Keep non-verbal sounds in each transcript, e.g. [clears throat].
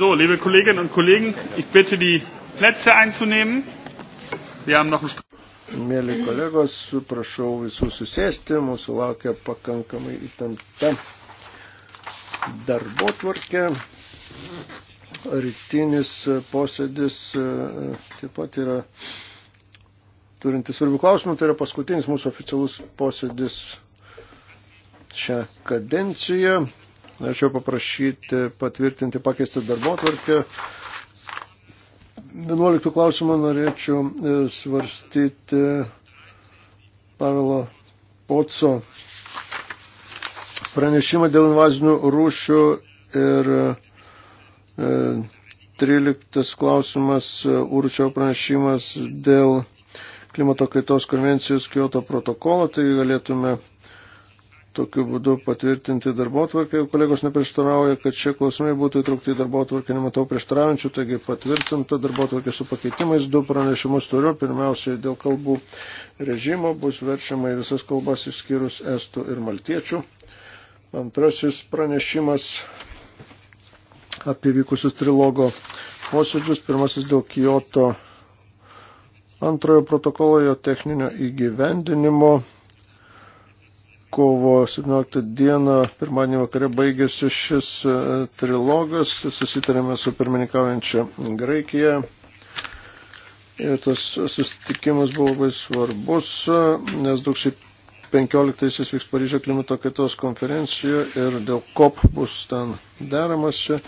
So, liebe Kolleginnen und Kollegen, ich bitte die Plätze einzunehmen. Wir haben noch einen Mėly kolegos, prašau visų susėsti, mūsų laukia pakankamai įtempta darbo tvarkė. Rytinis posėdis e, taip pat yra turintis svarbių klausimų, tai yra paskutinis mūsų oficialus posėdis šią kadenciją. Norėčiau paprašyti patvirtinti pakeistą darbo tvarkę. 11 klausimą norėčiau e, svarstyti Pavelo Poco pranešimą dėl invazinių rūšių ir 13 e, klausimas e, Určio pranešimas dėl klimato kaitos konvencijos Kyoto protokolo, tai galėtume tokiu būdu patvirtinti darbo tvarkę. Kolegos neprieštarauja, kad šie klausimai būtų įtraukti į darbo tvarkę, nematau prieštaraujančių, taigi patvirtinta darbo tvarkė su pakeitimais. Du pranešimus turiu. Pirmiausiai dėl kalbų režimo bus verčiama į visas kalbas išskyrus estų ir maltiečių. Antrasis pranešimas apie vykusius trilogo posėdžius. Pirmasis dėl Kyoto antrojo protokolo jo techninio įgyvendinimo kovo 17 dieną, pirmadienį vakare baigėsi šis e, trilogas, susitarėme su pirmininkaujančia Graikija. Ir tas susitikimas buvo labai svarbus, e, nes 2015 vyks Paryžio klimato kaitos konferencija ir dėl COP bus ten deramasi.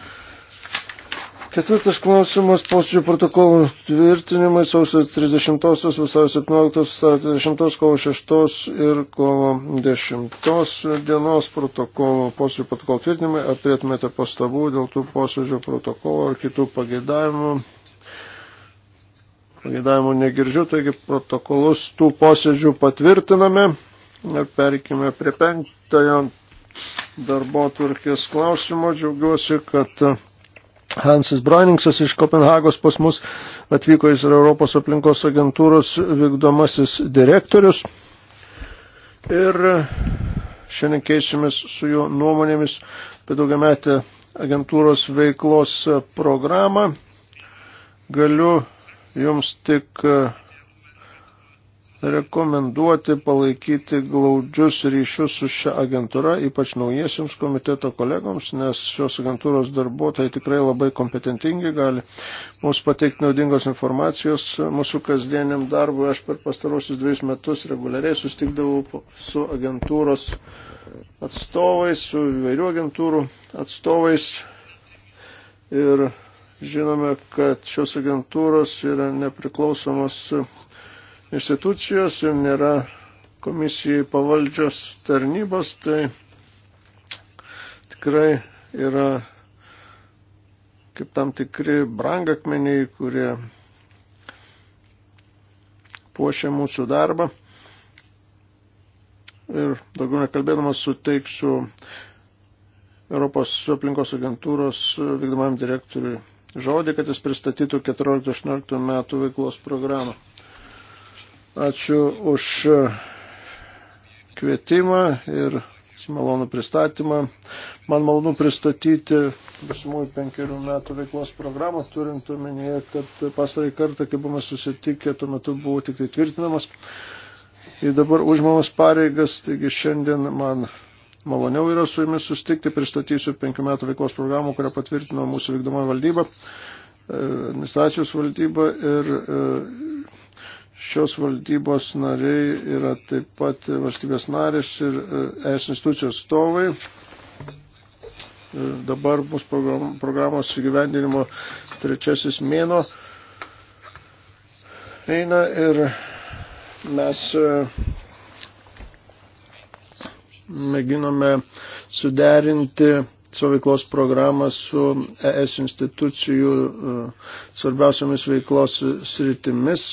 Ketvirtas klausimas posėdžių protokolų tvirtinimai sausio 30, vasario 17, vasario 30, kovo 6 ir kovo 10 dienos protokolo, posėdžių protokolų tvirtinimai. Ar turėtumėte pastabų dėl tų posėdžių protokolo ar kitų pageidavimų? Pageidavimų negiržiu, taigi protokolus tų posėdžių patvirtiname ir perikime prie penktojo darbo turkės klausimo. Džiaugiuosi, kad Hansas Broiningsas iš Kopenhagos pas mus atvyko, jis yra Europos aplinkos agentūros vykdomasis direktorius. Ir e, šiandien keičiamės su jo nuomonėmis apie daugiametę agentūros veiklos e, programą. Galiu jums tik e, rekomenduoti palaikyti glaudžius ryšius su šia agentūra, ypač naujiesiams komiteto kolegoms, nes šios agentūros darbuotojai tikrai labai kompetentingi, gali mums pateikti naudingos informacijos mūsų kasdieniam darbui. Aš per pastarosius dviejus metus reguliariai sustikdavau su agentūros atstovais, su įvairių agentūrų atstovais. Ir žinome, kad šios agentūros yra nepriklausomos institucijos ir nėra komisijai pavaldžios tarnybos, tai tikrai yra kaip tam tikri brangakmeniai, kurie puošia mūsų darbą. Ir daugiau nekalbėdamas suteiksiu Europos aplinkos agentūros vykdomam direktoriui žodį, kad jis pristatytų 14-18 metų veiklos programą. Ačiū už e, kvietimą ir malonų pristatymą. Man malonu pristatyti būsimųjų penkerių metų veiklos programą, turint omenyje, kad pastarąjį kartą, kai buvome susitikę, tuo metu buvo tik tai tvirtinamas. Ir dabar užmamas pareigas, taigi šiandien man maloniau yra su jumis sustikti, pristatysiu penkių metų veiklos programą, kurią patvirtino mūsų vykdomoji valdyba, e, administracijos valdyba ir e, Šios valdybos nariai yra taip pat valstybės narės ir e, es institucijos atstovai. Dabar bus programos įgyvendinimo trečiasis mėno eina ir mes e, mėginome suderinti savo veiklos programą su ES institucijų e, svarbiausiamis veiklos sritimis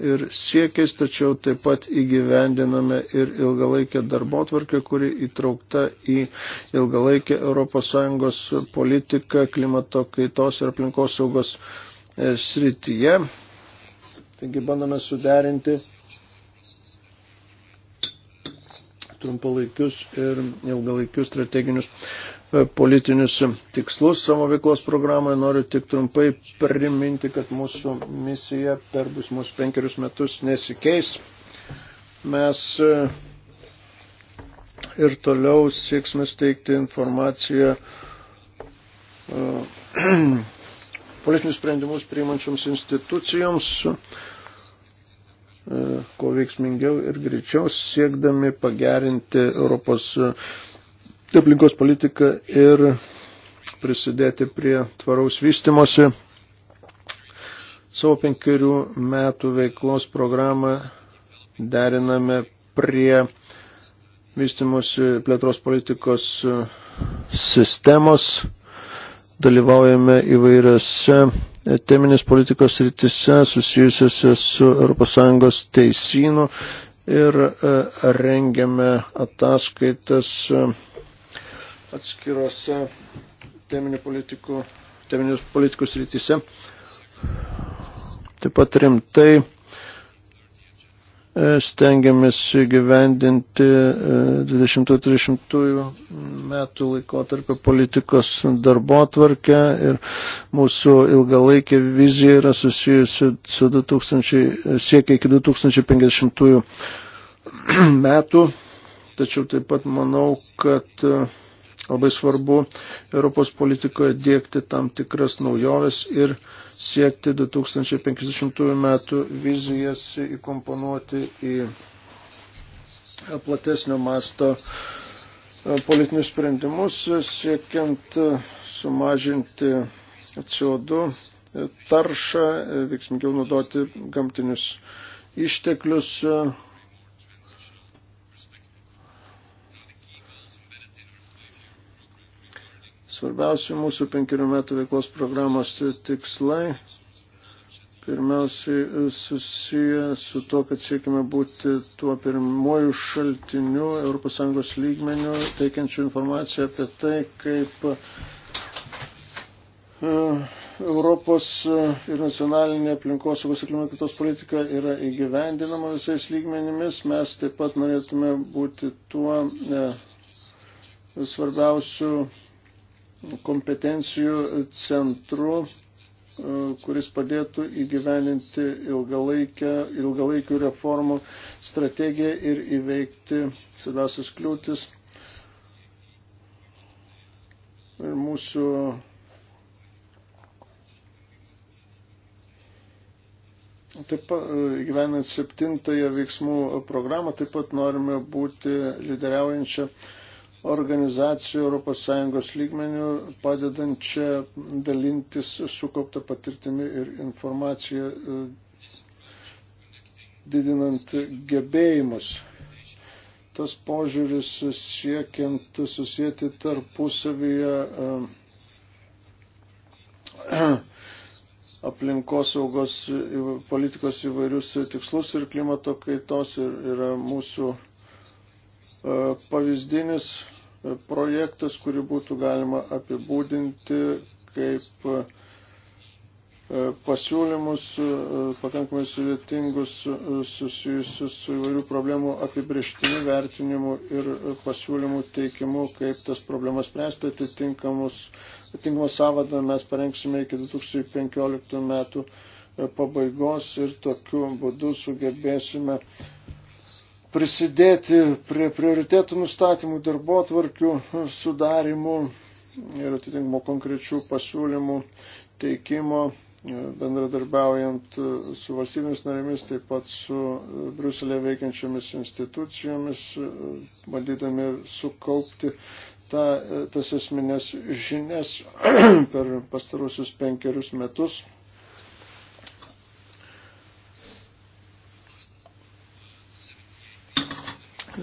ir siekiais, tačiau taip pat įgyvendiname ir ilgalaikę darbotvarkę, kuri įtraukta į ilgalaikę ES politiką klimato kaitos ir aplinkos saugos e, srityje. Taigi bandome suderinti trumpalaikius ir ilgalaikius strateginius E, politinius tikslus savo veiklos programoje. Noriu tik trumpai priminti, kad mūsų misija per būsimus penkerius metus nesikeis. Mes e, ir toliau sieksime steigti informaciją e, [clears throat] politinius sprendimus priimančioms institucijoms, kuo veiksmingiau ir greičiau siekdami pagerinti Europos aplinkos politiką ir prisidėti prie tvaraus vystimosi. Savo penkerių metų veiklos programą deriname prie vystimosi plėtros politikos sistemos, dalyvaujame įvairiose teminės politikos rytise susijusiuose su ES teisynu ir e, rengiame ataskaitas atskirose teminių politikų, teminius politikų srityse. Taip pat rimtai e, stengiamės gyvendinti 20-30 e, metų laikotarpio politikos darbo tvarkę ir mūsų ilgalaikė vizija yra susijusi su 2000, siekia iki 2050 metų. Tačiau taip pat manau, kad e, Labai svarbu Europos politikoje dėkti tam tikras naujoves ir siekti 2050 metų vizijas įkomponuoti į platesnio masto e, politinius sprendimus, siekiant e, sumažinti CO2 e, taršą, veiksmingiau naudoti gamtinius išteklius Svarbiausi mūsų penkerių metų veiklos programos tikslai pirmiausiai e, susiję su to, kad siekime būti tuo pirmuoju šaltiniu ES lygmeniu, teikiančiu informaciją apie tai, kaip e, Europos e, ir nacionalinė aplinkosaugos ir klimatos politika yra įgyvendinama visais lygmenimis. Mes taip pat norėtume būti tuo svarbiausiu kompetencijų centru, e, kuris padėtų įgyveninti ilgalaikių reformų strategiją ir įveikti svarbiausias kliūtis. Ir mūsų Taip pat e, gyvenant septintąją veiksmų programą, taip pat norime būti lyderiaujančią uh, organizacijų ES lygmenių, padedančią dalintis sukauptą patirtimi ir informaciją, e, didinant gebėjimus. Tas požiūris siekiant susijęti tarpusavyje e, [clears throat] aplinkosaugos politikos įvairius tikslus ir klimato kaitos ir yra mūsų E, pavyzdinis e, projektas, kurį būtų galima apibūdinti kaip e, pasiūlymus pakankamai sudėtingus susijusius su įvairių problemų apibrieštiniu vertinimu ir pasiūlymų teikimu, kaip tas problemas spręsti atitinkamą savadą mes parengsime iki 2015 metų pabaigos ir tokiu būdu sugebėsime uh, prisidėti prie prioritėtų nustatymų, darbo atvarkių sudarimų ir atitinkamo konkrečių pasiūlymų teikimo e, bendradarbiaujant e, su valstybėmis narėmis, taip pat su e, Bruselė veikiančiomis institucijomis, bandydami sukaupti ta, tas esminės žinias [clears throat] per pastarusius penkerius metus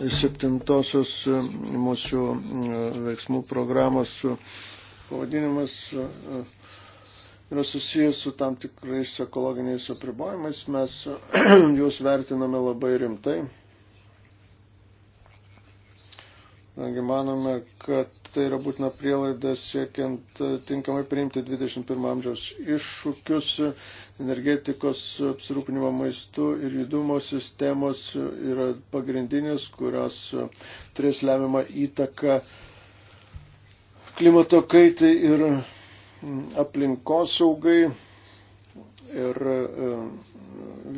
septintosios e, mūsų e, veiksmų programos e, pavadinimas yra susijęs su tam tikrais ekologiniais apribojimais. Mes [clears throat] juos vertiname labai rimtai. Nagi manome, kad tai yra būtina prielaida siekiant e, tinkamai priimti 21 amžiaus iššūkius energetikos apsirūpinimo maistu ir judumo sistemos yra pagrindinės, kurios e, turės lemiamą įtaką klimato kaitai ir aplinkosaugai. Ir e,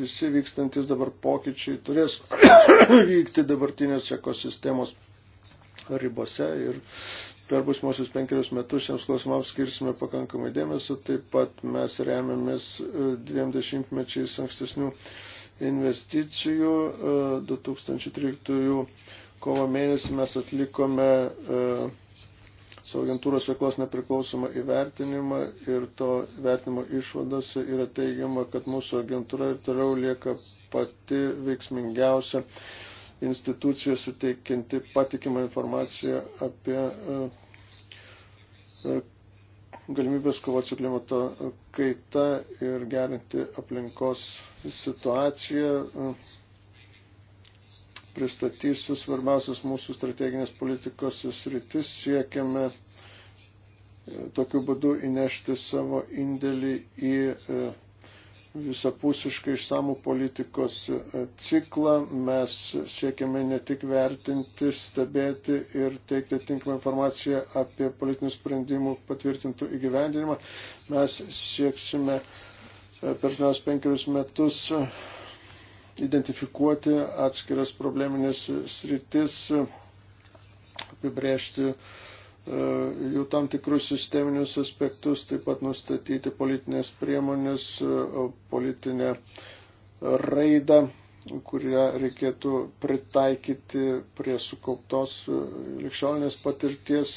visi vykstantis dabar pokyčiai turės [coughs] vykti dabartinės ekosistemos ribose ir per busmosius penkerius metus šiems klausimams skirsime pakankamai dėmesio. Taip pat mes remiamės e, dviem dešimtmečiais ankstesnių investicijų. 2013 e, kovo mėnesį mes atlikome e, su agentūros veiklos nepriklausomą įvertinimą ir to vertinimo išvadose yra teigiama, kad mūsų agentūra ir toliau lieka pati veiksmingiausia institucija suteikinti patikimą informaciją apie e, e, galimybės kovoti su klimato kaita ir gerinti aplinkos situaciją. E, pristatysiu svarbiausias mūsų strateginės politikos sritis siekiame tokiu būdu įnešti savo indėlį į visapusiškai išsamų politikos e, ciklą. Mes siekiame ne tik vertinti, stebėti ir teikti tinkamą informaciją apie politinių sprendimų patvirtintų įgyvendinimą. Mes sieksime e, per tuos penkerius metus e, identifikuoti atskiras probleminės sritis, apibrėžti uh, E, jų tam tikrus sisteminius aspektus, taip pat nustatyti politinės priemonės, e, politinę raidą, kurią reikėtų pritaikyti prie sukauptos e, likščiolinės patirties.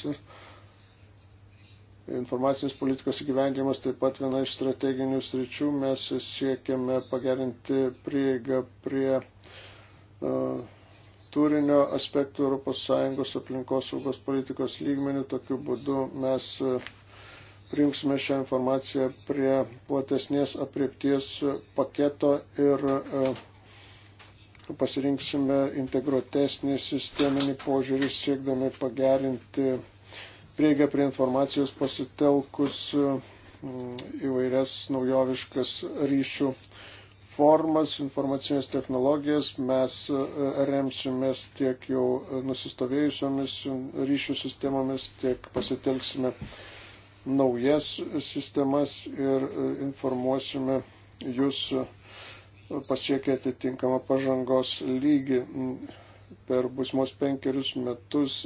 Informacinės politikos įgyvendimas taip pat viena iš strateginių sričių. Mes siekiame pagerinti prieigą prie uh, turinio aspektų ES aplinkosaugos politikos lygmenių. Tokiu būdu mes e, priimsime šią informaciją prie platesnės apriepties paketo ir e, pasirinksime integruotesnį sisteminį požiūrį siekdami pagerinti prieigą prie informacijos pasitelkus e, įvairias naujoviškas ryšių formas, informacinės technologijas, mes e, remsimės tiek jau nusistovėjusiomis ryšių sistemomis, tiek pasitelksime naujas sistemas ir e, informuosime jūs pasiekę atitinkamą pažangos lygį. Per busmos penkerius metus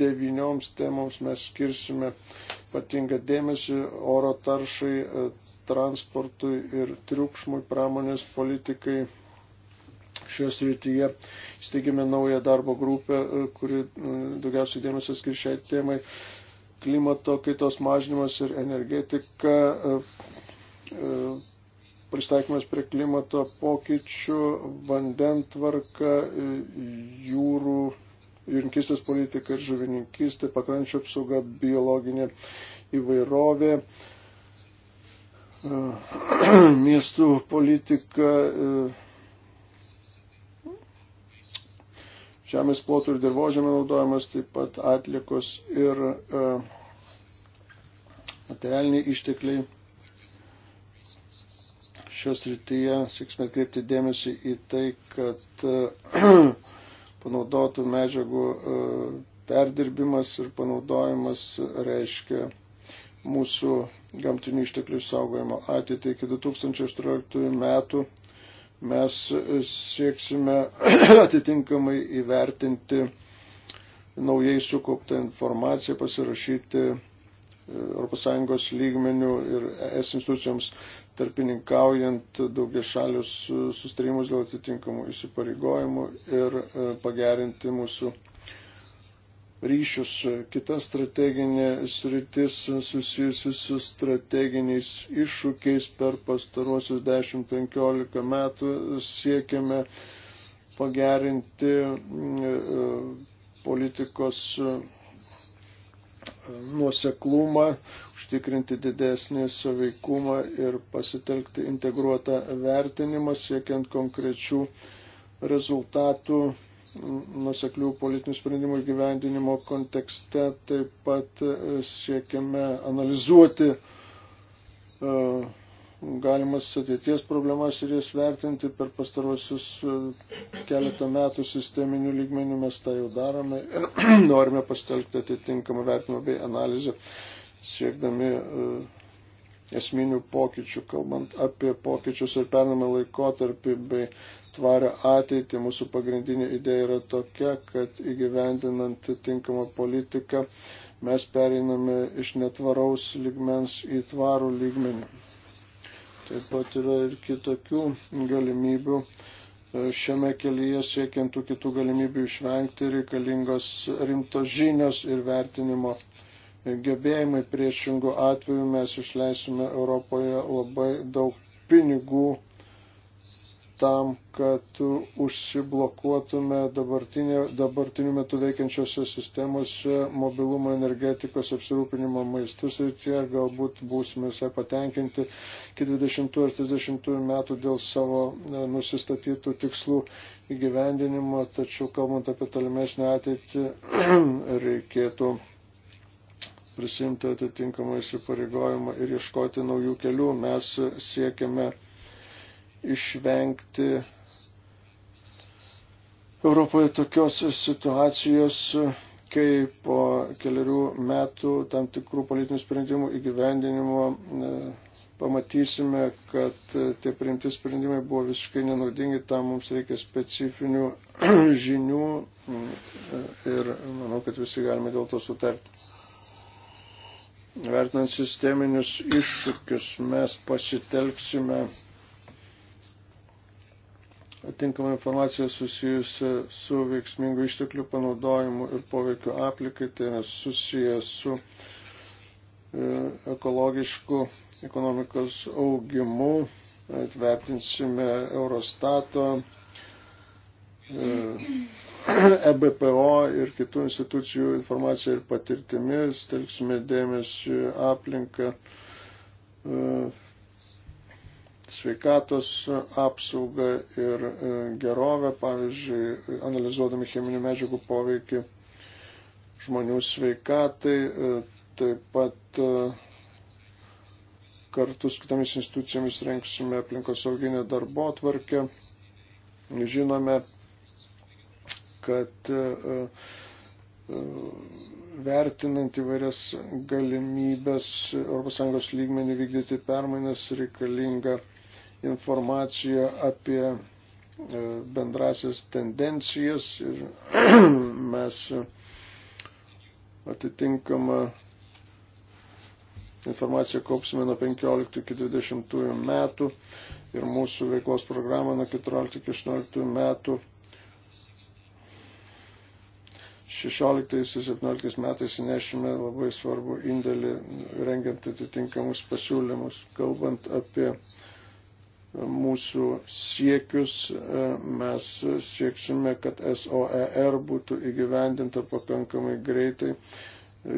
devinioms temoms mes skirsime patingą dėmesį oro taršai, transportui ir triukšmui pramonės politikai. Šios rytyje įsteigėme naują darbo grupę, e, kuri e, daugiausiai dėmesio skiria šiai temai klimato kaitos mažinimas ir energetika, e, pristaikymas prie klimato pokyčių, vandentvarka, jūrų, jūrinkistės politika ir žuvininkistė, pakrančio apsauga, biologinė įvairovė. [clears throat] miestų politika, e, žemės plotų ir dirbožėmio naudojimas, taip pat atlikos ir e, materialiniai ištekliai. Šios rytyje sėksime atkreipti dėmesį į tai, kad e, [clears throat] panaudotų medžiagų perdirbimas ir panaudojimas reiškia mūsų gamtinių išteklių saugojimo ateitį. Iki 2018 metų mes sieksime [clears throat] atitinkamai įvertinti naujai sukauptą informaciją, pasirašyti ES lygmenių ir es institucijoms tarpininkaujant daugia šalius e, sustarimus dėl atitinkamų įsipareigojimų ir e, pagerinti mūsų ryšius, e, kita strateginė sritis susijusi su strateginiais iššūkiais per pastaruosius 10-15 metų siekiame pagerinti mm, e, e, politikos nuoseklumą, užtikrinti didesnį saveikumą ir pasitelkti integruotą vertinimą siekiant konkrečių rezultatų nuseklių politinių sprendimų gyvendinimo kontekste taip pat e, siekiame analizuoti e, galimas ateities problemas ir jas vertinti per pastarosius e, keletą metų sisteminių lygmenių mes tą jau darome ir [clears throat] norime pastelgti atitinkamą vertinimą bei analizę siekdami esminių pokyčių, kalbant apie pokyčius ir pernamą laikotarpį bei tvarę ateitį. Mūsų pagrindinė idėja yra tokia, kad įgyvendinant tinkamą politiką mes pereiname iš netvaraus lygmens į tvarų lygmenį. Taip pat yra ir kitokių galimybių. E, šiame kelyje siekiant tų kitų galimybių išvengti reikalingos rimtos žinios ir vertinimo e, gebėjimai. Priešingų atveju mes išleisime Europoje labai daug pinigų tam, kad užsiblokuotume dabartiniu metu veikiančiose sistemose mobilumo energetikos apsirūpinimo maistus ir tie galbūt būsime visai patenkinti iki 20 ar 30 metų dėl savo e, nusistatytų tikslų įgyvendinimo, tačiau kalbant apie tolimesnį ateitį [clears throat] reikėtų prisimti atitinkamą įsipareigojimą ir ieškoti naujų kelių. Mes siekiame išvengti Europoje tokios situacijos, kai po keliarių metų tam tikrų politinių sprendimų įgyvendinimo e, pamatysime, kad e, tie priimti sprendimai buvo visiškai nenaudingi, tam mums reikia specifinių [clears throat] žinių e, ir manau, kad visi galime dėl to sutarti. Vertinant sisteminius iššūkius, mes pasitelksime tinkamą informaciją susijusią su veiksmingu išteklių panaudojimu ir poveikiu aplikai, tai yra susiję su e, ekologišku ekonomikos augimu, atvertinsime Eurostato, EBPO [clears throat] e ir kitų institucijų informaciją ir patirtimis, telksime dėmesį aplinką e, sveikatos apsaugą ir e, gerovę, pavyzdžiui, analizuodami cheminių medžiagų poveikį žmonių sveikatai, e, taip pat e, kartu su kitomis institucijomis renksime aplinkosauginę darbo tvarkę. Žinome, kad vertinant įvairias galimybės ES lygmenį vykdyti permainas reikalinga informaciją apie e, bendrasias tendencijas ir [clears throat] mes atitinkamą informaciją kaupsime nuo 15 iki 20 metų ir mūsų veiklos programą nuo 14 iki 18 metų. 16-17 metais įnešime labai svarbu indėlį rengiant atitinkamus pasiūlymus, kalbant apie uh, mūsų siekius. E, mes sieksime, kad SOER būtų įgyvendinta pakankamai greitai.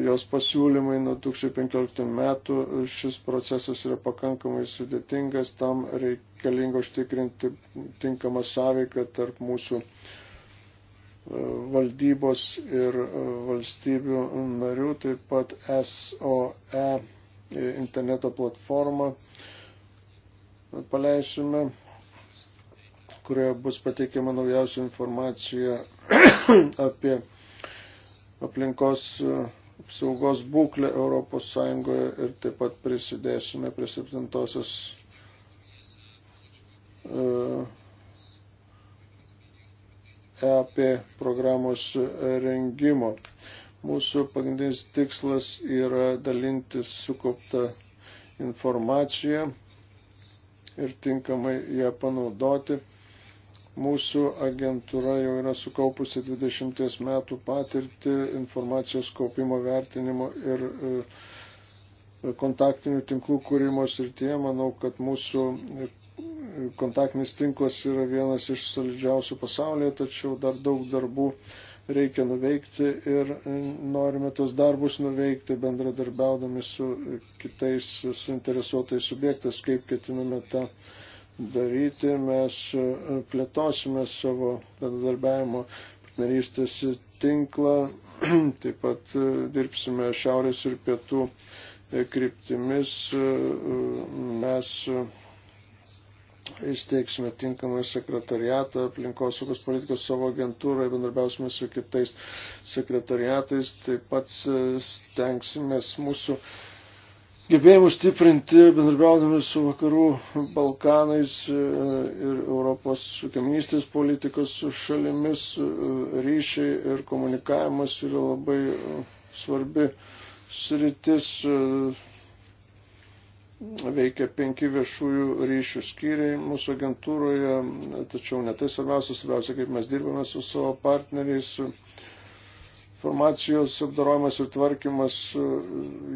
Jos pasiūlymai nuo 2015 metų šis procesas yra pakankamai sudėtingas, tam reikalinga užtikrinti tinkamą sąveiką tarp mūsų e, valdybos ir e, valstybių narių, taip pat SOE interneto platforma paleisime, kurioje bus pateikiama naujausia informacija [clears throat] apie aplinkos e, apsaugos būklę Europos Sąjungoje ir taip pat prisidėsime prie septintosios EAP e programos rengimo. Mūsų pagrindinis tikslas yra dalintis sukauptą informaciją ir tinkamai ją panaudoti. Mūsų agentūra jau yra sukaupusi 20 metų patirtį informacijos kaupimo, vertinimo ir e, kontaktinių tinklų kūrimo srityje. Manau, kad mūsų e, kontaktinis tinklas yra vienas iš solidžiausių pasaulyje, tačiau dar daug darbų reikia nuveikti ir e, norime tos darbus nuveikti bendradarbiaudami su kitais suinteresuotais subjektais, kaip ketiname tą daryti. Mes e, plėtosime savo bendradarbiavimo partnerystės tinklą, [clears throat] taip pat e, dirbsime šiaurės ir pietų kryptimis. Mes įsteigsime tinkamą sekretariatą aplinkosaugos politikos savo agentūrą ir bendarbiausime su kitais sekretariatais. Taip pat stengsimės mūsų gebėjimus stiprinti bendarbiaudami su vakarų Balkanais e, ir Europos kaiminystės politikos šalimis e, ryšiai ir komunikavimas yra labai e, svarbi sritis veikia penki viešųjų ryšių skyriai mūsų agentūroje, tačiau ne tai svarbiausia, svarbiausia, kaip mes dirbame su savo partneriais, informacijos apdarojimas ir tvarkymas,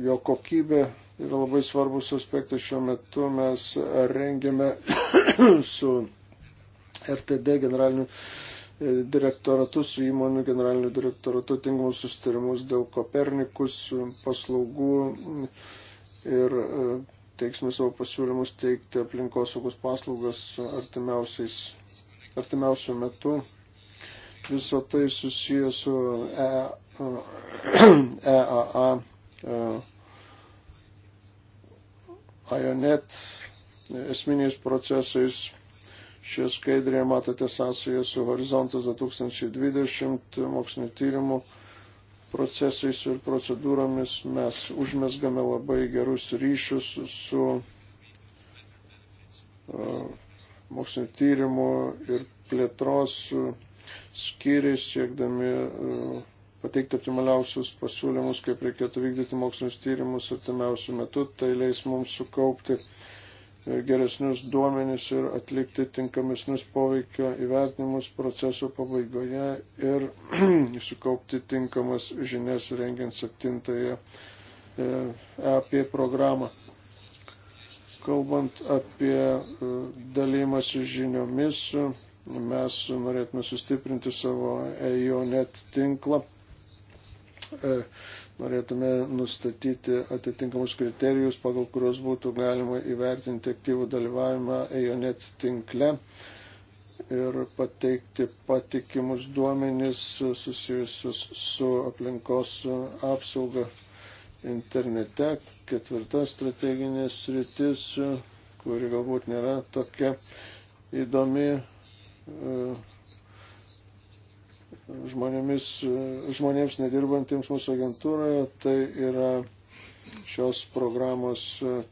jo kokybė yra labai svarbus aspektas. Šiuo metu mes rengiame [coughs] su RTD generaliniu e, direktoratu, su įmonių generaliniu direktoratu tinkamus sustarimus dėl Kopernikus paslaugų ir e, teiksime savo pasiūlymus teikti aplinkosaugos paslaugas artimiausių metų. Visą tai susiję su e, EAA, [clears throat] e IONET e, esminiais procesais. Šie skaidrėje matote sąsąją su Horizontas 2020 mokslinio tyrimų procesais ir procedūromis mes užmesgame labai gerus ryšius su mokslinio tyrimo ir plėtros skyriais, siekdami pateikti optimaliausius pasiūlymus, kaip reikėtų vykdyti mokslinius tyrimus artimiausių metų. Tai leis mums sukaupti uh, geresnius duomenis ir atlikti tinkamesnius poveikio įvertinimus proceso pabaigoje ir [clears throat] sukaupti tinkamas žinias rengiant septintąją EAP e programą. Kalbant apie e, dalymasi žiniomis, mes norėtume sustiprinti savo EIONET tinklą e, norėtume nustatyti atitinkamus kriterijus, pagal kuriuos būtų galima įvertinti aktyvų dalyvavimą EONET tinkle ir pateikti patikimus duomenys susijusius su aplinkos apsauga internete. Ketvirta strateginė sritis, kuri galbūt nėra tokia įdomi e, žmonėmis, žmonėms nedirbantiems mūsų agentūroje, tai yra šios programos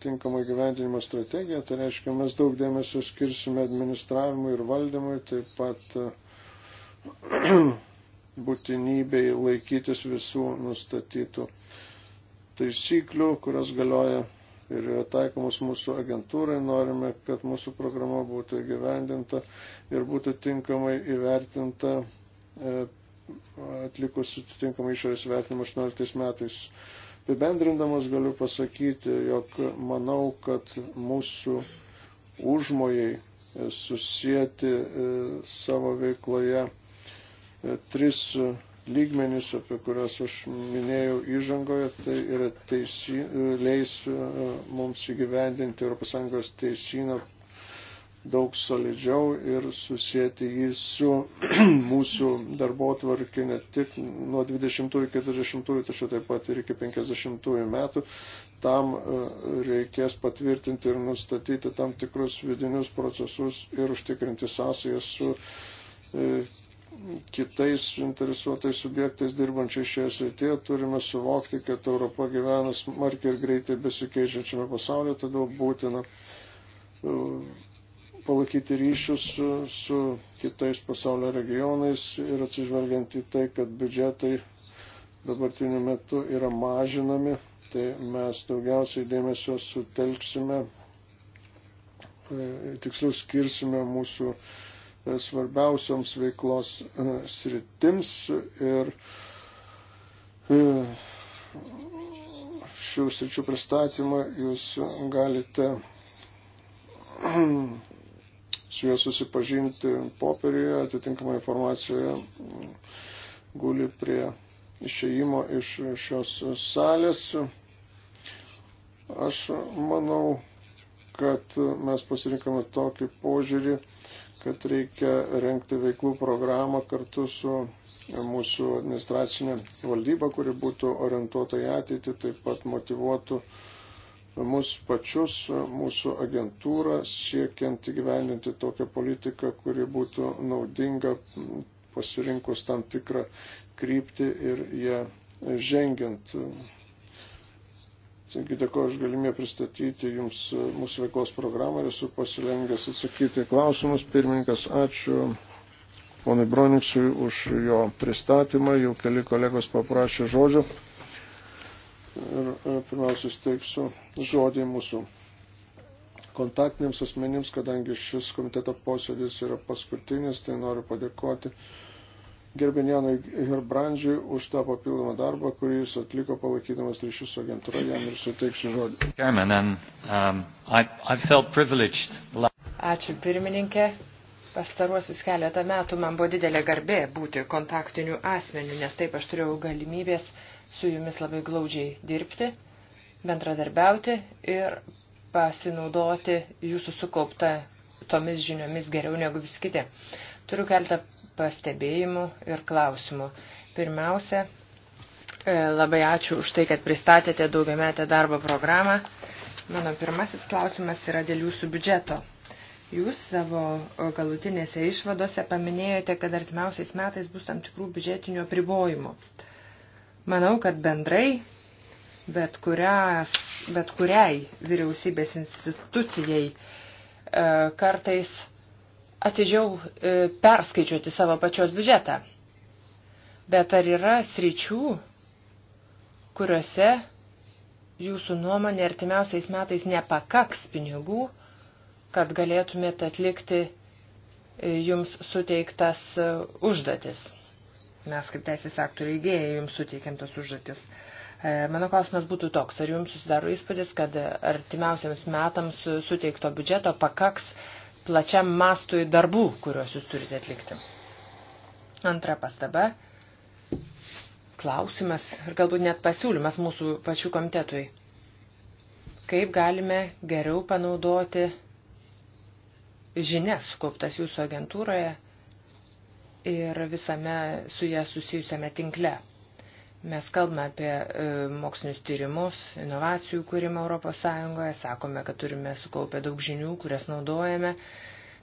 tinkamo gyvendinimo strategija. Tai reiškia, mes daug dėmesio skirsime administravimui ir valdymui, taip pat [clears throat] būtinybei laikytis visų nustatytų taisyklių, kurios galioja ir yra taikomus mūsų agentūrai, norime, kad mūsų programa būtų įgyvendinta ir būtų tinkamai įvertinta E, atlikus atitinkamą išorės vertinimą 18 metais. Pibendrindamas galiu pasakyti, jog manau, kad mūsų užmojai susijęti e, savo veikloje e, tris lygmenis, apie kurias aš minėjau įžangoje, tai yra teisy, leis mums įgyvendinti ES teisino daug solidžiau ir susijęti jį su [clears throat] mūsų darbo tvarkė ne tik nuo 20 iki 40, tačiau taip pat ir iki 50 metų. Tam e, reikės patvirtinti ir nustatyti tam tikrus vidinius procesus ir užtikrinti sąsajas su e, kitais interesuotais subjektais dirbančiais šioje srityje turime suvokti, kad Europa gyvena smarkiai ir greitai besikeičiančiame pasaulyje, todėl būtina e, palaikyti ryšius su, su kitais pasaulio regionais ir atsižvelgiant į tai, kad biudžetai dabartiniu metu yra mažinami, tai mes daugiausiai dėmesio sutelksime, e, tiksliau skirsime mūsų e, svarbiausioms veiklos e, sritims ir šių sričių pristatymą jūs galite su juo susipažinti popieriuje, atitinkama informacija mm, guli prie išėjimo iš šios salės. Aš manau, kad mes pasirinkame tokį požiūrį, kad reikia renkti veiklų programą kartu su mūsų administracinė valdyba, kuri būtų orientuota į ateitį, taip pat motivuotų uh, mus pačius, mūsų agentūrą, siekiant įgyvendinti tokią politiką, kuri būtų naudinga pasirinkus tam tikrą kryptį ir ją žengiant. Taigi dėkoju už galimybę pristatyti Jums mūsų veiklos programą ir esu pasirengęs atsakyti klausimus. Pirmininkas, ačiū ponui Broniksui už jo pristatymą. Jau keli kolegos paprašė žodžio. Ir pirmiausia, steiksiu žodį mūsų kontaktiniams asmenims, kadangi šis komiteto posėdis yra paskutinis, tai noriu padėkoti gerbinianui Herbrandžiui už tą papildomą darbą, kurį jis atliko palaikydamas ryšius su agentūra, jam ir suteiksiu žodį. Um, Ačiū pirmininkė. Pastaruosius keletą metų man buvo didelė garbė būti kontaktiniu asmeniu, nes taip aš turėjau galimybės uh, su jumis labai glaudžiai dirbti, bendradarbiauti ir pasinaudoti jūsų sukauptą tomis žiniomis geriau negu visi kiti. Turiu keltą pastebėjimų ir klausimų. Pirmiausia, e, labai ačiū už tai, kad pristatėte daugiametę darbo programą. Mano pirmasis klausimas yra dėl jūsų biudžeto. Jūs savo galutinėse išvadose paminėjote, kad artimiausiais metais bus tam tikrų biudžetinių apribojimų. Uh, Manau, kad bendrai bet, kuria, bet kuriai vyriausybės institucijai e, kartais atidžiau e, perskaičiuoti savo pačios biudžetą. Bet ar yra sričių, kuriuose jūsų nuomonė artimiausiais metais nepakaks pinigų, kad galėtumėte atlikti e, jums suteiktas e, užduotis? Mes kaip teisės aktų leidėjai jums suteikėm tas užduotis. E, mano klausimas būtų toks, ar jums susidaro įspūdis, kad artimiausiams metams suteikto biudžeto pakaks plačiam mastui darbų, kuriuos jūs turite atlikti? Antra pastaba. Klausimas ir galbūt net pasiūlymas mūsų pačių komitetui. Kaip galime geriau panaudoti žinias, kauptas jūsų agentūroje, ir visame su ją susijusiame tinkle. Mes kalbame apie e, mokslinius tyrimus, inovacijų kūrimą ES, sakome, kad turime sukaupę daug žinių, kurias naudojame,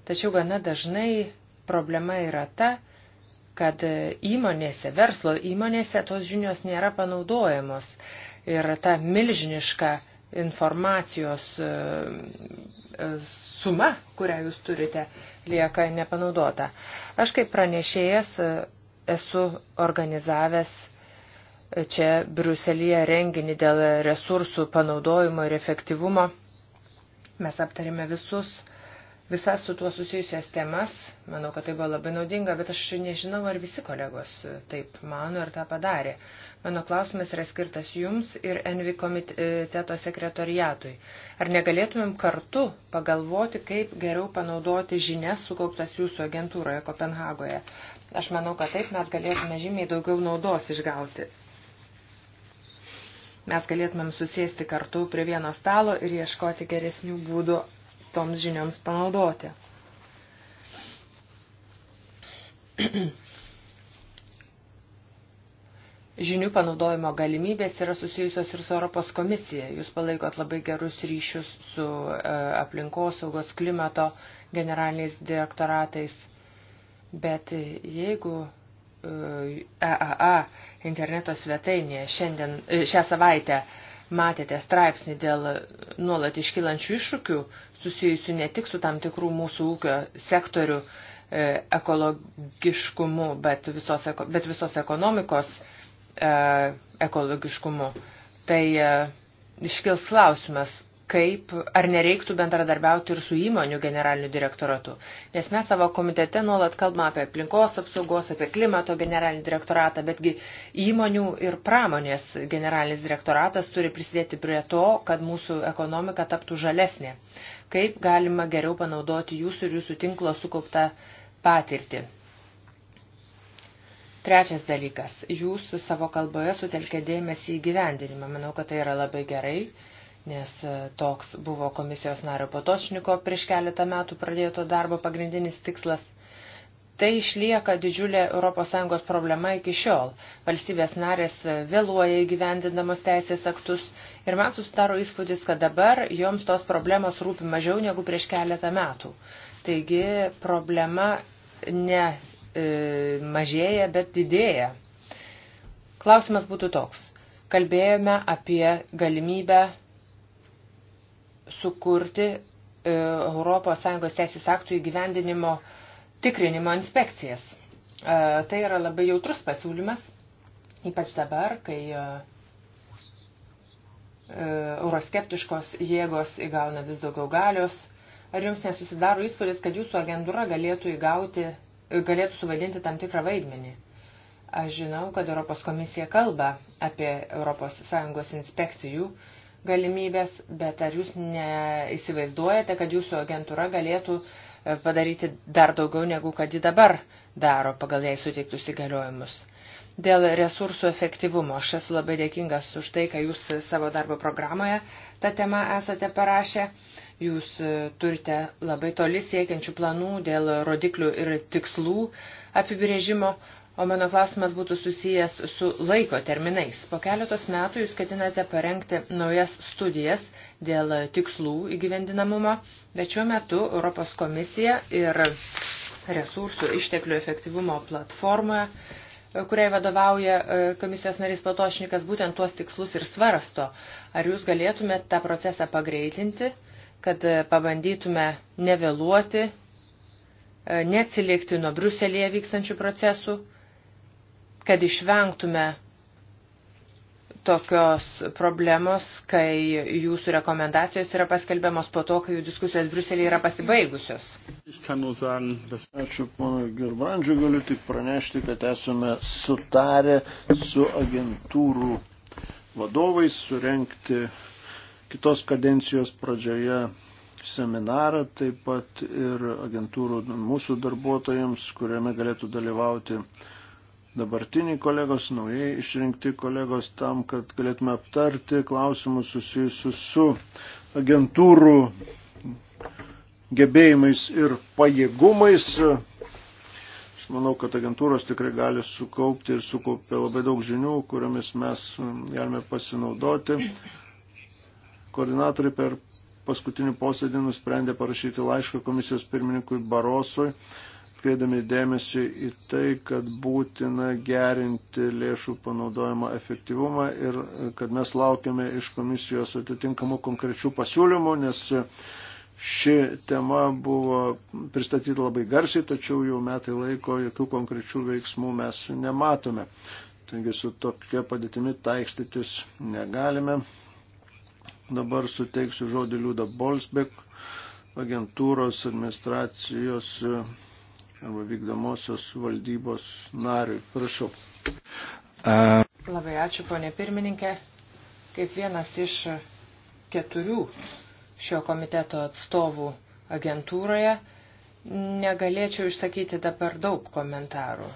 tačiau gana dažnai problema yra ta, kad e, įmonėse, verslo įmonėse tos žinios nėra panaudojamos ir ta milžiniška informacijos e, e, suma, kurią jūs turite, lieka nepanaudota. Aš kaip pranešėjas e, esu organizavęs čia Briuselyje renginį dėl resursų panaudojimo ir efektyvumo. Mes aptarėme visus visas su tuo susijusias temas. Manau, kad tai buvo labai naudinga, bet aš nežinau, ar visi kolegos taip mano ir tą padarė. Mano klausimas yra skirtas jums ir Envi komiteto e, sekretoriatui. Ar negalėtumėm kartu pagalvoti, kaip geriau panaudoti žinias sukauptas jūsų agentūroje Kopenhagoje? Aš manau, kad taip mes galėtume žymiai daugiau naudos išgauti. Mes galėtumėm susėsti kartu prie vieno stalo ir ieškoti geresnių būdų toms žinioms panaudoti. [clears throat] Žinių panaudojimo galimybės yra susijusios ir su Europos komisija. Jūs palaikot labai gerus ryšius su e, aplinkosaugos klimato generaliniais direktoratais. Bet jeigu EAA e interneto svetainėje šiandien, e, šią savaitę uh, matėte straipsnį dėl nuolat iškylančių iššūkių, susijusių ne tik su tam tikrų mūsų ūkio sektorių e, ekologiškumu, bet visos, bet visos ekonomikos e, ekologiškumu. Tai e, iškils klausimas, kaip, ar nereiktų bendradarbiauti ir su įmonių generaliniu direktoratu. Nes mes savo komitete nuolat kalbame apie aplinkos apsaugos, apie klimato generalinį direktoratą, betgi įmonių ir pramonės generalinis direktoratas turi prisidėti prie to, kad mūsų ekonomika taptų žalesnė. Kaip galima geriau panaudoti jūsų ir jūsų tinklo sukauptą patirtį. Trečias dalykas. Jūs savo kalboje sutelkė dėmesį į gyvendinimą. Manau, kad tai yra labai gerai nes e, toks buvo komisijos nario Potočniko prieš keletą metų pradėto darbo pagrindinis tikslas. Tai išlieka didžiulė ES problema iki šiol. Valstybės narės e, vėluoja įgyvendindamos teisės aktus ir man susidaro įspūdis, kad dabar joms tos problemos rūpi mažiau negu prieš keletą metų. Taigi problema ne e, mažėja, bet didėja. Klausimas būtų toks. Kalbėjome apie galimybę sukurti ES teisės aktų įgyvendinimo tikrinimo inspekcijas. E, tai yra labai jautrus pasiūlymas, ypač dabar, kai e, e, euroskeptiškos jėgos įgauna vis daugiau galios. Ar jums nesusidaro įspūdis, kad jūsų agentūra galėtų įgauti, galėtų suvaidinti tam tikrą vaidmenį? Aš žinau, kad Europos komisija kalba apie ES inspekcijų uh, galimybės, bet ar jūs neįsivaizduojate, kad jūsų agentūra galėtų e, padaryti dar daugiau negu kad ji dabar daro pagal jai suteiktus įgaliojimus? Dėl resursų efektyvumo aš esu labai dėkingas už tai, ką jūs savo darbo programoje tą temą esate parašę. Jūs e, turite labai toli siekiančių planų dėl rodiklių ir tikslų apibrėžimo. O mano klausimas būtų susijęs su laiko terminais. Po keletos metų jūs ketinate parengti naujas studijas dėl tikslų įgyvendinamumo, bet šiuo metu Europos komisija ir resursų išteklių efektyvumo platformoje, kuriai vadovauja e, komisijos narys Patošnikas, būtent tuos tikslus ir svarsto. Ar jūs galėtumėte tą procesą pagreitinti, kad e, pabandytume nevėluoti, e, neatsilikti nuo Bruselėje vykstančių procesų? kad išvengtume tokios problemos, kai jūsų rekomendacijos yra paskelbiamos po to, kai jų diskusijos Bruselėje yra pasibaigusios. Ačiū, pana Girbrandžiu, galiu tik pranešti, kad esame sutarę su agentūrų vadovais surenkti kitos kadencijos pradžioje seminarą, taip pat ir agentūrų mūsų darbuotojams, kuriame galėtų dalyvauti dabartiniai kolegos, naujai išrinkti kolegos tam, kad galėtume aptarti klausimus susijusius su agentūrų gebėjimais ir pajėgumais. Aš manau, kad agentūros tikrai gali sukaupti ir sukaupė labai daug žinių, kuriomis mes galime pasinaudoti. Koordinatoriai per paskutinį posėdį nusprendė parašyti laišką komisijos pirmininkui Barosui atkreidami dėmesį į tai, kad būtina gerinti lėšų panaudojimo efektyvumą ir e, kad mes laukiame iš komisijos atitinkamų konkrečių pasiūlymų, nes e, ši tema buvo pristatyta labai garsiai, tačiau jau metai laiko jokių konkrečių veiksmų mes nematome. Taigi su tokia padėtimi taikstytis negalime. Dabar suteiksiu žodį Liuda Bolsbek, agentūros administracijos e, arba vykdomosios valdybos nariui. Prašau. A... Labai ačiū, ponė pirmininkė. Kaip vienas iš keturių šio komiteto atstovų agentūroje, negalėčiau išsakyti dabar daug komentarų.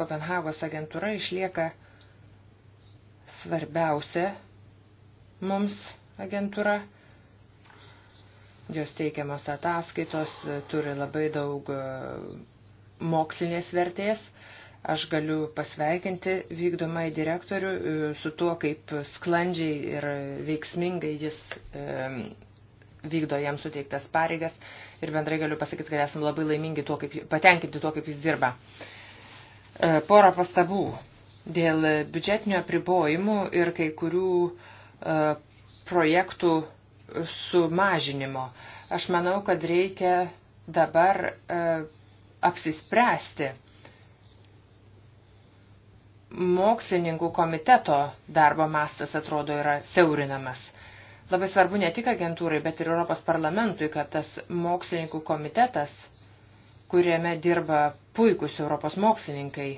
Kopenhagos agentūra išlieka svarbiausia mums agentūra. Jos teikiamos ataskaitos turi labai daug mokslinės vertės. Aš galiu pasveikinti vykdomai direktorių e, su tuo, kaip sklandžiai ir veiksmingai jis e, vykdo jam suteiktas pareigas ir bendrai galiu pasakyti, kad esam labai laimingi tuo, kaip, patenkinti tuo, kaip jis dirba. E, porą pastabų dėl biudžetinių apribojimų ir kai kurių projektų sumažinimo. Aš manau, kad reikia dabar apsispręsti. Mokslininkų komiteto darbo mastas atrodo yra siaurinamas. Labai svarbu ne tik agentūrai, bet ir Europos parlamentui, kad tas mokslininkų komitetas, kuriame dirba puikus Europos mokslininkai,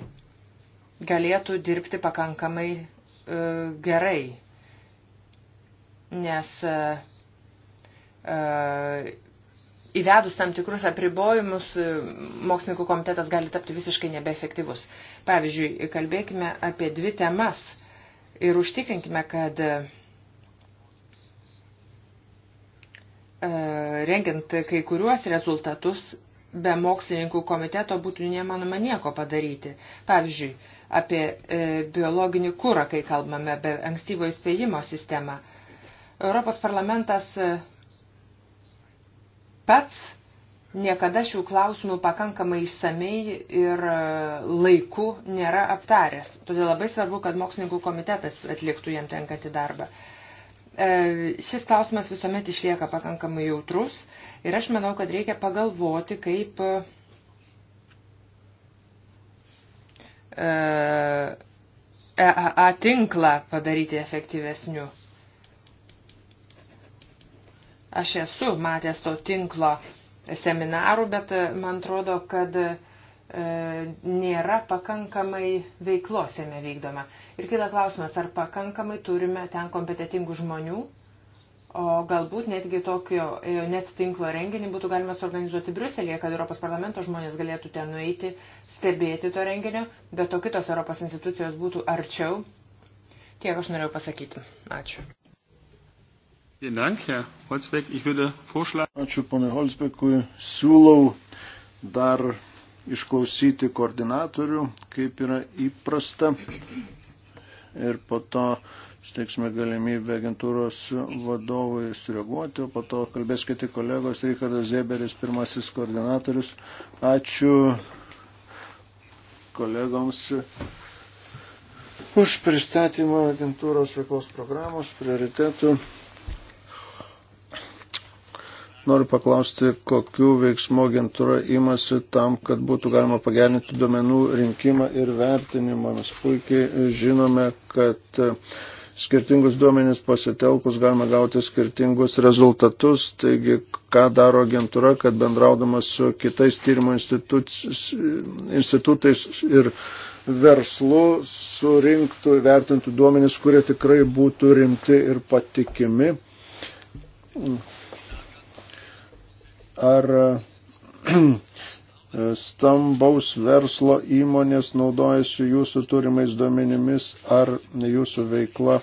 galėtų dirbti pakankamai e, gerai. Nes e, e įvedus tam tikrus apribojimus, e, mokslininkų komitetas gali tapti visiškai nebeefektyvus. Pavyzdžiui, kalbėkime apie dvi temas ir užtikrinkime, kad e, rengiant kai kuriuos rezultatus be mokslininkų komiteto būtų nemanoma nieko padaryti. Pavyzdžiui, apie e, biologinį kūrą, kai kalbame be ankstyvo įspėjimo sistemą. Europos parlamentas pats niekada šių klausimų pakankamai išsamei ir e, laiku nėra aptaręs. Todėl labai svarbu, kad mokslininkų komitetas atliktų jam tenkantį darbą. E, šis klausimas visuomet išlieka pakankamai jautrus ir aš manau, kad reikia pagalvoti, kaip EAA e tinklą padaryti efektyvesniu. Aš esu matęs to tinklo seminarų, bet e, man atrodo, kad e, nėra pakankamai veiklos jame vykdoma. Ir kitas klausimas, ar pakankamai turime ten kompetitingų žmonių, o galbūt netgi tokio e, net tinklo renginį būtų galima suorganizuoti Briuselėje, kad Europos parlamento žmonės galėtų ten nueiti, stebėti to renginio, bet to kitos Europos institucijos būtų arčiau. Tiek aš norėjau pasakyti. Ačiū. Ačiū ponai Holzbekui. Siūlau dar išklausyti koordinatorių, kaip yra įprasta. Ir po to steiksime galimybę agentūros vadovui sureaguoti, o po to kalbės kiti kolegos, Rikardas Zeberis, pirmasis koordinatorius. Ačiū kolegoms už pristatymą agentūros veiklos programos prioritetų. Noriu paklausti, kokiu veiksmu agentūra imasi tam, kad būtų galima pagerinti duomenų rinkimą ir vertinimą. Mes puikiai žinome, kad e, skirtingus duomenis pasitelkus galima gauti skirtingus rezultatus. Taigi, ką daro agentūra, kad bendraudama su kitais tyrimo institutais ir verslu surinktų, vertintų duomenis, kurie tikrai būtų rimti ir patikimi ar [clears throat] e, stambaus verslo įmonės naudojasi jūsų turimais duomenimis, ar jūsų veikla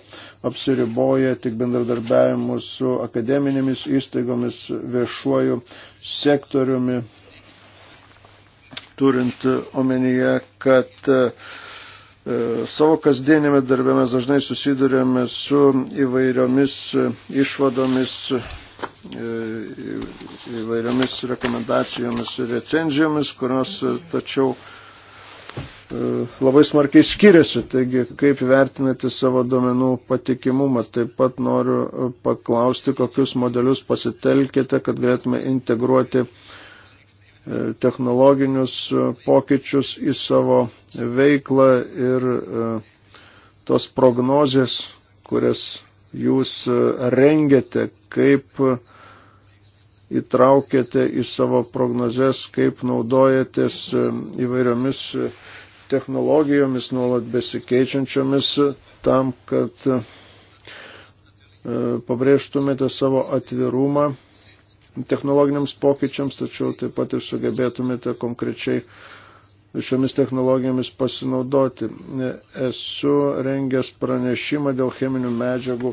apsiriboja tik bendradarbiavimu su akademinėmis įstaigomis, viešuoju sektoriumi, turint omenyje, kad e, e, Savo kasdienėme darbėme dažnai susidurėme su įvairiomis išvadomis E, įvairiomis rekomendacijomis ir recenzijomis, kurios e, tačiau e, labai smarkiai skiriasi. Taigi, kaip vertinate savo domenų patikimumą? Taip pat noriu paklausti, kokius modelius pasitelkite, kad galėtume integruoti technologinius pokyčius į savo veiklą ir tos prognozės, kurias jūs e, rengiate, kaip įtraukėte į savo prognozes, kaip naudojatės e, įvairiomis e, technologijomis, nuolat besikeičiančiomis, tam, kad pabrėžtumėte savo atvirumą technologiniams pokyčiams, tačiau taip pat ir sugebėtumėte konkrečiai šiomis technologijomis pasinaudoti. Esu rengęs pranešimą dėl cheminių medžiagų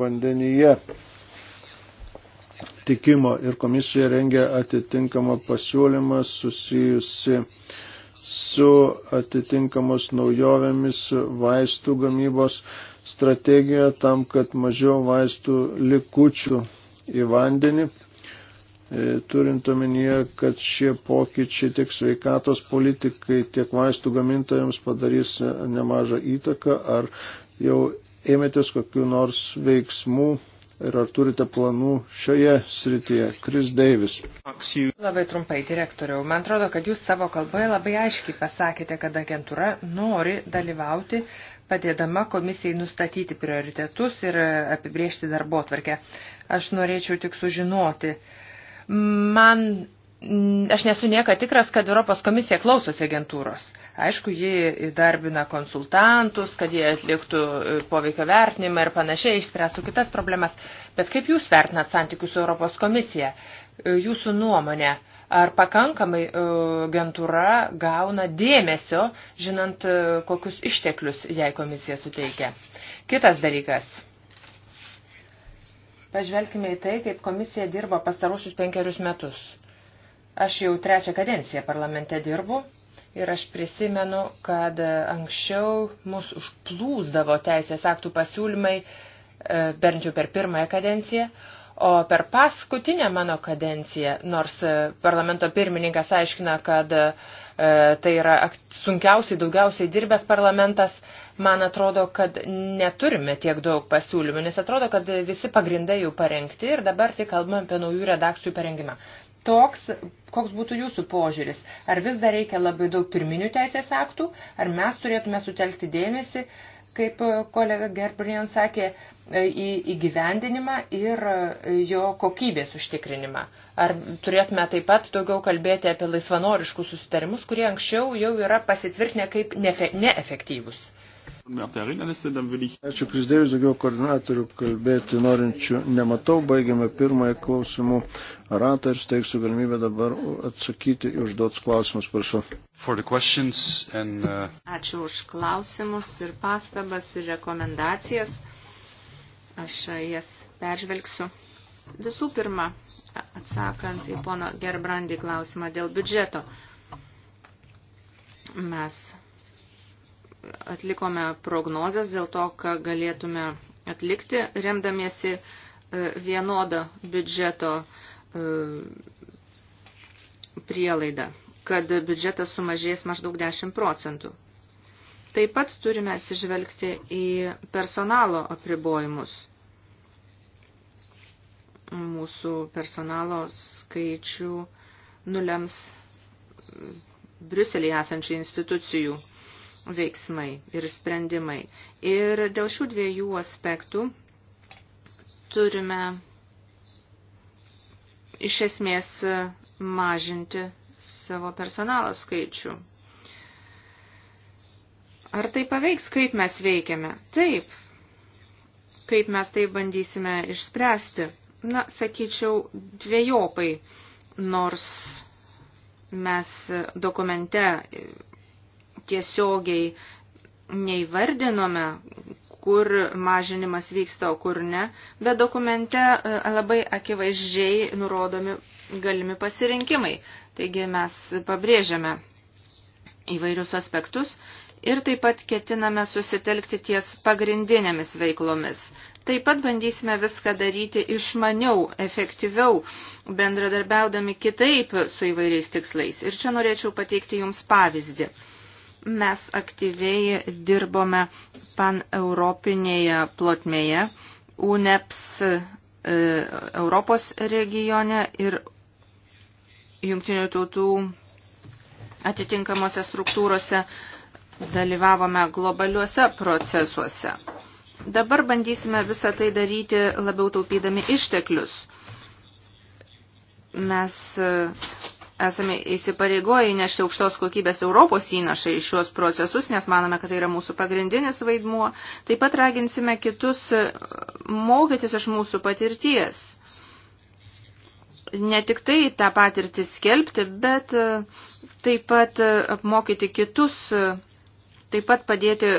vandenyje tikimo ir komisija rengia atitinkamą pasiūlymą susijusi su atitinkamos naujovėmis vaistų gamybos strategija tam, kad mažiau vaistų likučių į vandenį E, turint omenyje, kad šie pokyčiai tiek sveikatos politikai, tiek vaistų gamintojams padarys e, nemažą įtaką, ar jau ėmėtės kokiu nors veiksmu ir ar turite planų šioje srityje. Kris Deivis. Labai trumpai, direktoriau. Man atrodo, kad jūs savo kalboje labai aiškiai pasakėte, kad agentūra nori dalyvauti padėdama komisijai nustatyti prioritetus ir apibriežti darbo tvarkę. Aš norėčiau tik sužinoti, uh, Man mm, aš nesu nieka tikras, kad Europos komisija klausosi agentūros. Aišku, ji įdarbina konsultantus, kad jie atliktų e, poveikio vertinimą ir panašiai, išspręstų kitas problemas. Bet kaip jūs vertinat santykius su Europos komisija? E, jūsų nuomonė, ar pakankamai e, agentūra gauna dėmesio, žinant, kokius išteklius jai komisija suteikia? Kitas dalykas – Pažvelkime į tai, kaip komisija dirbo pastarusius penkerius metus. Aš jau trečią kadenciją parlamente dirbu ir aš prisimenu, kad anksčiau mus užplūsdavo teisės aktų pasiūlymai, e, bernčiau per pirmąją kadenciją, O per paskutinę mano kadenciją, nors e, parlamento pirmininkas aiškina, kad uh, E, tai yra sunkiausiai, daugiausiai dirbęs parlamentas, man atrodo, kad neturime tiek daug pasiūlymų, nes atrodo, kad visi pagrindai jau parengti ir dabar tik kalbame apie naujų redakcijų parengimą. Toks, koks būtų jūsų požiūris? Ar vis dar reikia labai daug pirminių teisės aktų, ar mes turėtume sutelkti dėmesį uh, kaip e, kolega Gerbrion sakė, e, į įgyvendinimą ir e, jo kokybės užtikrinimą. Ar turėtume taip pat daugiau kalbėti apie laisvanoriškus susitarimus, kurie anksčiau jau yra pasitvirtinę kaip neefektyvus? Ačiū prisidėjus daugiau koordinatorių kalbėti norinčių. Nematau, baigiame pirmąją klausimų ratą ir steiksiu galimybę dabar atsakyti į užduotus klausimus, prašau. And, uh... Ačiū už klausimus ir pastabas ir rekomendacijas. Aš jas peržvelgsiu. Visų pirma, atsakant į pono Gerbrandį klausimą dėl biudžeto. Mes atlikome prognozes dėl to, ką galėtume atlikti, remdamiesi e, vienodą biudžeto e, prielaidą, kad biudžetas sumažės maždaug 10 procentų. Taip pat turime atsižvelgti į personalo apribojimus. Mūsų personalo skaičių nulems Briuselėje esančių institucijų veiksmai ir sprendimai. Ir dėl šių dviejų aspektų turime iš esmės mažinti savo personalo skaičių. Ar tai paveiks, kaip mes veikiame? Taip. Kaip mes tai bandysime išspręsti? Na, sakyčiau, dviejopai, nors mes dokumente tiesiogiai neįvardinome, kur mažinimas vyksta, o kur ne, bet dokumente e, labai akivaizdžiai nurodomi galimi pasirinkimai. Taigi mes pabrėžiame įvairius aspektus ir taip pat ketiname susitelkti ties pagrindinėmis veiklomis. Taip pat bandysime viską daryti išmaniau, efektyviau, bendradarbiaudami kitaip su įvairiais tikslais. Ir čia norėčiau pateikti Jums pavyzdį. Mes aktyviai dirbome pan-europinėje plotmėje, UNEPS e, Europos regione ir jungtinių tautų atitinkamose struktūrose dalyvavome globaliuose procesuose. Dabar bandysime visą tai daryti labiau taupydami išteklius. Mes e, esame įsipareigoję įnešti aukštos kokybės Europos įnašą į šios procesus, nes manome, kad tai yra mūsų pagrindinis vaidmuo. Taip pat raginsime kitus e, mokytis iš mūsų patirties. Ne tik tai tą patirtį skelbti, bet e, taip pat e, apmokyti kitus, taip pat padėti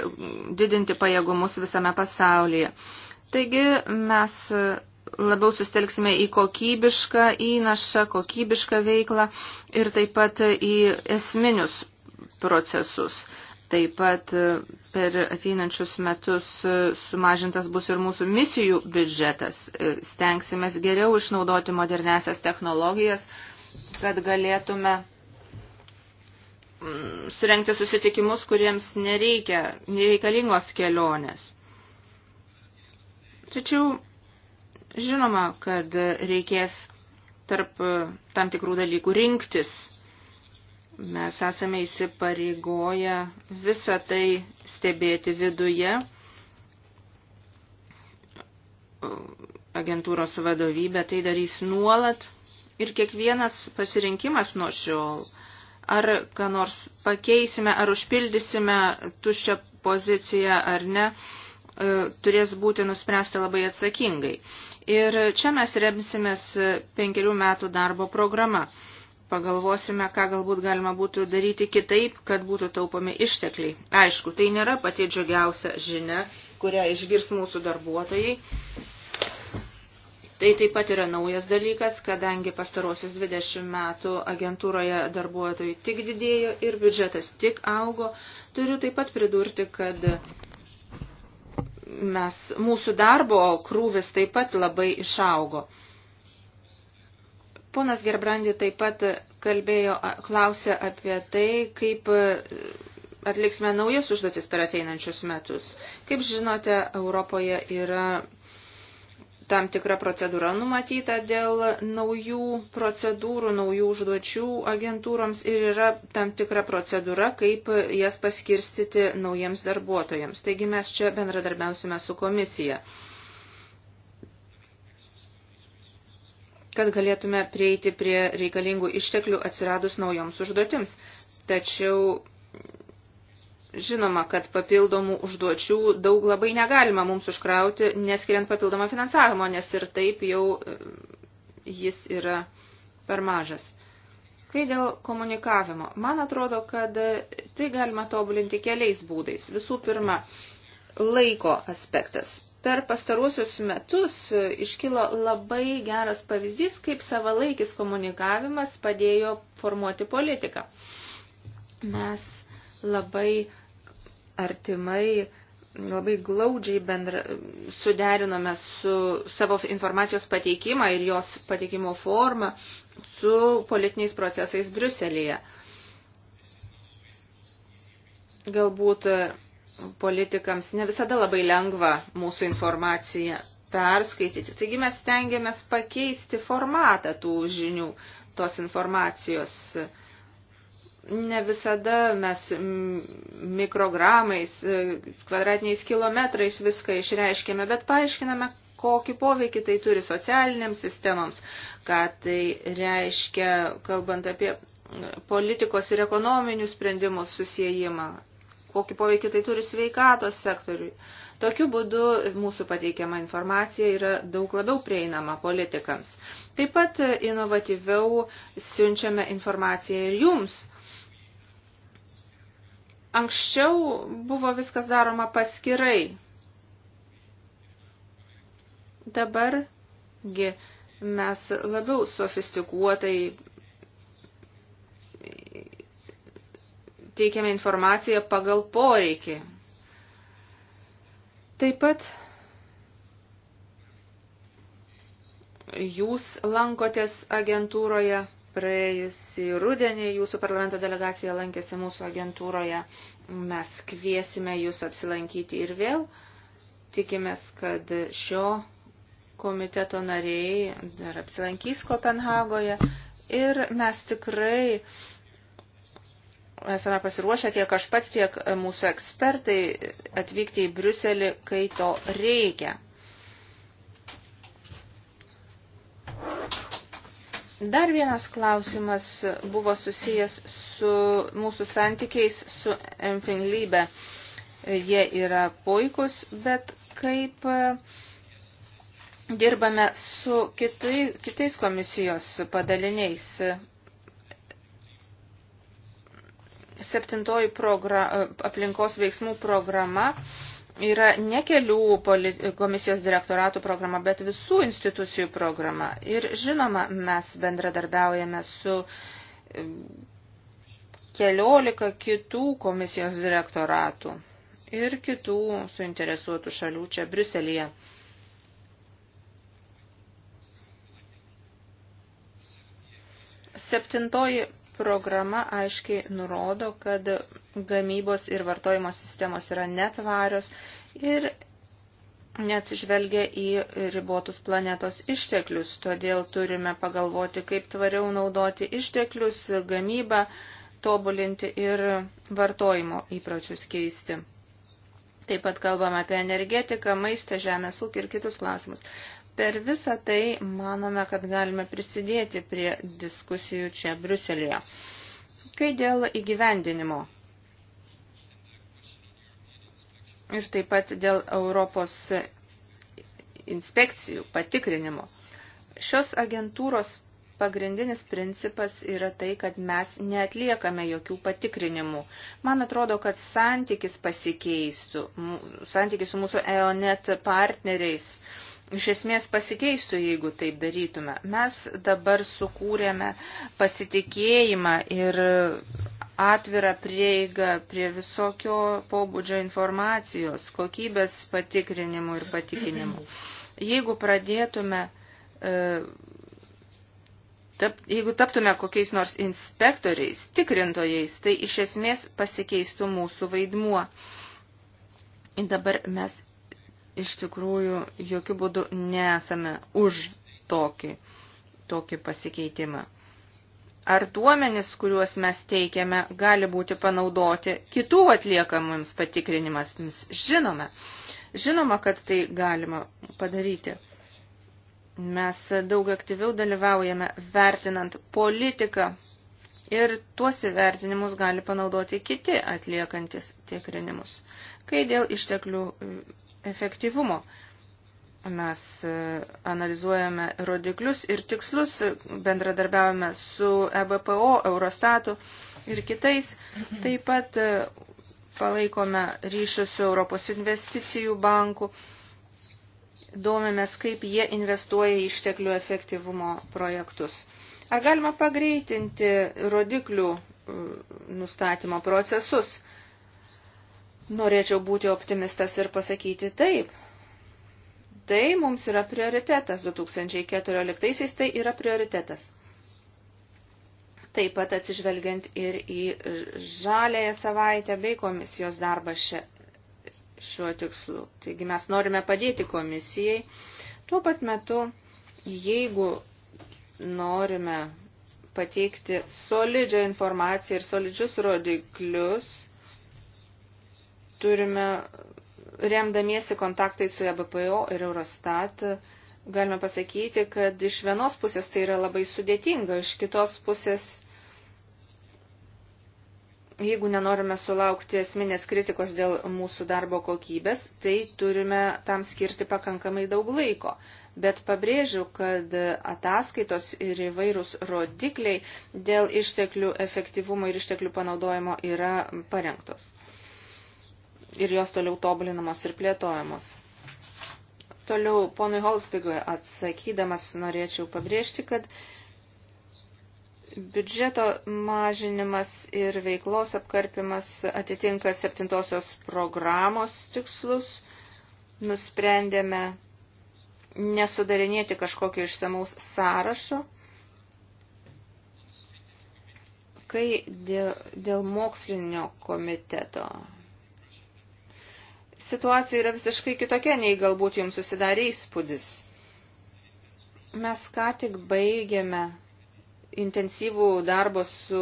didinti pajėgumus visame pasaulyje. Taigi mes labiau sustelksime į kokybišką įnašą, kokybišką veiklą ir taip pat į esminius procesus. Taip pat e, per ateinančius metus e, sumažintas bus ir mūsų misijų biudžetas. E, Stengsime geriau išnaudoti modernesias technologijas, kad galėtume mm, surenkti susitikimus, kuriems nereikia, nereikalingos kelionės. Tačiau Žinoma, kad reikės tarp e, tam tikrų dalykų rinktis. Mes esame įsipareigoję visą tai stebėti viduje. Agentūros vadovybė tai darys nuolat ir kiekvienas pasirinkimas nuo šiol, ar ką nors pakeisime, ar užpildysime tuščią poziciją ar ne, e, turės būti nuspręsta labai atsakingai. Ir čia mes remsimės penkerių metų darbo programą. Pagalvosime, ką galbūt galima būtų daryti kitaip, kad būtų taupomi ištekliai. Aišku, tai nėra pati džiugiausia žinia, kurią išgirs mūsų darbuotojai. Tai taip pat yra naujas dalykas, kadangi pastarosius 20 metų agentūroje darbuotojų tik didėjo ir biudžetas tik augo. Turiu taip pat pridurti, kad mes, mūsų darbo krūvis taip pat labai išaugo. Ponas Gerbrandi taip pat kalbėjo, klausė apie tai, kaip e, atliksime naujas užduotis per ateinančius metus. Kaip žinote, Europoje yra tam tikra procedūra numatyta dėl naujų procedūrų, naujų užduočių agentūroms ir yra tam tikra procedūra, kaip jas paskirstyti naujiems darbuotojams. Taigi mes čia bendradarbiausime su komisija, kad galėtume prieiti prie reikalingų išteklių atsiradus naujoms užduotims. Tačiau Žinoma, kad papildomų užduočių daug labai negalima mums užkrauti, neskiriant papildomą finansavimo, nes ir taip jau e, jis yra per mažas. Kai dėl komunikavimo, man atrodo, kad tai galima tobulinti keliais būdais. Visų pirma, laiko aspektas. Per pastaruosius metus e, iškilo labai geras pavyzdys, kaip savalaikis komunikavimas padėjo formuoti politiką. Mes labai artimai labai glaudžiai bendra, suderinome su savo informacijos pateikimą ir jos pateikimo formą su politiniais procesais Briuselėje. Galbūt politikams ne visada labai lengva mūsų informaciją perskaityti. Taigi mes stengiamės pakeisti formatą tų žinių, tos informacijos ne visada mes mikrogramais, e, kvadratiniais kilometrais viską išreiškėme, bet paaiškiname, kokį poveikį tai turi socialiniams sistemoms, ką tai reiškia, kalbant apie politikos ir ekonominių sprendimų susijimą, kokį poveikį tai turi sveikatos sektoriui. Tokiu būdu mūsų pateikiama informacija yra daug labiau prieinama politikams. Taip pat inovatyviau siunčiame informaciją ir jums Anksčiau buvo viskas daroma paskirai. Dabargi mes labiau sofistikuotai teikiame informaciją pagal poreikį. Taip pat jūs lankotės agentūroje Praėjusį rudenį jūsų parlamento delegacija lankėsi mūsų agentūroje. Mes kviesime jūs apsilankyti ir vėl. Tikimės, kad šio komiteto nariai dar apsilankys Kopenhagoje ir mes tikrai esame pasiruošę tiek aš pats, tiek mūsų ekspertai atvykti į Briuselį, kai to reikia. Dar vienas klausimas buvo susijęs su mūsų santykiais su Empfinglybe. Jie yra puikus, bet kaip e, dirbame su kitai, kitais komisijos padaliniais. Septintoji progra, e, aplinkos veiksmų programa yra ne kelių komisijos direktoratų programa, bet visų institucijų programa. Ir žinoma, mes bendradarbiaujame su keliolika kitų komisijos direktoratų ir kitų suinteresuotų šalių čia Briuselėje. Septintoji Programa aiškiai nurodo, kad gamybos ir vartojimo sistemos yra netvarios ir neatsižvelgia į ribotus planetos išteklius, todėl turime pagalvoti, kaip tvariau naudoti išteklius, gamybą, tobulinti ir vartojimo įpročius keisti. Taip pat kalbame apie energetiką, maistą, žemės ūkį ir kitus klausimus. Per visą tai manome, kad galime prisidėti prie diskusijų čia Bruselėje. Kai dėl įgyvendinimo ir taip pat dėl Europos inspekcijų patikrinimo. Šios agentūros pagrindinis principas yra tai, kad mes neatliekame jokių patikrinimų. Man atrodo, kad santykis pasikeistų, santykis su mūsų EONET partneriais iš esmės pasikeistų, jeigu taip darytume. Mes dabar sukūrėme pasitikėjimą ir atvirą prieigą prie visokio pobūdžio informacijos, kokybės patikrinimų ir patikinimų. Jeigu pradėtume e, tap, jeigu taptume kokiais nors inspektoriais, tikrintojais, tai iš esmės pasikeistų mūsų vaidmuo. Ir dabar mes iš tikrųjų jokių būdų nesame už tokį, tokį pasikeitimą. Ar duomenis, kuriuos mes teikiame, gali būti panaudoti kitų atliekamams patikrinimas? Žinome. Žinoma, kad tai galima padaryti. Mes daug aktyviau dalyvaujame vertinant politiką ir tuos įvertinimus gali panaudoti kiti atliekantis tikrinimus. Kai dėl išteklių efektyvumo. Mes e, analizuojame rodiklius ir tikslus, bendradarbiavame su EBPO, Eurostatu ir kitais. Taip pat e, palaikome ryšius su Europos investicijų banku, domimės, kaip jie investuoja į išteklių efektyvumo projektus. Ar galima pagreitinti rodiklių e, nustatymo procesus? Norėčiau būti optimistas ir pasakyti taip. Tai mums yra prioritetas 2014-aisiais, tai yra prioritetas. Taip pat atsižvelgiant ir į žalėją savaitę bei komisijos darbą šia, šiuo tikslu. Taigi mes norime padėti komisijai. Tuo pat metu, jeigu norime pateikti solidžią informaciją ir solidžius rodiklius, turime, remdamiesi kontaktai su EBPO ir Eurostat, galime pasakyti, kad iš vienos pusės tai yra labai sudėtinga, iš kitos pusės, jeigu nenorime sulaukti esminės kritikos dėl mūsų darbo kokybės, tai turime tam skirti pakankamai daug laiko. Bet pabrėžiu, kad ataskaitos ir įvairūs rodikliai dėl išteklių efektyvumo ir išteklių panaudojimo yra parengtos ir jos toliau tobulinamos ir plėtojamos. Toliau ponui Holzbigui atsakydamas norėčiau pabrėžti, kad biudžeto mažinimas ir veiklos apkarpimas atitinka septintosios programos tikslus. Nusprendėme nesudarinėti kažkokio išsamaus sąrašo. Kai dėl, dėl mokslinio komiteto situacija yra visiškai kitokia, nei galbūt jums susidarė įspūdis. Mes ką tik baigėme intensyvų darbo su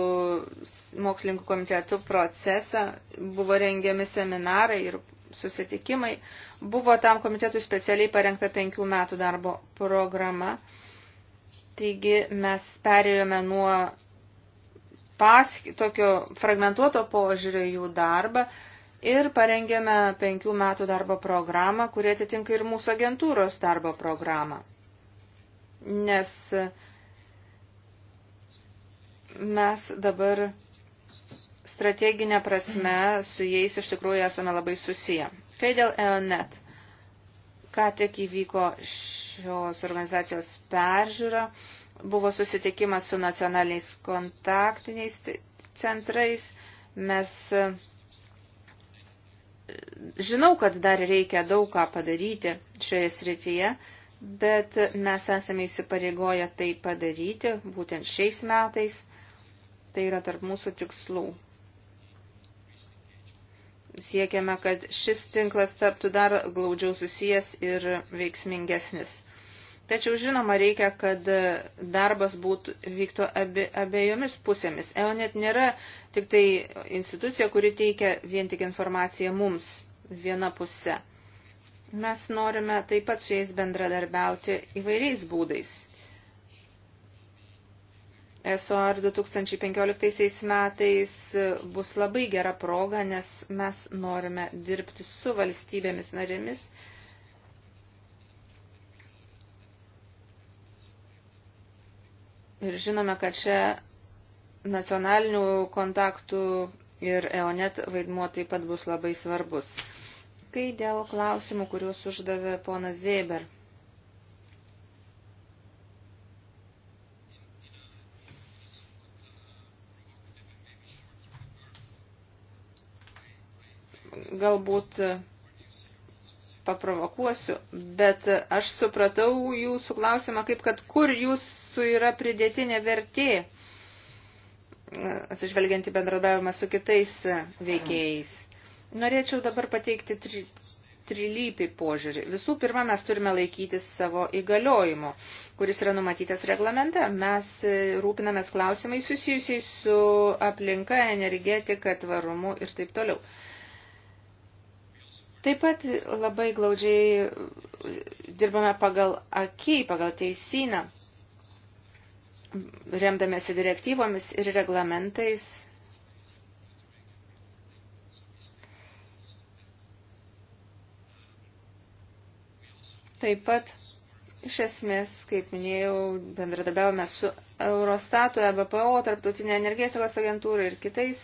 mokslininkų komitetu procesą, buvo rengiami seminarai ir susitikimai, buvo tam komitetui specialiai parengta penkių metų darbo programa. Taigi mes perėjome nuo pask, tokio fragmentuoto požiūrio jų darbą ir parengėme penkių metų darbo programą, kurie atitinka ir mūsų agentūros darbo programą. Nes mes dabar strateginė prasme su jais iš tikrųjų esame labai susiję. Kai dėl EONET, ką tik įvyko šios organizacijos peržiūra, buvo susitikimas su nacionaliniais kontaktiniais centrais, mes žinau, kad dar reikia daug ką padaryti šioje srityje, bet mes esame įsipareigoję tai padaryti būtent šiais metais. Tai yra tarp mūsų tikslų. Siekiame, kad šis tinklas taptų dar glaudžiau susijęs ir veiksmingesnis. Tačiau žinoma reikia, kad darbas būtų, vyktų abie, abiejomis pusėmis. EONET nėra tik tai institucija, kuri teikia vien tik informaciją mums viena puse. Mes norime taip pat su jais bendradarbiauti įvairiais būdais. SOR 2015 metais bus labai gera proga, nes mes norime dirbti su valstybėmis narėmis Ir žinome, kad čia nacionalinių kontaktų ir EONET vaidmuo taip pat bus labai svarbus. Kai dėl klausimų, kuriuos uždavė ponas Zeber. Galbūt paprovokuosiu, bet aš supratau jūsų klausimą kaip, kad kur jūsų yra pridėtinė vertė, atsižvelgianti bendradarbiavimą su kitais veikėjais. Norėčiau dabar pateikti tri, trilypį požiūrį. Visų pirma, mes turime laikytis savo įgaliojimo, kuris yra numatytas reglamente. Mes rūpinamės klausimai susijusiai su aplinka, energetika, tvarumu ir taip toliau. Taip pat labai glaudžiai dirbame pagal akį, pagal teisyną, remdamėsi direktyvomis ir reglamentais. Taip pat, iš esmės, kaip minėjau, bendradarbiavome su Eurostatu, EBPO, Tarptautinė energetikos agentūra ir kitais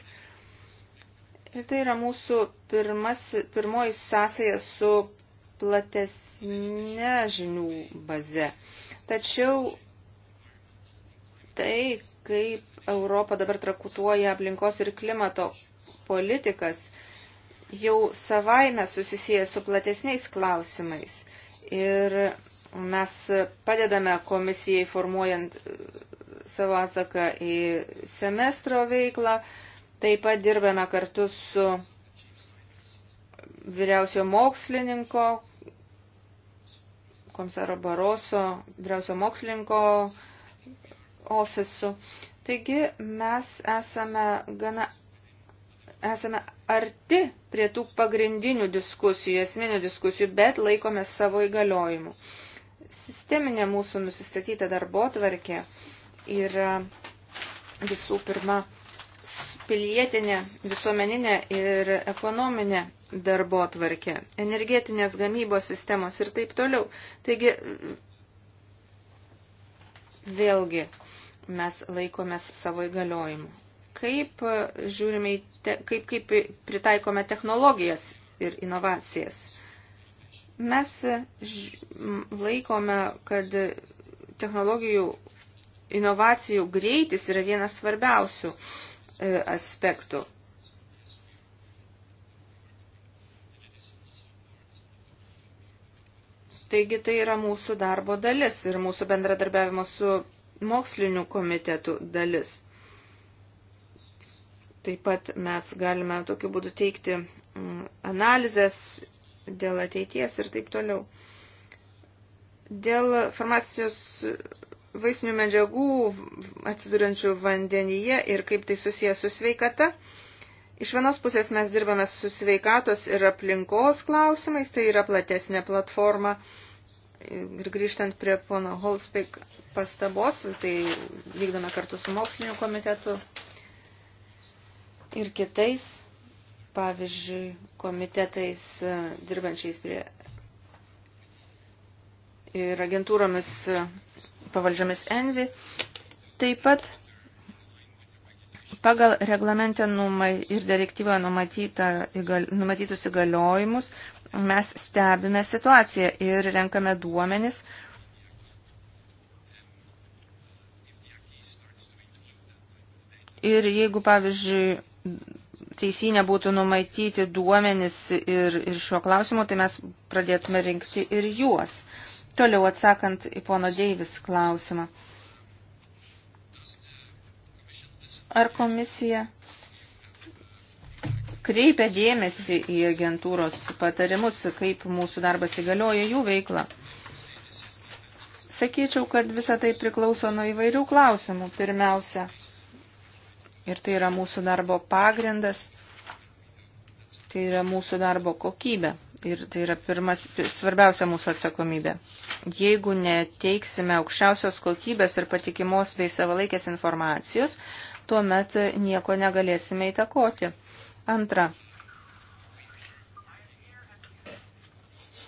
Ir tai yra mūsų pirmas, pirmoji sąsaja su platesnė žinių baze. Tačiau tai, kaip Europa dabar trakutuoja aplinkos ir klimato politikas, jau savaime susisieja su platesniais klausimais. Ir mes padedame komisijai formuojant savo atsaką į semestro veiklą, Taip pat dirbame kartu su vyriausio mokslininko, komisaro Baroso, vyriausio mokslininko ofisu. Taigi mes esame gana esame arti prie tų pagrindinių diskusijų, esminių diskusijų, bet laikomės savo įgaliojimų. Sisteminė mūsų nusistatyta darbo tvarkė yra visų pirma pilietinę, visuomeninę ir ekonominę darbo atvarkę, energetinės gamybos sistemos ir taip toliau. Taigi, vėlgi, mes laikomės savo įgaliojimu. Kaip, žiūrime, te, kaip, kaip pritaikome technologijas ir inovacijas? Mes laikome, kad technologijų inovacijų greitis yra vienas svarbiausių E, aspektų. Taigi tai yra mūsų darbo dalis ir mūsų bendradarbiavimo su moksliniu komitetu dalis. Taip pat mes galime tokiu būdu teikti mm, analizės dėl ateities ir taip toliau. Dėl farmacijos vaisinių medžiagų atsiduriančių vandenyje ir kaip tai susijęs su sveikata. Iš vienos pusės mes dirbame su sveikatos ir aplinkos klausimais, tai yra platesnė platforma. Ir grįžtant prie pono Holspik pastabos, tai vykdome kartu su moksliniu komitetu ir kitais, pavyzdžiui, komitetais e, dirbančiais prie ir agentūromis pavaldžiomis Envi. Taip pat pagal reglamentę ir direktyvoje numatytus įgaliojimus mes stebime situaciją ir renkame duomenis, Ir jeigu, pavyzdžiui, teisinė būtų numatyti duomenis ir, ir šiuo klausimu, tai mes pradėtume rinkti ir juos. Toliau atsakant į pono Deivis klausimą. Ar komisija kreipia dėmesį į agentūros patarimus, kaip mūsų darbas įgalioja jų veiklą? Sakyčiau, kad visa tai priklauso nuo įvairių klausimų. Pirmiausia, ir tai yra mūsų darbo pagrindas, tai yra mūsų darbo kokybė ir tai yra pirmas, svarbiausia mūsų atsakomybė. Jeigu neteiksime aukščiausios kokybės ir patikimos bei savalaikės informacijos, tuomet nieko negalėsime įtakoti. Antra.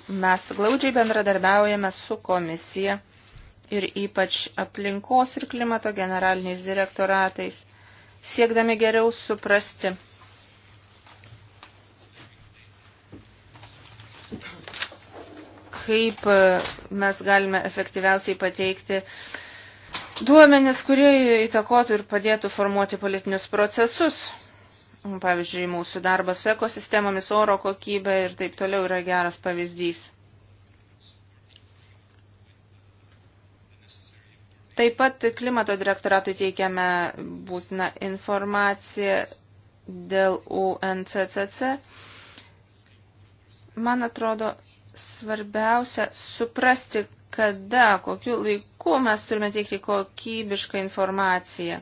Mes glaudžiai bendradarbiaujame su komisija ir ypač aplinkos ir klimato generaliniais direktoratais, siekdami geriau suprasti kaip e, mes galime efektyviausiai pateikti duomenis, kurie įtakotų ir padėtų formuoti politinius procesus. Pavyzdžiui, mūsų darbas su ekosistemomis, oro kokybė ir taip toliau yra geras pavyzdys. Taip pat klimato direktoratui teikiame būtiną informaciją dėl UNCCC. Man atrodo, svarbiausia suprasti, kada, kokiu laiku mes turime teikti kokybišką informaciją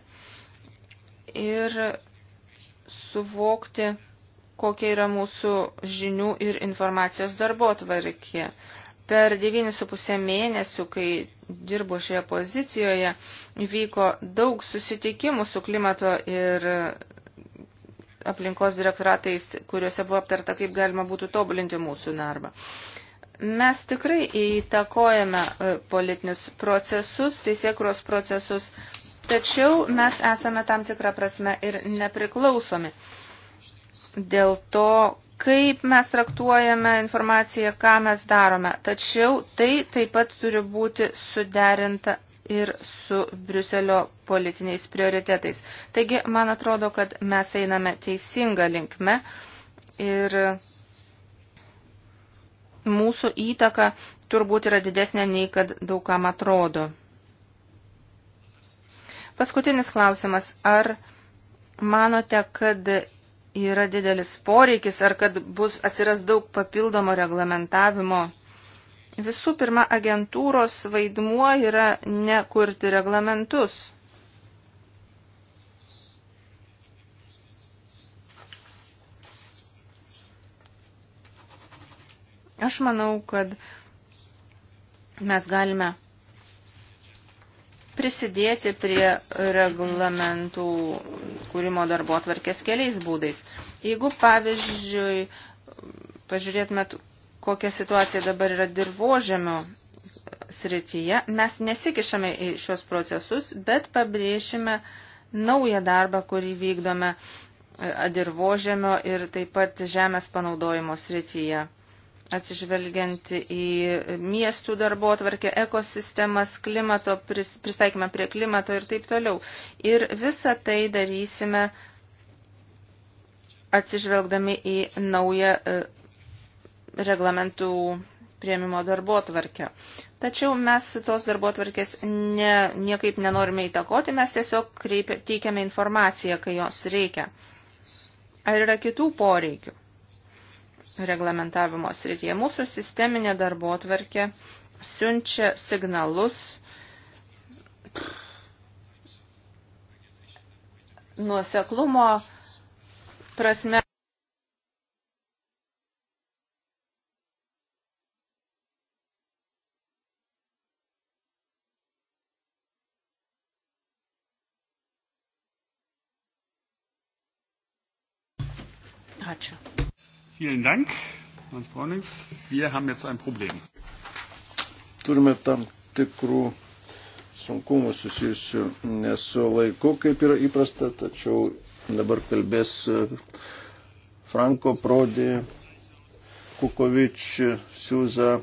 ir suvokti, kokia yra mūsų žinių ir informacijos darbo tvarkė. Per 9,5 mėnesių, kai dirbu šioje pozicijoje, vyko daug susitikimų su klimato ir aplinkos direktoratais, kuriuose buvo aptarta, kaip galima būtų tobulinti mūsų darbą. Mes tikrai įtakojame e, politinius procesus, teisėkros procesus, tačiau mes esame tam tikrą prasme ir nepriklausomi. Dėl to, kaip mes traktuojame informaciją, ką mes darome. Tačiau tai taip pat turi būti suderinta ir su Briuselio politiniais prioritetais. Taigi, man atrodo, kad mes einame teisinga linkme ir mūsų įtaka turbūt yra didesnė nei kad daugam atrodo. Paskutinis klausimas. Ar manote, kad yra didelis poreikis, ar kad bus atsiras daug papildomo reglamentavimo? Visų pirma, agentūros vaidmuo yra ne kurti reglamentus. Aš manau, kad mes galime prisidėti prie reglamentų kūrimo darbo atvarkės keliais būdais. Jeigu, pavyzdžiui, pažiūrėtumėt, kokia situacija dabar yra dirbožėmio srityje, mes nesikišame į šios procesus, bet pabrėšime naują darbą, kurį vykdome e, dirbožėmio ir taip pat žemės panaudojimo srityje atsižvelgiant į miestų darbo atvarkę, ekosistemas, klimato, pristaikymą prie klimato ir taip toliau. Ir visą tai darysime atsižvelgdami į naują e, reglamentų prieimimo darbo atvarkę. Tačiau mes tos darbo atvarkės ne, niekaip nenorime įtakoti, mes tiesiog kreipia, teikiame informaciją, kai jos reikia. Ar yra kitų poreikių? reglamentavimo srityje. Mūsų sisteminė darbo atverkė siunčia signalus nuoseklumo prasme Vielen Dank, Hans Braunings. Wir haben jetzt ein Problem. Turime tam tikrų sunkumų susijusių nesu laiku, kaip yra įprasta, tačiau dabar kalbės Franko Prodi, Kukovič, Siuza,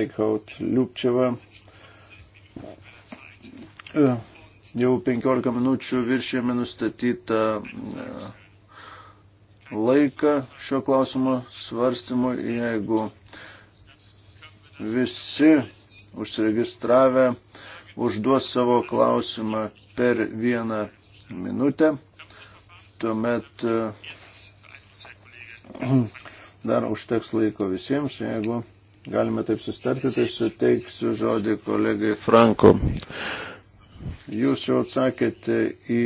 Aikaut, Liupčeva. Jau 15 minučių viršėme nustatytą laiką šio klausimo svarstymui, jeigu visi užsiregistravę užduos savo klausimą per vieną minutę, tuomet eh, [clears throat] dar užteks laiko visiems, jeigu galime taip sustarti, tai suteiksiu žodį kolegai Franko. Jūs jau atsakėte į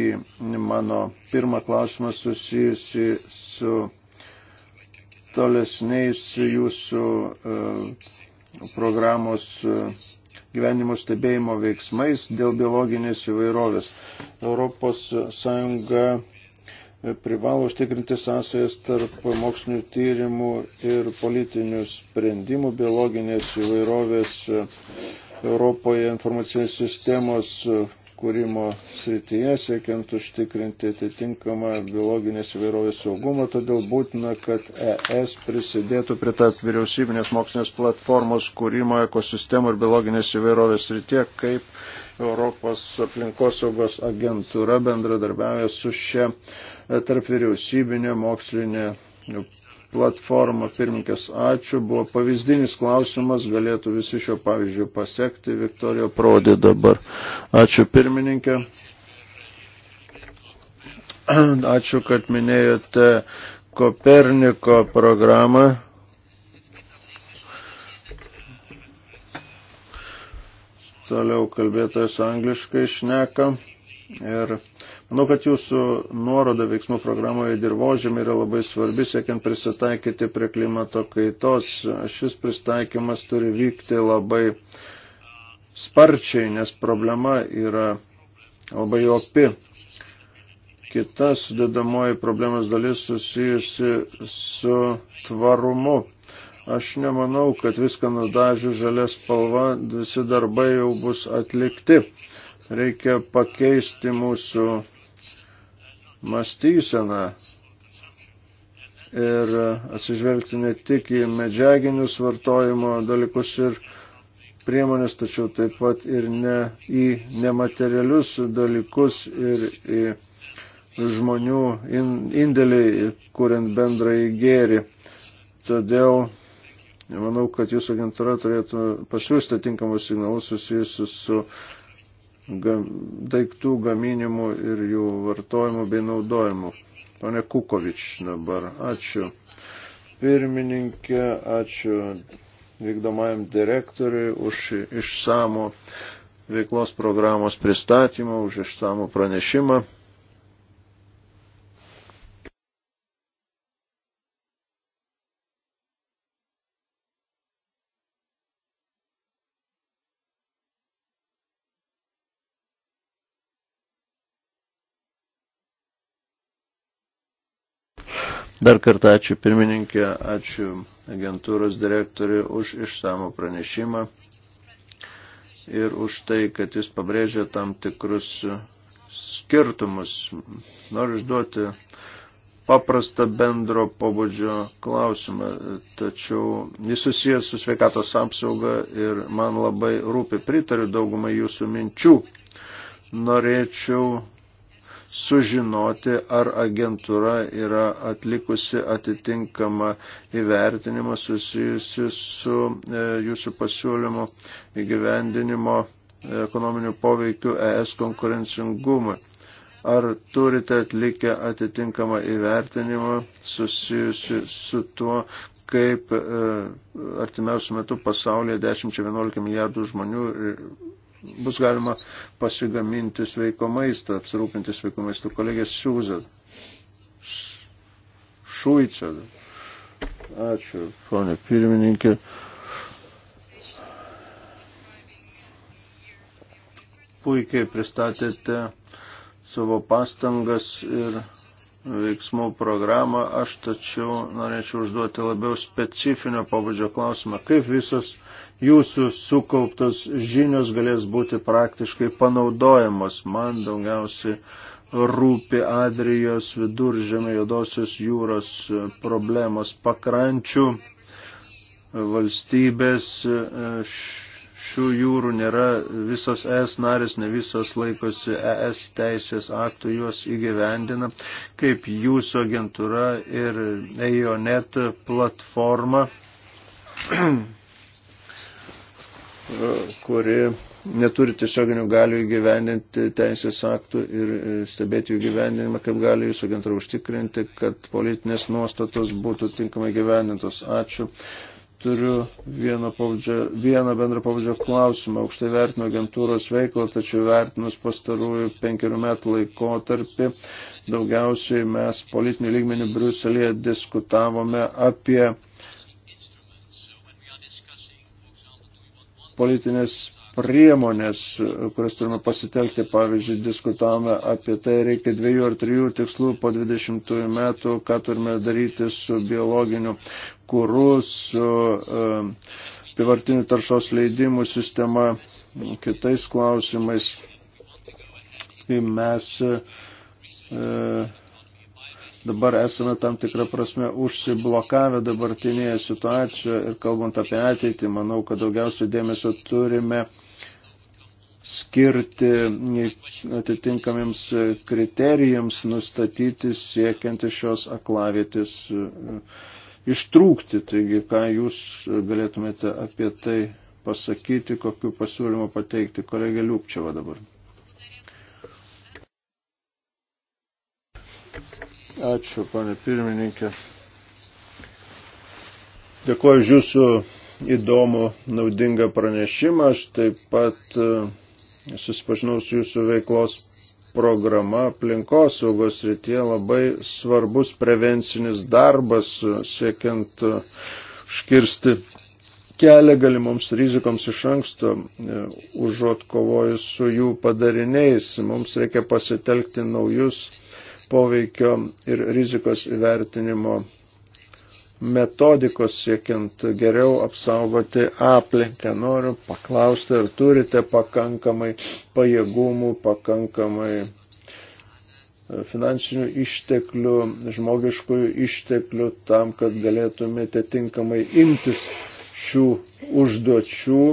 mano pirmą klausimą susijusi su tolesniais jūsų e, programos e, gyvenimo stebėjimo veiksmais dėl biologinės įvairovės. Europos Sąjunga e, privalo užtikrinti sąsajas tarp mokslinių tyrimų ir politinių sprendimų biologinės įvairovės Europoje informacinės sistemos e, kūrimo srityje, siekiant užtikrinti atitinkamą biologinės įvairovės saugumą, todėl būtina, kad ES prisidėtų prie tarp vyriausybinės mokslinės platformos kūrimo ekosistemų ir biologinės įvairovės srityje, kaip Europos aplinkosaugos agentūra bendradarbiauja su šia e, tarp vyriausybinė mokslinė platformą. Pirminkės, ačiū, buvo pavyzdinis klausimas, galėtų visi šio pavyzdžio pasiekti. Viktorija Prodė dabar. Ačiū pirmininkė. [clears throat] Ačiū, kad minėjote Koperniko programą. Toliau kalbėtojas angliškai šneka ir Manau, kad jūsų nuoroda veiksmų programoje dirbožėmė yra labai svarbi, siekiant prisitaikyti prie klimato kaitos. Šis pristaikymas turi vykti labai sparčiai, nes problema yra labai opi. Kita sudėdamoji problemos dalis susijusi su tvarumu. Aš nemanau, kad viską nudažiu žalia spalva, visi darbai jau bus atlikti. Reikia pakeisti mūsų mąstyseną ir atsižvelgti ne tik į medžiaginius vartojimo dalykus ir priemonės, tačiau taip pat ir ne, į nematerialius dalykus ir į žmonių indėlį, kuriant bendrąjį gėrį. Todėl manau, kad jūsų agentūra turėtų pasiūsti tinkamus signalus susijusius su daiktų gaminimu ir jų vartojimu bei naudojimu. Pane Kukovič dabar, ačiū. Pirmininkė, ačiū vykdomajam direktoriui už išsamų veiklos programos pristatymą, už išsamų pranešimą. Dar kartą ačiū pirmininkė, ačiū agentūros direktoriui už išsamų pranešimą ir už tai, kad jis pabrėžė tam tikrus skirtumus. Noriu išduoti paprastą bendro pobūdžio klausimą, tačiau jis susijęs su sveikatos apsauga ir man labai rūpi, pritariu daugumai jūsų minčių. Norėčiau sužinoti, ar agentūra yra atlikusi atitinkamą įvertinimą susijusi su e, jūsų pasiūlymu įgyvendinimo e, ekonominių poveikių ES konkurencingumui. Ar turite atlikę atitinkamą įvertinimą susijusi su tuo, kaip e, artimiausių metų pasaulyje 10-11 milijardų žmonių bus galima pasigaminti sveiko maisto, apsirūpinti sveiko maisto. Kolegė Siūza. Šuica. Ačiū, ponė pirmininkė. Puikiai pristatėte savo pastangas ir veiksmų programą. Aš tačiau norėčiau užduoti labiau specifinio pabudžio klausimą. Kaip visos jūsų sukauptos žinios galės būti praktiškai panaudojamos. Man daugiausiai rūpi Adrijos viduržėmė juodosios jūros problemos pakrančių valstybės. Šių jūrų nėra visos ES narės, ne visos laikosi ES teisės aktų, juos įgyvendina, kaip jūsų agentūra ir EONET platforma [clears throat] E, kuri neturi tiesioginių galių įgyvendinti teisės aktų ir e, stebėti jų gyvendinimą, kaip gali jūsų agentūra užtikrinti, kad politinės nuostatos būtų tinkamai gyvendintos. Ačiū. Turiu vieną, pavadžio, vieną bendrą pavadžio klausimą. Aukštai vertinu agentūros veiklą, tačiau vertinus pastarųjų penkerių metų laikotarpį daugiausiai mes politinių lygmenių Briuselėje diskutavome apie uh, politinės priemonės, kurias turime pasitelkti. Pavyzdžiui, diskutavome apie tai, reikia dviejų ar trijų tikslų po 20 metų, ką turime daryti su biologiniu kūru, su e, pivartiniu taršos leidimų sistema, kitais klausimais. Mes e, dabar esame tam tikrą prasme užsiblokavę dabartinėje situacijoje ir kalbant apie ateitį, manau, kad daugiausiai dėmesio turime skirti atitinkamiems kriterijams nustatyti siekiant iš šios aklavietės e, ištrūkti. Taigi, ką jūs galėtumėte apie tai pasakyti, kokiu pasiūlymu pateikti kolegė Liupčiava dabar. Ačiū, panė pirmininkė. Dėkuoju už jūsų įdomų, naudingą pranešimą. Aš taip pat e, susipažinau su jūsų veiklos programa aplinkos saugos rytie labai svarbus prevencinis darbas e, siekiant e, užkirsti kelia galimoms rizikoms iš anksto, užuot kovojus su jų padariniais. Mums reikia pasitelkti naujus poveikio ir rizikos įvertinimo metodikos siekiant geriau apsaugoti aplinką. Noriu paklausti, ar turite pakankamai pajėgumų, pakankamai e, finansinių išteklių, žmogiškųjų išteklių tam, kad galėtumėte tinkamai imtis šių užduočių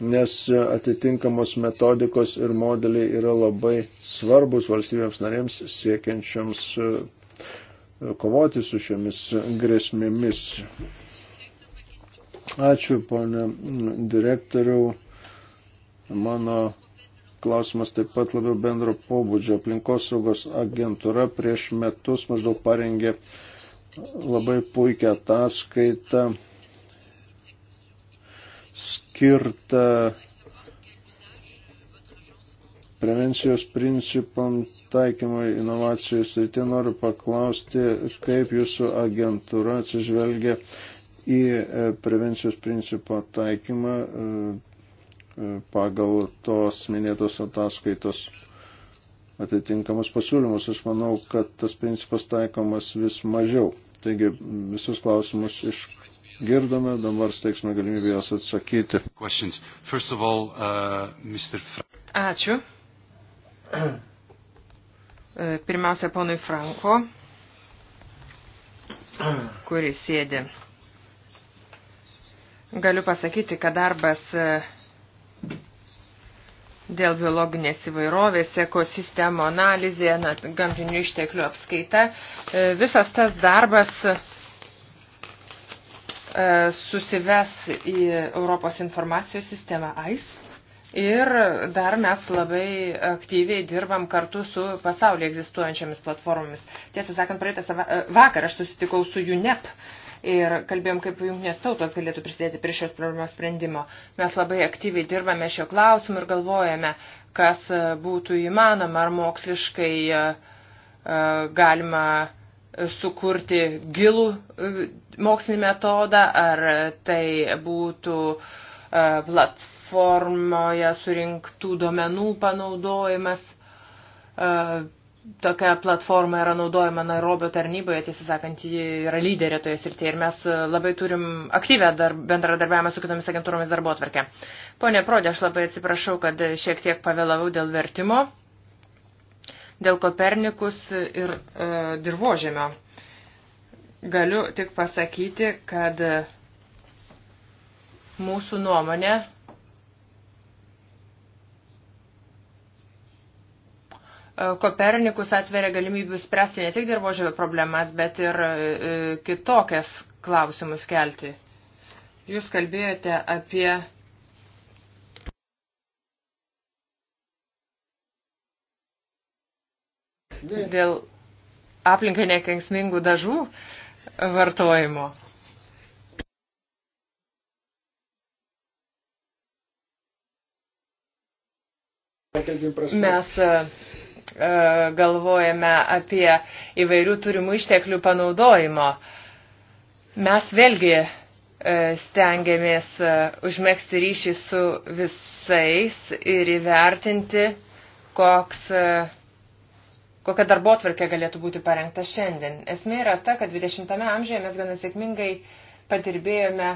nes atitinkamos metodikos ir modeliai yra labai svarbus valstybėms narėms siekiančiams e, kovoti su šiomis grėsmėmis. Ačiū, ponė direktoriau. Mano klausimas taip pat labiau bendro pobūdžio. Aplinkosaugos agentūra prieš metus maždaug parengė labai puikią ataskaitą skirtą prevencijos principam taikymui inovacijų srityje. Noriu paklausti, kaip jūsų agentūra atsižvelgia į e, prevencijos principo taikymą e, e, pagal tos minėtos ataskaitos atitinkamus pasiūlymus. Aš manau, kad tas principas taikomas vis mažiau. Taigi visus klausimus iš girdome, dabar steiksime galimybę jas atsakyti. All, uh, Ačiū. [clears throat] E, pirmiausia, ponui Franko, kuris sėdi. Galiu pasakyti, kad darbas e, dėl biologinės įvairovės, ekosistemo analizė, na, gamtinių išteklių apskaita, e, visas tas darbas E, susives į Europos informacijos sistemą ICE. Ir dar mes labai aktyviai dirbam kartu su pasaulyje egzistuojančiamis platformomis. Tiesą sakant, praeitą sava... E, vakar aš susitikau su UNEP ir kalbėjom, kaip jungtinės tautos galėtų prisidėti prie šios problemos sprendimo. Mes labai aktyviai dirbame šio klausimu ir galvojame, kas e, būtų įmanoma ar moksliškai galima sukurti gilų mokslinį metodą, ar tai būtų e, platformoje surinktų duomenų panaudojimas. E, tokia platforma yra naudojama Nairobio tarnyboje, tiesą sakant, ji yra lyderė toje srityje ir mes e, labai turim aktyvę dar, bendradarbiavimą su kitomis agentūromis darbo atvarkę. Pone Prodė, aš labai atsiprašau, kad šiek tiek pavėlavau dėl vertimo, dėl Kopernikus ir e, dirbožėmio. Galiu tik pasakyti, kad mūsų nuomonė Kopernikus atveria galimybių spręsti ne tik dirbožėvio problemas, bet ir e, kitokias klausimus kelti. Jūs kalbėjote apie dėl aplinkai nekenksmingų dažų. Uh, vartojimo. Mes e, e, galvojame apie įvairių turimų išteklių panaudojimo. Mes vėlgi e, stengiamės užmėgsti ryšį su visais ir įvertinti, koks uh, kokia darbo atvarkė galėtų būti parengta šiandien. Esmė yra ta, kad 20-ame amžiuje mes gana sėkmingai padirbėjome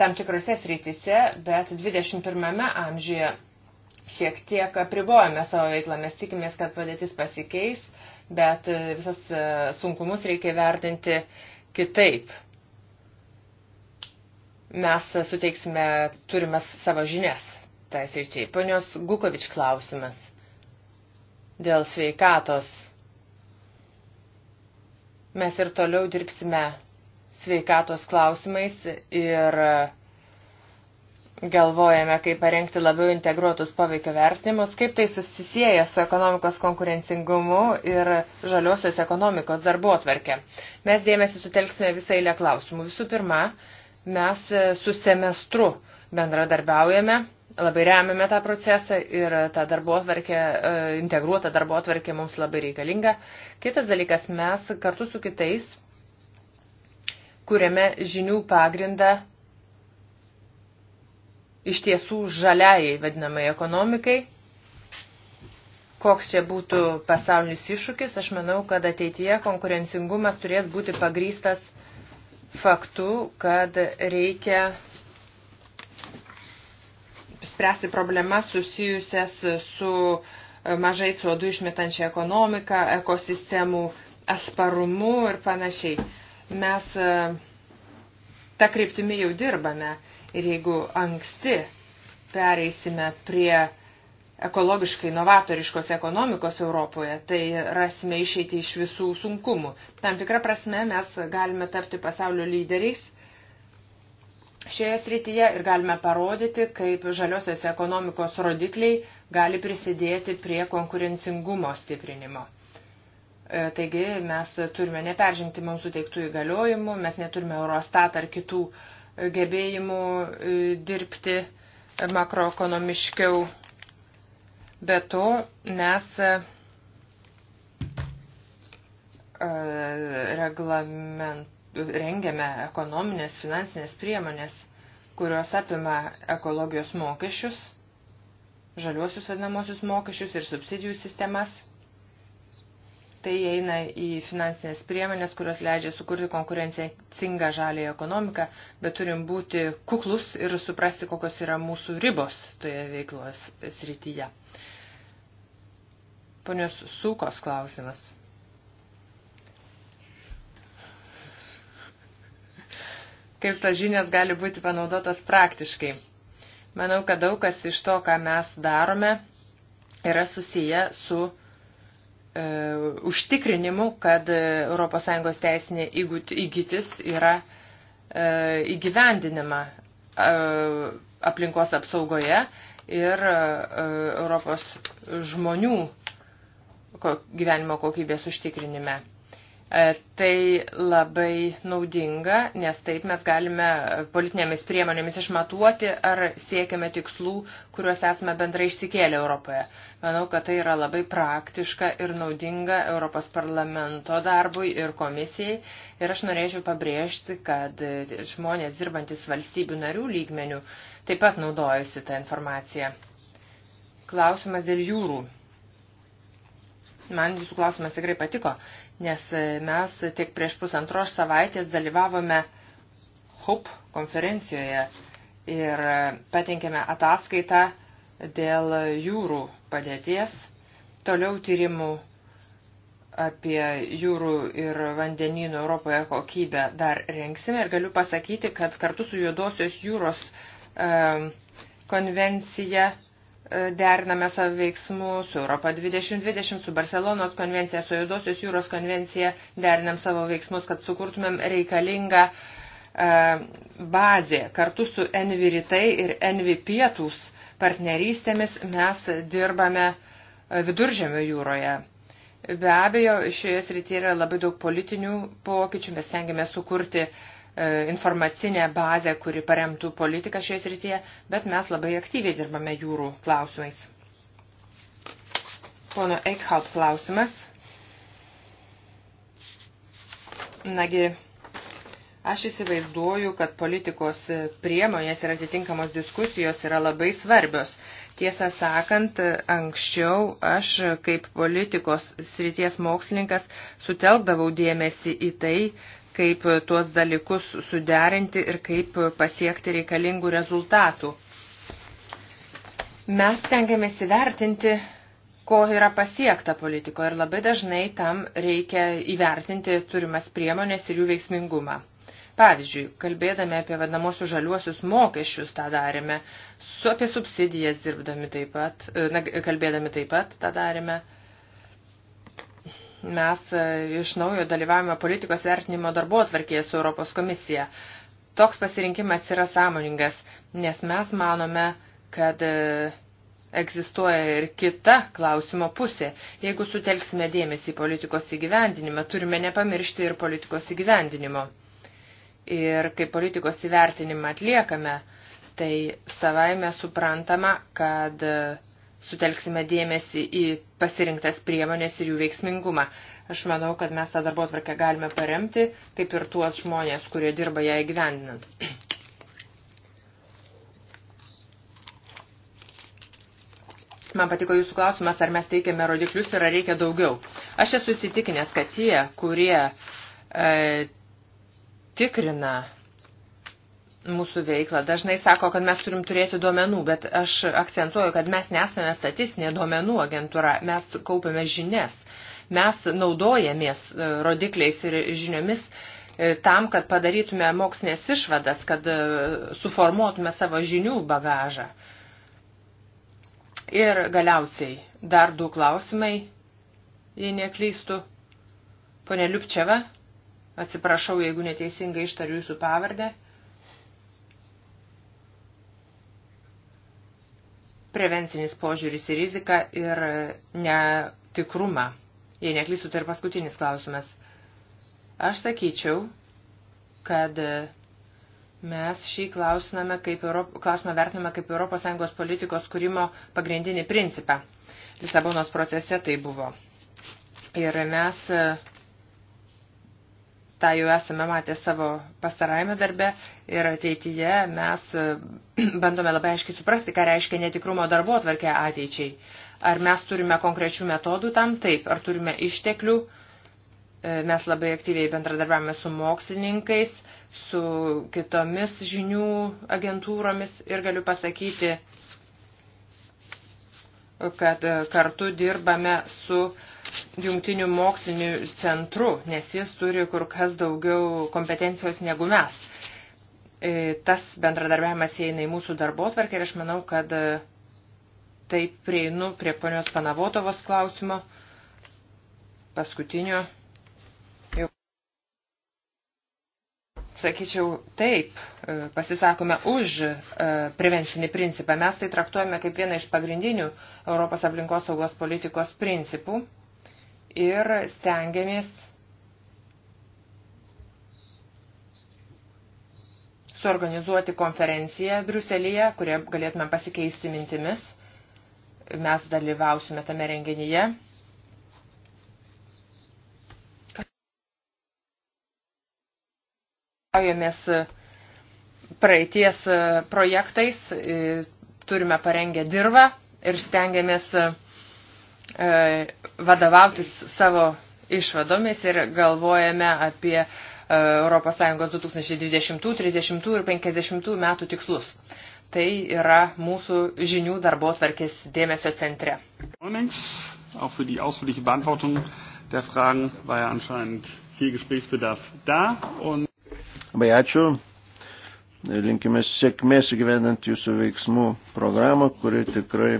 tam tikrose srityse, bet 21-ame amžiuje šiek tiek apribojame savo veiklą. Mes tikimės, kad padėtis pasikeis, bet e, visas e, sunkumus reikia vertinti kitaip. Mes suteiksime turimas savo žinias. Tai sričiai. Ponios Gukovič klausimas dėl sveikatos. Mes ir toliau dirbsime sveikatos klausimais ir galvojame, kaip parengti labiau integruotus poveikio vertinimus, kaip tai susisieja su ekonomikos konkurencingumu ir žaliosios ekonomikos darbo atverkė. Mes dėmesį sutelksime visą eilę klausimų. Visų pirma, mes su semestru bendradarbiaujame Labai remiame tą procesą ir ta darbo atvarkė, e, integruota darbo atvarkė mums labai reikalinga. Kitas dalykas, mes kartu su kitais kuriame žinių pagrindą iš tiesų žaliai vadinamai ekonomikai. Koks čia būtų pasaulinis iššūkis, aš manau, kad ateityje konkurencingumas turės būti pagrystas faktu, kad reikia spręsti problemas susijusias su e, mažai CO2 išmetančia ekonomika, ekosistemų atsparumu ir panašiai. Mes e, tą kryptimį jau dirbame ir jeigu anksti pereisime prie ekologiškai novatoriškos ekonomikos Europoje, tai rasime išeiti iš visų sunkumų. Tam tikrą prasme mes galime tapti pasaulio lyderiais šioje srityje ir galime parodyti, kaip žaliosios ekonomikos rodikliai gali prisidėti prie konkurencingumo stiprinimo. E, taigi mes turime neperžengti mums suteiktų įgaliojimų, mes neturime Eurostat ar kitų e, gebėjimų e, dirbti makroekonomiškiau. Be to mes reglament rengiame ekonominės, finansinės priemonės, kurios apima ekologijos mokesčius, žaliuosius vadinamosius mokesčius ir subsidijų sistemas. Tai eina į finansinės priemonės, kurios leidžia sukurti konkurencingą žalį ekonomiką, bet turim būti kuklus ir suprasti, kokios yra mūsų ribos toje veiklos srityje. Ponios Sūkos klausimas. kaip tos žinios gali būti panaudotos praktiškai. Manau, kad daug kas iš to, ką mes darome, yra susiję su e, užtikrinimu, kad ES teisinė įgytis yra e, įgyvendinama e, aplinkos apsaugoje ir e, e Europos žmonių gyvenimo kokybės užtikrinime. E, tai labai naudinga, nes taip mes galime politinėmis priemonėmis išmatuoti, ar siekiame tikslų, kuriuos esame bendrai išsikėlę Europoje. Manau, kad tai yra labai praktiška ir naudinga Europos parlamento darbui ir komisijai. Ir aš norėčiau pabrėžti, kad žmonės dirbantis valstybių narių lygmenių taip pat naudojasi tą informaciją. Klausimas dėl jūrų man jūsų klausimas tikrai patiko, nes e, mes tik prieš pusantros savaitės dalyvavome HUP konferencijoje ir e, patenkėme ataskaitą dėl jūrų padėties, toliau tyrimų apie jūrų ir vandenynų Europoje kokybę dar rengsime ir galiu pasakyti, kad kartu su Juodosios jūros e, konvencija e, deriname savo veiksmus su Europa 2020, su Barcelonos konvencija, su Jodosios jūros konvencija, derinam savo veiksmus, kad sukurtumėm reikalingą e, bazė. Kartu su Envi rytai ir Envi pietus partnerystėmis mes dirbame e, viduržėmio jūroje. Be abejo, šioje srityje yra labai daug politinių pokyčių, mes stengiame sukurti uh, E, informacinę bazę, kuri paremtų politiką šioje srityje, bet mes labai aktyviai dirbame jūrų klausimais. Pono Eichhout klausimas. Nagi, aš įsivaizduoju, kad politikos priemonės ir atitinkamos diskusijos yra labai svarbios. Tiesą sakant, anksčiau aš kaip politikos srities mokslininkas sutelkdavau dėmesį į tai, kaip tuos dalykus suderinti ir kaip pasiekti reikalingų rezultatų. Mes stengiamės įvertinti, ko yra pasiekta politikoje ir labai dažnai tam reikia įvertinti turimas priemonės ir jų veiksmingumą. Pavyzdžiui, kalbėdami apie vadinamosius žaliuosius mokesčius tą darėme, su apie subsidijas dirbdami taip pat, na, kalbėdami taip pat tą darėme mes e, iš naujo dalyvavome politikos vertinimo darbo atvarkėje su Europos komisija. Toks pasirinkimas yra sąmoningas, nes mes manome, kad e, egzistuoja ir kita klausimo pusė. Jeigu sutelksime dėmesį į politikos įgyvendinimą, turime nepamiršti ir politikos įgyvendinimo. Ir kai politikos įvertinimą atliekame, tai savaime suprantama, kad sutelksime dėmesį į pasirinktas priemonės ir jų veiksmingumą. Aš manau, kad mes tą darbo atvarkę galime paremti, kaip ir tuos žmonės, kurie dirba ją įgyvendinant. Man patiko jūsų klausimas, ar mes teikiame rodiklius ir ar reikia daugiau. Aš esu įsitikinęs, kad tie, kurie e, tikrina mūsų veiklą. Dažnai sako, kad mes turim turėti duomenų, bet aš akcentuoju, kad mes nesame statistinė duomenų agentūra, mes kaupiame žinias, mes naudojamės e, rodikliais ir žiniomis e, tam, kad padarytume mokslinės išvadas, kad e, suformuotume savo žinių bagažą. Ir galiausiai dar du klausimai, jei neklystų. Pone Liupčeva, atsiprašau, jeigu neteisingai ištariu jūsų pavardę. prevencinis požiūris į riziką ir netikrumą. Jei neklysiu, tai ir paskutinis klausimas. Aš sakyčiau, kad mes šį klausimą, kaip Europ... klausimą vertiname kaip ES politikos kūrimo pagrindinį principą. Lisabonos procese tai buvo. Ir mes uh, tą jau esame matę savo pastarajame darbe ir ateityje mes e, [clears throat] bandome labai aiškiai suprasti, ką reiškia netikrumo darbo atvarkė ateičiai. Ar mes turime konkrečių metodų tam? Taip. Ar turime išteklių? E, mes labai aktyviai bendradarbiavame su mokslininkais, su kitomis žinių agentūromis ir galiu pasakyti, kad e, kartu dirbame su uh, jungtiniu moksliniu centru, nes jis turi kur kas daugiau kompetencijos negu mes. E, tas bendradarbiavimas įeina į mūsų darbo tvarkę ir aš manau, kad e, taip prieinu prie ponios Panavotovos klausimo, paskutinio. Jau. Sakyčiau, taip, e, pasisakome už prevencinį principą. Mes tai traktuojame kaip vieną iš pagrindinių Europos aplinkos saugos politikos principų ir stengiamės suorganizuoti konferenciją Briuselėje, kurioje galėtume pasikeisti mintimis. Mes dalyvausime tame renginyje. Jomės praeities projektais turime parengę dirbą ir stengiamės E, vadovautis savo išvadomis ir galvojame apie ES 2020, 30 ir 50 metų tikslus. Tai yra mūsų žinių darbo tvarkės dėmesio centre. Auch für die ausführliche Beantwortung der Fragen war ja anscheinend viel Gesprächsbedarf da. Und Labai ačiū. Linkime sėkmės įgyvendant jūsų veiksmų programą, kuri tikrai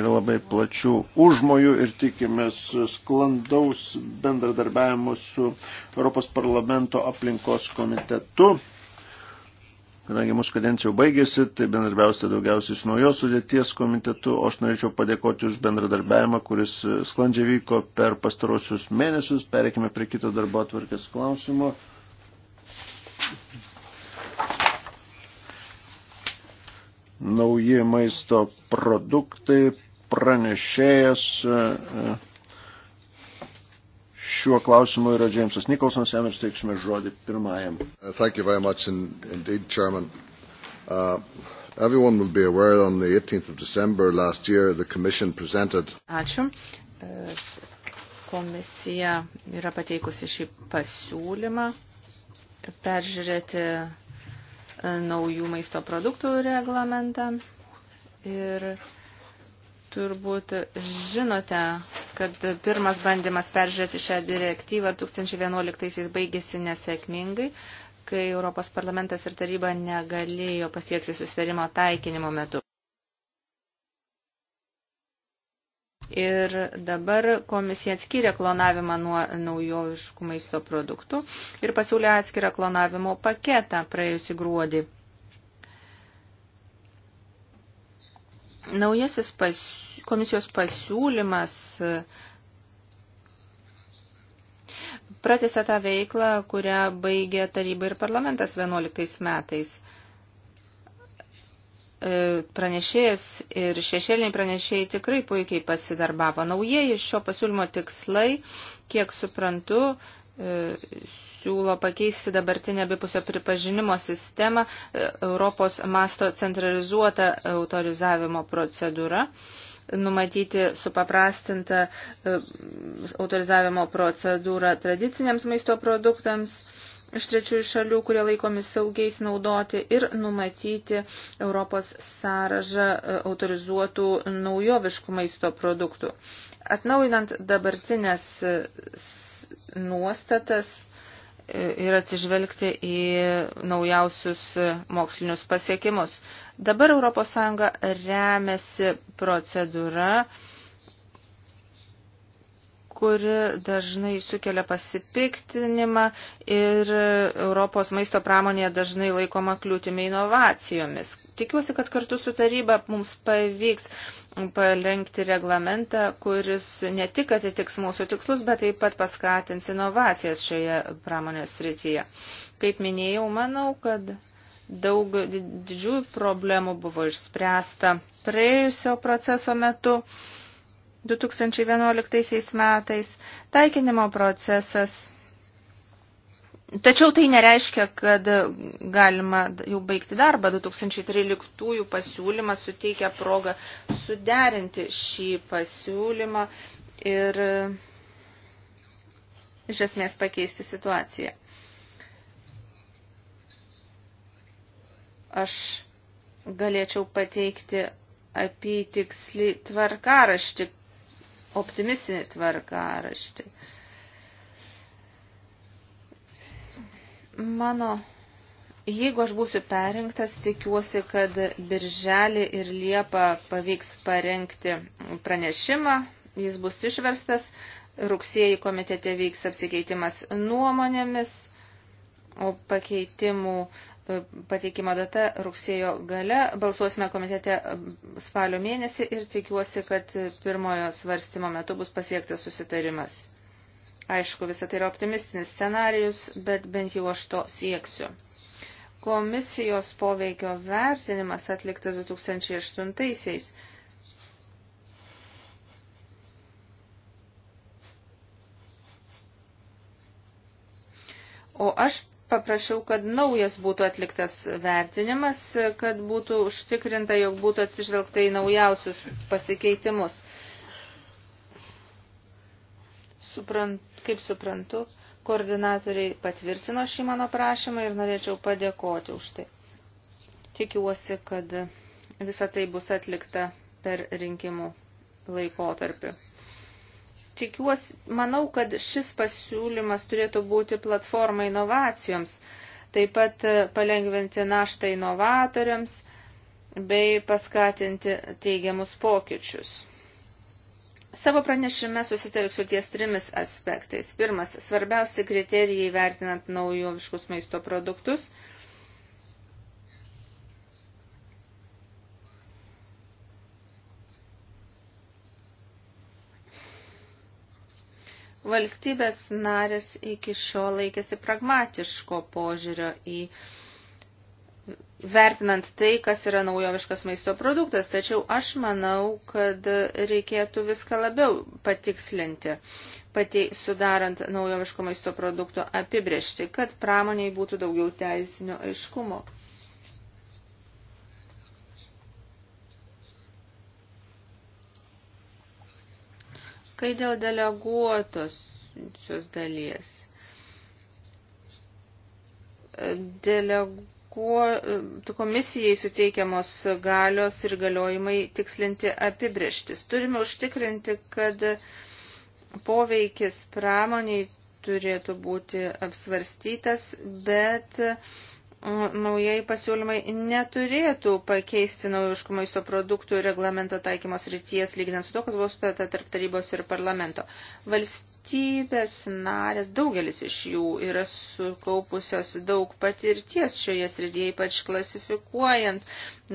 yra labai plačių užmojų ir tikimės sklandaus bendradarbiavimo su Europos parlamento aplinkos komitetu. Kadangi mūsų kadencija jau baigėsi, tai bendradarbiausite daugiausiai su naujos sudėties komitetu, o aš norėčiau padėkoti už bendradarbiavimą, kuris sklandžiai vyko per pastarosius mėnesius. Pereikime prie kito darbo atvarkės klausimo. nauji maisto produktai, pranešėjas e, e, šiuo klausimu yra Džeimsas Nikolsonas, jam ir steiksime žodį pirmajam. Uh, thank you very much indeed, Chairman. Uh, everyone will be aware on the 18th of December last year the Commission presented. Ačiū. E, Komisija yra pateikusi šį pasiūlymą peržiūrėti E, naujų maisto produktų reglamentą. Ir turbūt žinote, kad pirmas bandymas peržiūrėti šią direktyvą 2011 baigėsi nesėkmingai, kai Europos parlamentas ir taryba negalėjo pasiekti susitarimo taikinimo metu. Ir dabar komisija atskyrė klonavimą nuo naujoviškų maisto produktų ir pasiūlė atskirą klonavimo paketą praėjusį gruodį. Naujasis pas, komisijos pasiūlymas pratėsi tą veiklą, kurią baigė taryba ir parlamentas 11 metais. E, pranešėjas ir šešėliniai pranešėjai tikrai puikiai pasidarbavo. Naujieji šio pasiūlymo tikslai, kiek suprantu, e, siūlo pakeisti dabartinę abipusio pripažinimo sistemą e, Europos masto centralizuotą autorizavimo procedūrą numatyti supaprastintą autorizavimo procedūrą tradiciniams maisto produktams, iš trečiųjų šalių, kurie laikomi saugiais naudoti ir numatyti Europos sąrašą e, autorizuotų naujoviškų maisto produktų. Atnaujinant dabartinės e, nuostatas e, ir atsižvelgti į naujausius mokslinius pasiekimus. Dabar ES remiasi procedūra, kuri dažnai sukelia pasipiktinimą ir Europos maisto pramonėje dažnai laikoma kliūtimi inovacijomis. Tikiuosi, kad kartu su taryba mums pavyks palengti reglamentą, kuris ne tik atitiks mūsų tikslus, bet taip pat paskatins inovacijas šioje pramonės srityje. Kaip minėjau, manau, kad daug didžiųjų problemų buvo išspręsta praėjusio proceso metu. 2011 metais taikinimo procesas. Tačiau tai nereiškia, kad galima jau baigti darbą. 2013 pasiūlymas suteikia progą suderinti šį pasiūlymą ir iš esmės pakeisti situaciją. Aš galėčiau pateikti apytikslį tvarkaraštį, optimistinį tvarkaraštį. Mano, jeigu aš būsiu perinktas, tikiuosi, kad birželį ir liepą pavyks parengti pranešimą, jis bus išverstas, rugsėjį komitete vyks apsikeitimas nuomonėmis, o pakeitimų pateikimo data rugsėjo gale. Balsuosime komitete spalio mėnesį ir tikiuosi, kad pirmojo svarstymo metu bus pasiektas susitarimas. Aišku, visą tai yra optimistinis scenarius, bet bent jau aš to sieksiu. Komisijos poveikio vertinimas atliktas 2008-aisiais. O aš paprašiau, kad naujas būtų atliktas vertinimas, kad būtų užtikrinta, jog būtų atsižvelgta į naujausius pasikeitimus. Suprant, kaip suprantu, koordinatoriai patvirtino šį mano prašymą ir norėčiau padėkoti už tai. Tikiuosi, kad visa tai bus atlikta per rinkimų laikotarpį tikiuosi, manau, kad šis pasiūlymas turėtų būti platforma inovacijoms, taip pat e, palengventi naštą inovatoriams bei paskatinti teigiamus pokyčius. Savo pranešime susitelksiu ties trimis aspektais. Pirmas, svarbiausi kriterijai vertinant naujoviškus maisto produktus – valstybės narės iki šio laikėsi pragmatiško požiūrio į vertinant tai, kas yra naujoviškas maisto produktas, tačiau aš manau, kad reikėtų viską labiau patikslinti, pati sudarant naujoviško maisto produkto apibriežti, kad pramoniai būtų daugiau teisinio aiškumo. Kai dėl deleguotosios dalies. Deleguotosios kuo komisijai suteikiamos galios ir galiojimai tikslinti apibrieštis. Turime užtikrinti, kad poveikis pramoniai turėtų būti apsvarstytas, bet naujai pasiūlymai neturėtų pakeisti naujiškų maisto produktų reglamento taikymos ryties, lyginant su to, kas buvo sutarta tarp tarybos ir parlamento. Valstybės narės, daugelis iš jų yra sukaupusios daug patirties šioje srityje, ypač klasifikuojant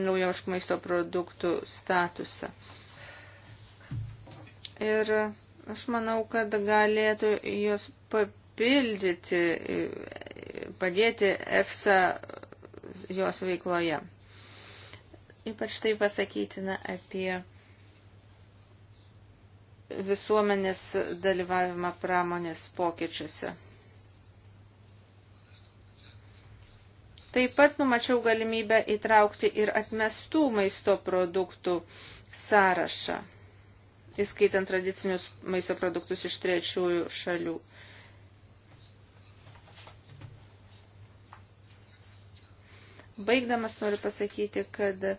naujiškų maisto produktų statusą. Ir aš manau, kad galėtų jos papildyti padėti EFSA jos veikloje. Ypač tai pasakytina apie visuomenės dalyvavimą pramonės pokyčiuose. Taip pat numačiau galimybę įtraukti ir atmestų maisto produktų sąrašą, įskaitant tradicinius maisto produktus iš trečiųjų šalių. Baigdamas noriu pasakyti, kad e,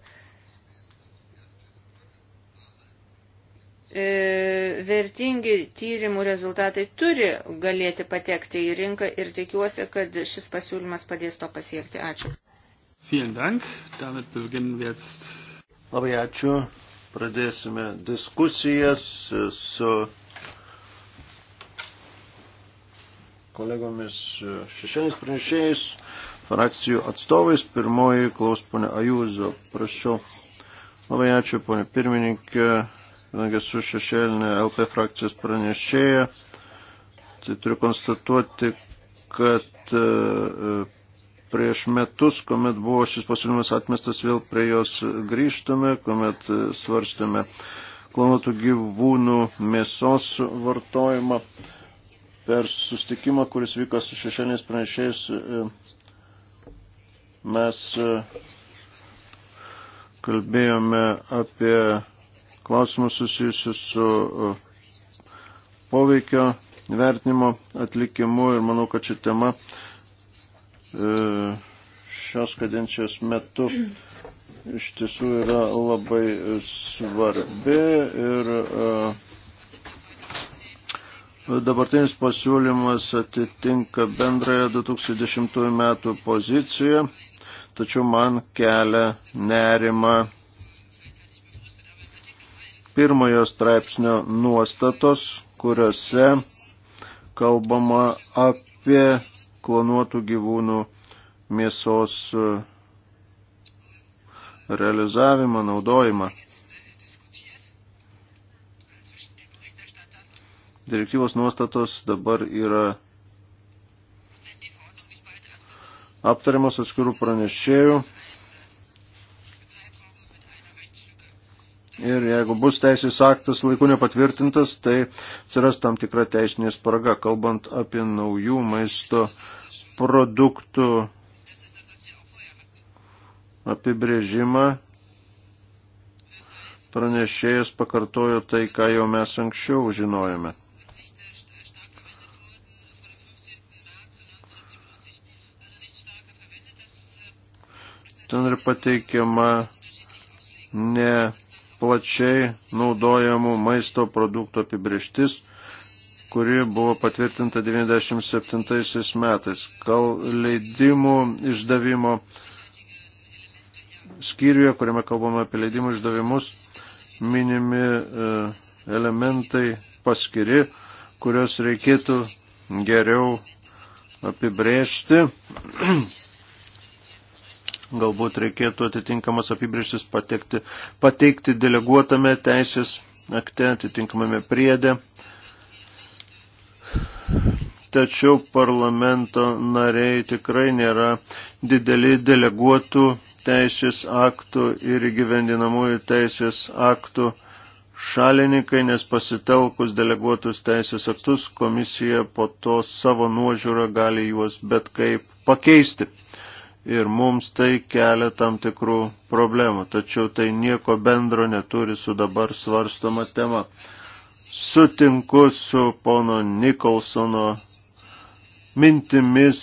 vertingi tyrimų rezultatai turi galėti patekti į rinką ir tikiuosi, kad šis pasiūlymas padės to pasiekti. Ačiū. Labai ačiū. Pradėsime diskusijas su kolegomis šešėnės pranešėjais frakcijų atstovais. Pirmoji klaus ponė Ajūzo, prašau. Labai ačiū ponė pirmininkė, kadangi esu šešėlinė LP frakcijos pranešėja, tai turiu konstatuoti, kad e, prieš metus, kuomet buvo šis pasiūlymas atmestas, vėl prie jos grįžtame, kuomet e, svarstėme klonotų gyvūnų mėsos vartojimą per sustikimą, kuris vyko su šešėliniais pranešėjais e, Mes e, kalbėjome apie klausimus susijusius su e, poveikio vertinimo atlikimu ir manau, kad ši tema e, šios kadencijos metu iš tiesų yra labai svarbi ir dabartinis pasiūlymas atitinka bendrąją 2010 metų poziciją tačiau man kelia nerima pirmojo straipsnio nuostatos, kuriuose kalbama apie klonuotų gyvūnų mėsos e, realizavimą, naudojimą. Direktyvos nuostatos dabar yra aptariamas atskirų pranešėjų. Ir jeigu bus teisės aktas laiku nepatvirtintas, tai atsiras tam tikra teisinė spraga, kalbant apie naujų maisto produktų apibrėžimą. Pranešėjas pakartojo tai, ką jau mes anksčiau žinojome. ten yra pateikiama ne plačiai naudojamų maisto produktų apibrieštis, kuri buvo patvirtinta 97 metais. Kal leidimų išdavimo skyriuje, kuriame kalbame apie leidimų išdavimus, minimi e, elementai paskiri, kurios reikėtų geriau apibrėžti. [clears throat] Galbūt reikėtų atitinkamas apibrieštis patekti, pateikti deleguotame teisės akte, atitinkamame priedė. Tačiau parlamento nariai tikrai nėra dideli deleguotų teisės aktų ir gyvendinamųjų teisės aktų šalininkai, nes pasitelkus deleguotus teisės aktus komisija po to savo nuožiūrą gali juos bet kaip pakeisti ir mums tai kelia tam tikrų problemų, tačiau tai nieko bendro neturi su dabar svarstoma tema. Sutinku su pono Nikolsono mintimis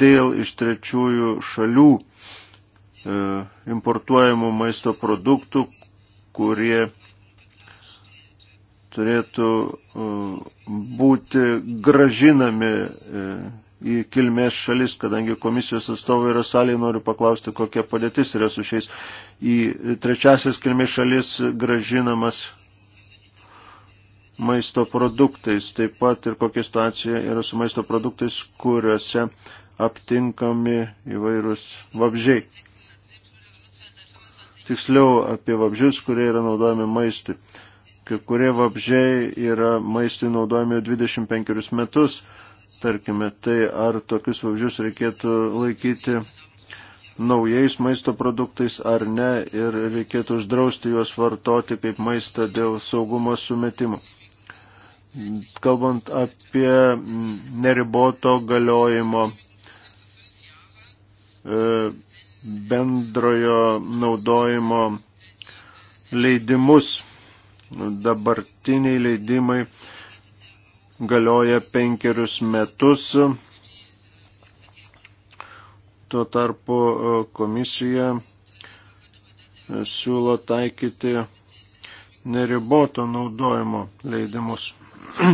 dėl iš trečiųjų šalių e, importuojamų maisto produktų, kurie turėtų e, būti gražinami e, į kilmės šalis, kadangi komisijos atstovai yra salėje, noriu paklausti, kokia padėtis yra su šiais į trečiasias kilmės šalis gražinamas maisto produktais, taip pat ir kokia situacija yra su maisto produktais, kuriuose aptinkami įvairūs vabžiai. Tiksliau apie vabžius, kurie yra naudojami maistui. Kai kurie vabžiai yra maistui naudojami 25 metus tarkime, tai ar tokius vabzdžius reikėtų laikyti naujais maisto produktais ar ne ir reikėtų uždrausti juos vartoti kaip maistą dėl saugumo sumetimų. Kalbant apie neriboto galiojimo e, bendrojo naudojimo leidimus, dabartiniai leidimai galioja penkerius metus. Tuo tarpu e, komisija e, siūlo taikyti neriboto naudojimo leidimus. [clears throat]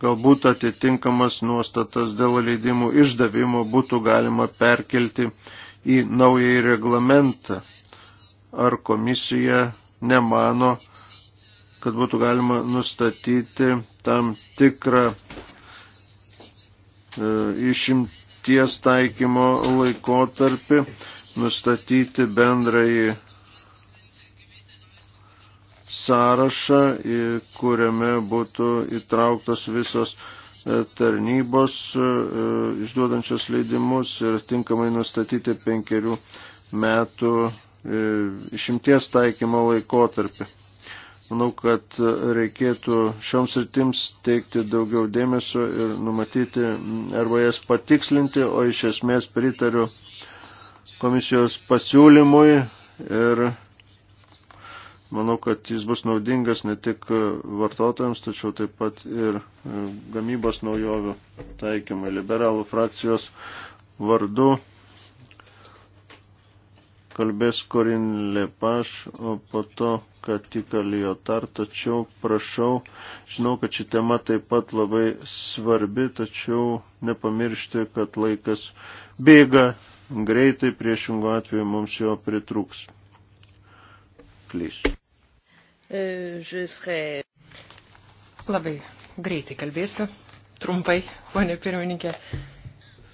Galbūt atitinkamas nuostatas dėl leidimų išdavimo būtų galima perkelti į naująjį reglamentą. Ar komisija nemano, kad būtų galima nustatyti tam tikrą e, išimties taikymo laikotarpį, nustatyti bendrąjį sąrašą, kuriame būtų įtrauktos visos e, tarnybos e, išduodančios leidimus ir tinkamai nustatyti penkerių metų e, išimties taikymo laikotarpį. Manau, kad reikėtų šioms sritims teikti daugiau dėmesio ir numatyti arba jas patikslinti, o iš esmės pritariu komisijos pasiūlymui ir manau, kad jis bus naudingas ne tik vartotojams, tačiau taip pat ir gamybos naujovių taikymai liberalų frakcijos vardu kalbės Korin Lepaš, o po to, kad tik Aliotar, tačiau prašau, žinau, kad ši tema taip pat labai svarbi, tačiau nepamiršti, kad laikas bėga greitai, priešingų atveju mums jo pritrūks. Klys. E, labai greitai kalbėsiu, trumpai, ponė pirmininkė.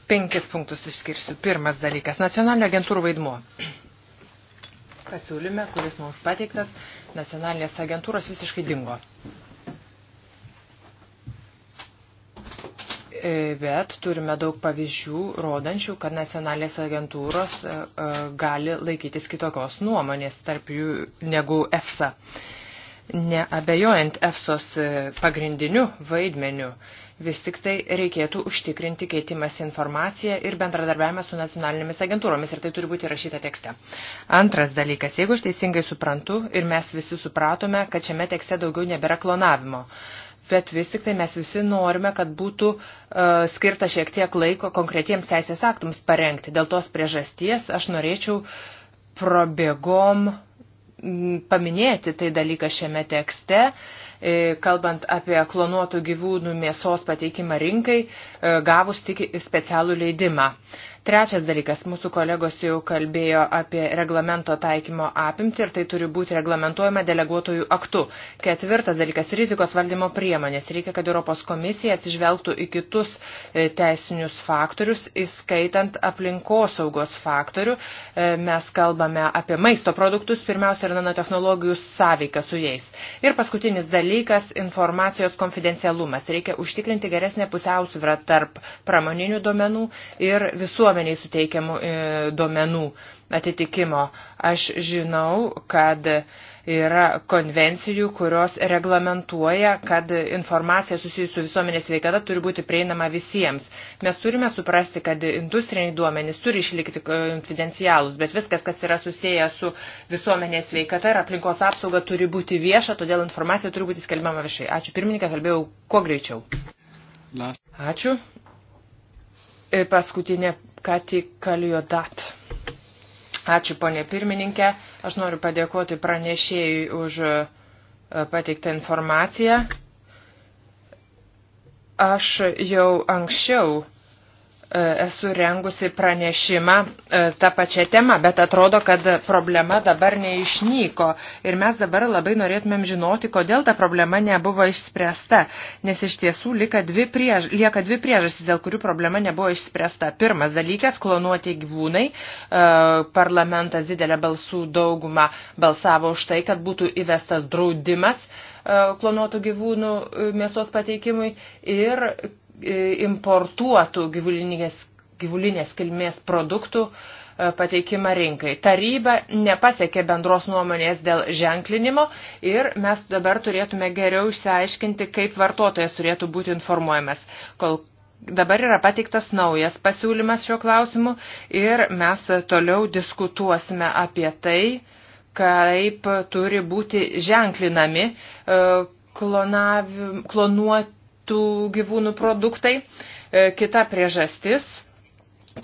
Penkis punktus išskirsiu. Pirmas dalykas - nacionalinio agentūrų vaidmuo pasiūlyme, kuris mums pateiktas, nacionalinės agentūros visiškai dingo. E, bet turime daug pavyzdžių, rodančių, kad nacionalinės agentūros e, e, gali laikytis kitokios nuomonės tarp jų negu EFSA. Neabejojant EFSOS pagrindiniu vaidmeniu, vis tik tai reikėtų užtikrinti keitimas informaciją ir bendradarbiavimą su nacionalinėmis agentūromis ir tai turi būti rašyta tekste. Antras dalykas, jeigu aš teisingai suprantu ir mes visi supratome, kad šiame tekste daugiau nebėra klonavimo. Bet vis tik tai mes visi norime, kad būtų uh, skirta šiek tiek laiko konkretiems teisės aktams parengti. Dėl tos priežasties aš norėčiau probėgom uh, paminėti tai dalyką šiame tekste, E, kalbant apie klonuotų gyvūnų mėsos pateikimą rinkai, e, gavus tik specialų leidimą. Trečias dalykas, mūsų kolegos jau kalbėjo apie reglamento taikymo apimtį ir tai turi būti reglamentuojama deleguotojų aktu. Ketvirtas dalykas, rizikos valdymo priemonės. Reikia, kad Europos komisija atsižvelgtų į kitus e, teisinius faktorius, įskaitant aplinkosaugos faktorių. Mes kalbame apie maisto produktus, pirmiausia, ir nanotehnologijų sąveiką su jais. Ir paskutinis dalykas dalykas – informacijos konfidencialumas. Reikia užtikrinti geresnę pusiausvyrą tarp pramoninių duomenų ir visuomeniai suteikiamų e, duomenų atitikimo. Aš žinau, kad Yra konvencijų, kurios reglamentuoja, kad informacija susijusi su visuomenės veikata turi būti prieinama visiems. Mes turime suprasti, kad industriniai duomenys turi išlikti e, konfidencialus, bet viskas, kas yra susiję su visuomenės veikata ir aplinkos apsauga, turi būti vieša, todėl informacija turi būti skelbiama viešai. Ačiū pirmininkė, kalbėjau kuo greičiau. Ačiū. E, paskutinė, ką tik kalėjo dat. Ačiū, ponė pirmininkė. Aš noriu padėkoti pranešėjui už e, pateiktą informaciją. Aš jau anksčiau E, esu rengusi pranešimą e, tą pačią temą, bet atrodo, kad problema dabar neišnyko. Ir mes dabar labai norėtumėm žinoti, kodėl ta problema nebuvo išspręsta. Nes iš tiesų lieka dvi, priež... lieka dvi priežastys, dėl kurių problema nebuvo išspręsta. Pirmas dalykas - klonuoti gyvūnai. E, parlamentas didelę balsų daugumą balsavo už tai, kad būtų įvestas draudimas klonuotų gyvūnų mėsos pateikimui. Ir E, importuotų gyvulinės, gyvulinės kilmės produktų e, pateikimą rinkai. Taryba nepasiekė bendros nuomonės dėl ženklinimo ir mes dabar turėtume geriau išsiaiškinti, kaip vartotojas turėtų būti informuojamas. Kol dabar yra pateiktas naujas pasiūlymas šiuo klausimu ir mes toliau diskutuosime apie tai, kaip turi būti ženklinami e, klonav, klonuot, tų gyvūnų produktai. E, kita priežastis,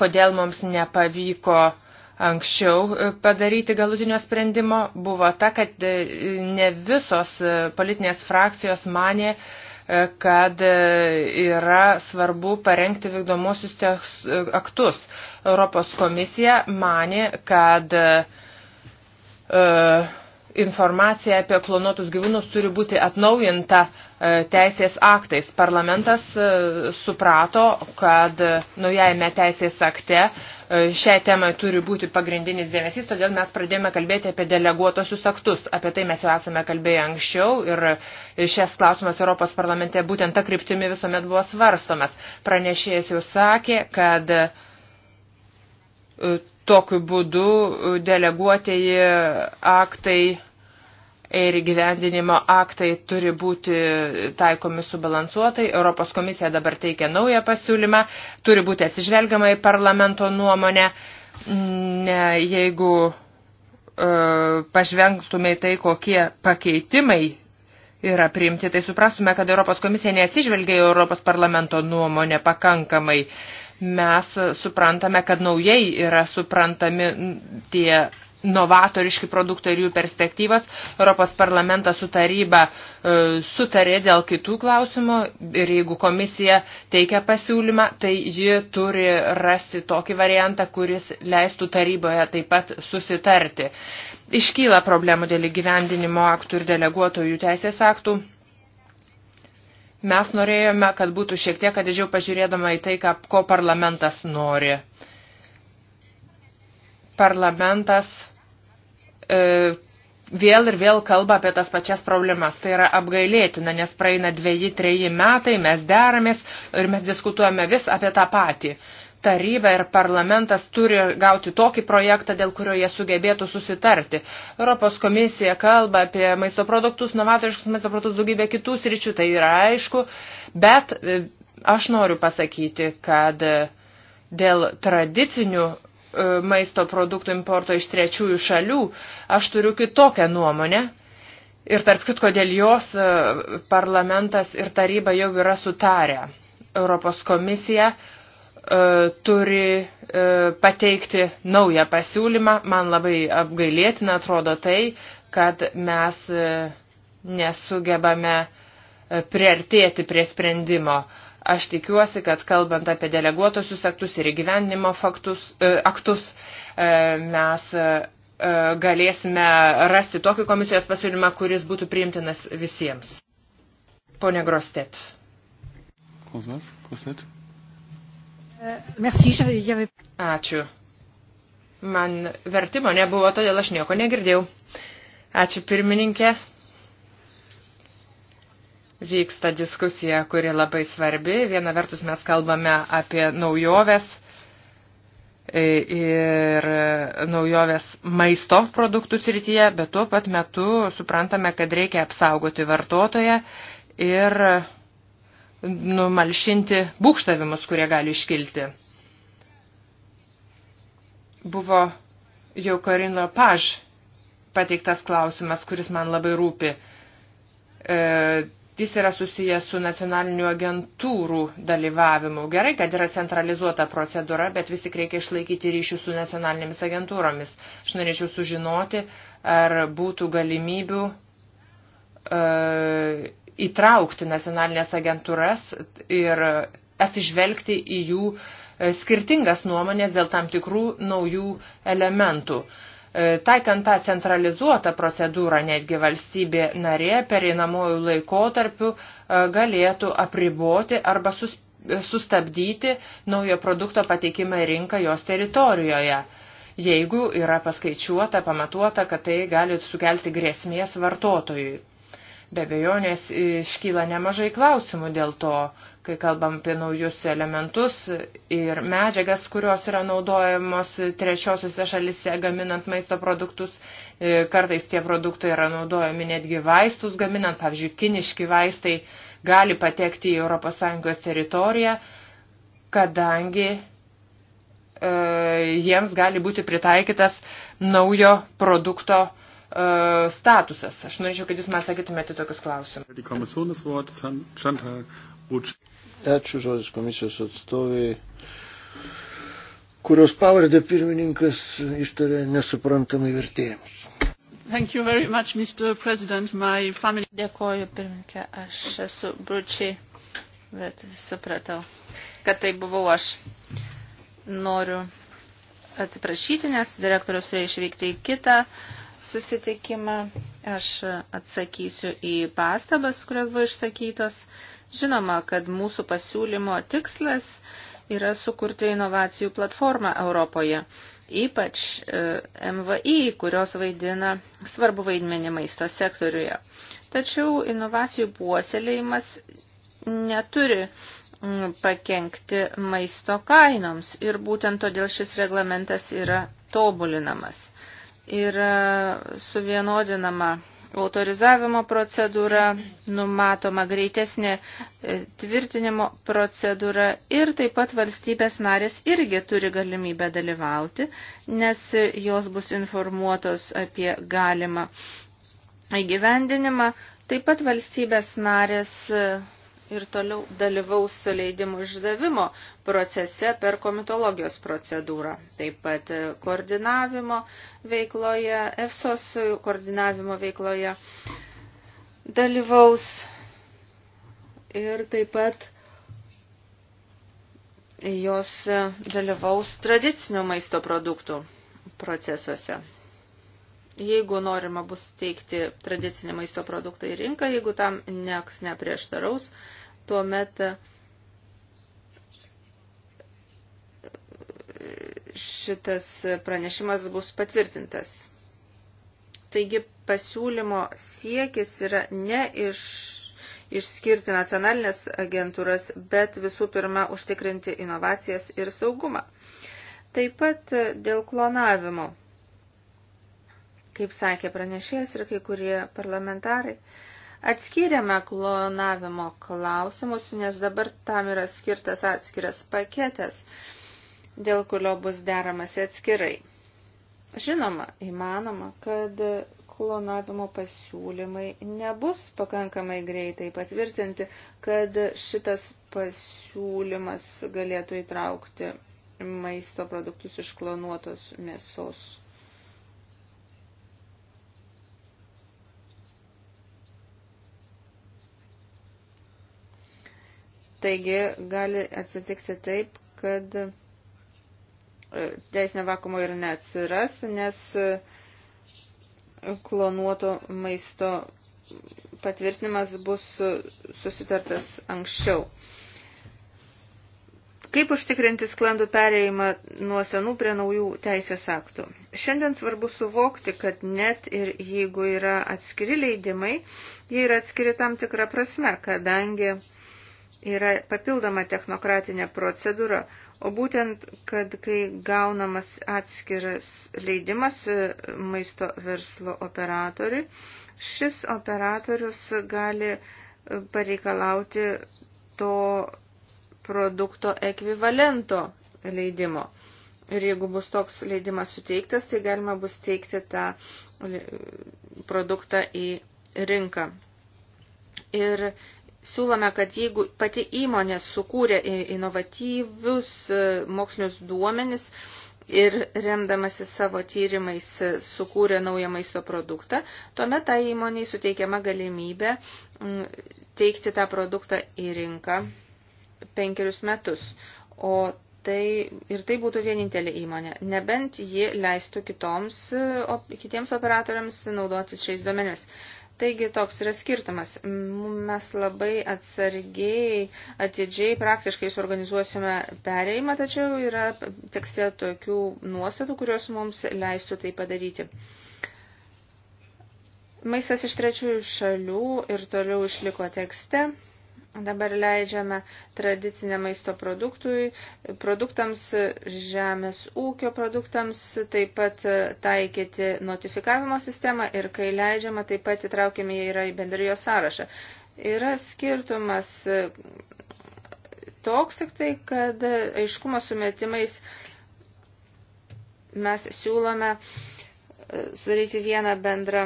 kodėl mums nepavyko anksčiau e, padaryti galutinio sprendimo, buvo ta, kad e, ne visos politinės frakcijos manė, kad yra svarbu parengti vykdomosius aktus. Europos komisija manė, kad uh, informacija apie klonuotus gyvūnus turi būti atnaujinta e, teisės aktais. Parlamentas e, suprato, kad e, naujajame teisės akte šiai temai turi būti pagrindinis dėmesys, todėl mes pradėjome kalbėti apie deleguotosius aktus. Apie tai mes jau esame kalbėję anksčiau ir šias klausimas Europos parlamente būtent ta kryptimi visuomet buvo svarstomas. Pranešėjas jau sakė, kad tokiu būdu e, deleguotieji aktai ir gyvendinimo aktai turi būti taikomi subalansuotai. Europos komisija dabar teikia naują pasiūlymą, turi būti atsižvelgiama į parlamento nuomonę. Ne, jeigu e, pažvengtume į tai, kokie pakeitimai yra priimti, tai suprastume, kad Europos komisija neatsižvelgia į Europos parlamento nuomonę pakankamai. E, mes suprantame, kad naujai yra suprantami tie novatoriški produktai ir jų perspektyvas. Europos parlamentas su taryba e, sutarė dėl kitų klausimų ir jeigu komisija teikia pasiūlymą, tai ji turi rasti tokį variantą, kuris leistų taryboje taip pat susitarti. Iškyla problemų dėl įgyvendinimo aktų ir deleguotojų teisės aktų. Mes norėjome, kad būtų šiek tiek atidžiau pažiūrėdama į tai, ką, ko parlamentas nori. Parlamentas e, vėl ir vėl kalba apie tas pačias problemas. Tai yra apgailėtina, nes praeina dviejį, treji metai, mes deramės ir mes diskutuojame vis apie tą patį taryba ir parlamentas turi gauti tokį projektą, dėl kurio jie sugebėtų susitarti. Europos komisija kalba apie maisto produktus, novatoriškus maisto produktus, daugybę kitų sričių, tai yra aišku, bet e, aš noriu pasakyti, kad e, dėl tradicinių e, maisto produktų importo iš trečiųjų šalių aš turiu kitokią nuomonę. Ir tarp kitko dėl jos parlamentas ir taryba jau yra sutarę. Europos komisija uh, E, turi e, pateikti naują pasiūlymą. Man labai apgailėtina atrodo tai, kad mes e, nesugebame priartėti prie sprendimo. Aš tikiuosi, kad kalbant apie deleguotosius aktus ir įgyvendinimo faktus, aktus, mes galėsime rasti tokį komisijos pasiūlymą, kuris būtų priimtinas visiems. Pone Grostet. Kostet? Kostet? Eh, Ačiū. Man vertimo nebuvo, todėl aš nieko negirdėjau. Ačiū pirmininkė. Vyksta diskusija, kuri labai svarbi. Viena vertus mes kalbame apie naujoves ir naujoves maisto produktų srityje, bet tuo pat metu suprantame, kad reikia apsaugoti vartotoją ir numalšinti būkštavimus, kurie gali iškilti. Buvo jau Karino Paž pateiktas klausimas, kuris man labai rūpi. E, jis yra susijęs su nacionalinių agentūrų dalyvavimu. Gerai, kad yra centralizuota procedūra, bet vis tik reikia išlaikyti ryšių su nacionalinėmis agentūromis. Aš norėčiau sužinoti, ar būtų galimybių e, įtraukti nacionalinės agentūras ir atsižvelgti į jų e, skirtingas nuomonės dėl tam tikrų naujų elementų. E, taikant tą centralizuotą procedūrą netgi valstybė narė pereinamojų laikotarpių e, galėtų apriboti arba sustabdyti naujo produkto pateikimą į rinką jos teritorijoje jeigu yra paskaičiuota, pamatuota, kad tai gali sukelti grėsmės vartotojui. Be bejonės e, iškyla nemažai klausimų dėl to, kai kalbam apie naujus elementus ir medžiagas, kurios yra naudojamos trečiosiuose šalise gaminant maisto produktus. E, kartais tie produktai yra naudojami netgi vaistus gaminant, pavyzdžiui, kiniški vaistai gali patekti į ES teritoriją, kadangi e, jiems gali būti pritaikytas naujo produkto E, statusas. Aš norėčiau, kad jūs man sakytumėte tokius klausimus. Ačiū žodis komisijos atstoviai, kurios pavardę pirmininkas ištarė nesuprantamai vertėjams. Thank you very much, Mr. President. My family... Dėkoju, pirmininkė. Aš esu bručiai, bet supratau, kad tai buvau aš. Noriu atsiprašyti, nes direktorius turėjo išvykti į kitą uh, susitikimą. Aš atsakysiu į pastabas, kurios buvo išsakytos. Žinoma, kad mūsų pasiūlymo tikslas yra sukurti inovacijų platformą Europoje, ypač e, MVI, kurios vaidina svarbu vaidmenį maisto sektoriuje. Tačiau inovacijų puoselėjimas neturi pakenkti maisto kainoms ir būtent todėl šis reglamentas yra tobulinamas yra suvienodinama autorizavimo procedūra, numatoma greitesnė e, tvirtinimo procedūra ir taip pat valstybės narės irgi turi galimybę dalyvauti, nes jos bus informuotos apie galimą įgyvendinimą. Taip pat valstybės narės ir toliau dalyvaus leidimų išdavimo procese per komitologijos procedūrą. Taip pat koordinavimo veikloje, EFSOS koordinavimo veikloje dalyvaus ir taip pat jos dalyvaus tradicinių maisto produktų procesuose jeigu norima bus teikti tradicinį maisto produktą į rinką, jeigu tam nieks neprieštaraus, tuomet e, šitas pranešimas bus patvirtintas. Taigi pasiūlymo siekis yra ne iš, išskirti nacionalinės agentūras, bet visų pirma užtikrinti inovacijas ir saugumą. Taip pat e, dėl klonavimo. Kaip sakė pranešėjas ir kai kurie parlamentarai, uh, Atskiriame klonavimo klausimus, nes dabar tam yra skirtas atskiras paketas, dėl kurio bus deramasi atskirai. Žinoma, įmanoma, kad klonavimo pasiūlymai nebus pakankamai greitai patvirtinti, kad šitas pasiūlymas galėtų įtraukti maisto produktus iš klonuotos mėsos. Taigi gali atsitikti taip, kad e, teisinio vakumo ir neatsiras, nes e, klonuoto maisto patvirtinimas bus e, susitartas anksčiau. Kaip užtikrinti sklandų perėjimą nuo senų prie naujų teisės aktų? Šiandien svarbu suvokti, kad net ir jeigu yra atskiri leidimai, jie yra atskiri tam tikrą prasme, kadangi yra papildoma technokratinė procedūra, o būtent, kad kai gaunamas atskiras leidimas e, maisto verslo operatoriui, šis operatorius gali e, pareikalauti to produkto ekvivalento leidimo. Ir jeigu bus toks leidimas suteiktas, tai galima bus teikti tą e, produktą į rinką. Ir siūlome, kad jeigu pati įmonė sukūrė inovatyvius e, mokslinius duomenis ir remdamasi savo tyrimais e, sukūrė naują maisto produktą, tuomet tai įmoniai suteikiama galimybė teikti tą produktą į rinką penkerius metus. O tai ir tai būtų vienintelė įmonė, nebent ji leistų kitoms, e, op, kitiems operatoriams naudotis šiais duomenis. Taigi toks yra skirtumas. Mes labai atsargiai, atidžiai, praktiškai suorganizuosime perėjimą, tačiau yra tekste tokių nuostatų, kurios mums leistų tai padaryti. Maistas iš trečiųjų šalių ir toliau išliko tekste. Dabar leidžiame tradicinę maisto produktui, produktams, žemės ūkio produktams, taip pat taikyti notifikavimo sistemą ir kai leidžiama, taip pat įtraukiame jie yra į bendrijos sąrašą. Yra skirtumas toks tik tai, kad aiškumo sumetimais mes siūlome sudaryti vieną bendrą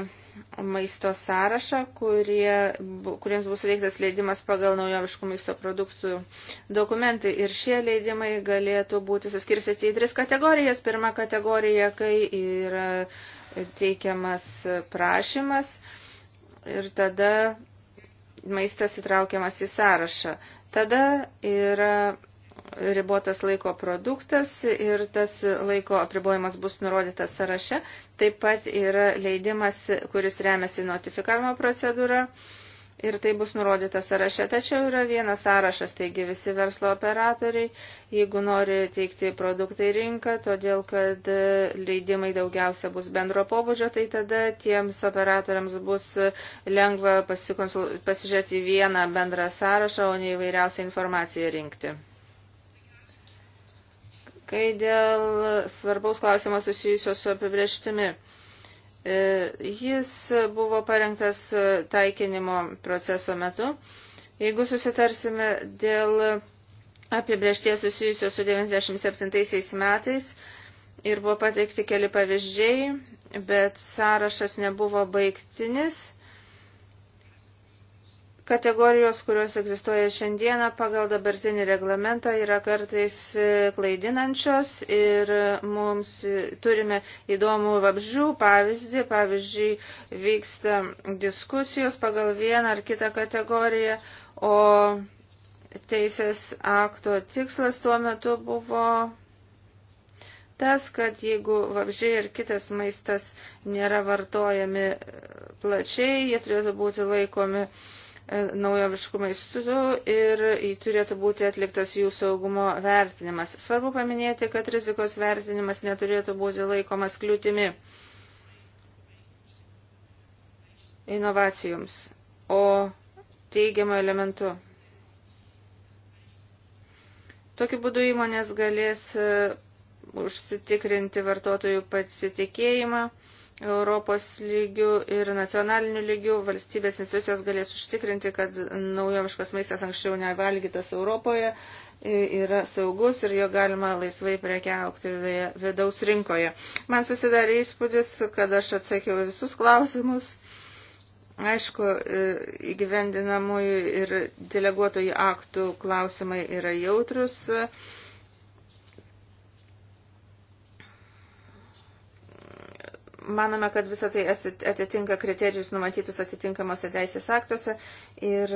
maisto sąrašą, kurie, kuriems bus suteiktas leidimas pagal naujoviškų maisto produktų dokumentai. Ir šie leidimai galėtų būti suskirstyti į tris kategorijas. Pirma kategorija, kai yra teikiamas prašymas ir tada maistas įtraukiamas į sąrašą. Tada yra ribotas laiko produktas ir tas laiko apribojimas bus nurodytas sąraše. Taip pat yra leidimas, kuris remiasi notifikavimo procedūra ir tai bus nurodyta sąraše. Tačiau yra vienas sąrašas, taigi visi verslo operatoriai, jeigu nori teikti produktai rinką, todėl kad leidimai daugiausia bus bendro pobūdžio, tai tada tiems operatoriams bus lengva pasižiūrėti vieną bendrą sąrašą, o ne įvairiausią informaciją rinkti. Kai dėl svarbaus klausimo susijusio su apibrieštimi. E, jis buvo parengtas taikinimo proceso metu. Jeigu susitarsime dėl apibriešties susijusios su 97 metais ir buvo pateikti keli pavyzdžiai, bet sąrašas nebuvo baigtinis Kategorijos, kurios egzistuoja šiandieną pagal dabartinį reglamentą, yra kartais klaidinančios ir mums turime įdomų vabžių pavyzdį. Pavyzdžiui, vyksta diskusijos pagal vieną ar kitą kategoriją, o teisės akto tikslas tuo metu buvo tas, kad jeigu vabžiai ir kitas maistas nėra vartojami plačiai, jie turėtų būti laikomi E, naujoviškumo institutų ir turėtų būti atliktas jų saugumo vertinimas. Svarbu paminėti, kad rizikos vertinimas neturėtų būti laikomas kliūtimi inovacijoms, o teigiamo elementu. Tokiu būdu įmonės galės e, užsitikrinti vartotojų pasitikėjimą Europos lygių ir nacionalinių lygių valstybės institucijos galės užtikrinti, kad naujoviškas maistas anksčiau nevalgytas Europoje e, yra saugus ir jo galima laisvai prekiaukti vidaus rinkoje. Man susidarė įspūdis, kad aš atsakiau visus klausimus. Aišku, e, įgyvendinamųjų ir deleguotojų aktų klausimai yra jautrus. Manome, kad visą tai atitinka kriterijus numatytus atitinkamuose teisės aktuose ir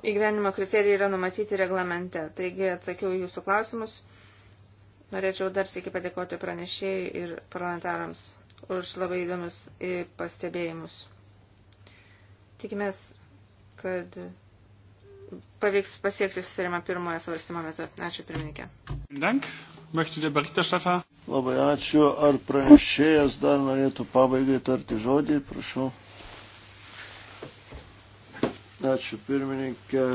įgyvenimo kriterijai yra numatyti reglamente. Taigi atsakiau jūsų klausimus. Norėčiau dar sėki padėkoti pranešėjai ir parlamentarams už labai įdomius pastebėjimus. Tikimės, kad pavyks pasiekti susitarimą pirmojo svarstymo metu. Ačiū pirmininkė. Dank. Labai ačiū. Ar pranešėjas dar norėtų pabaigai tarti žodį? Prašau. Ačiū pirmininkė.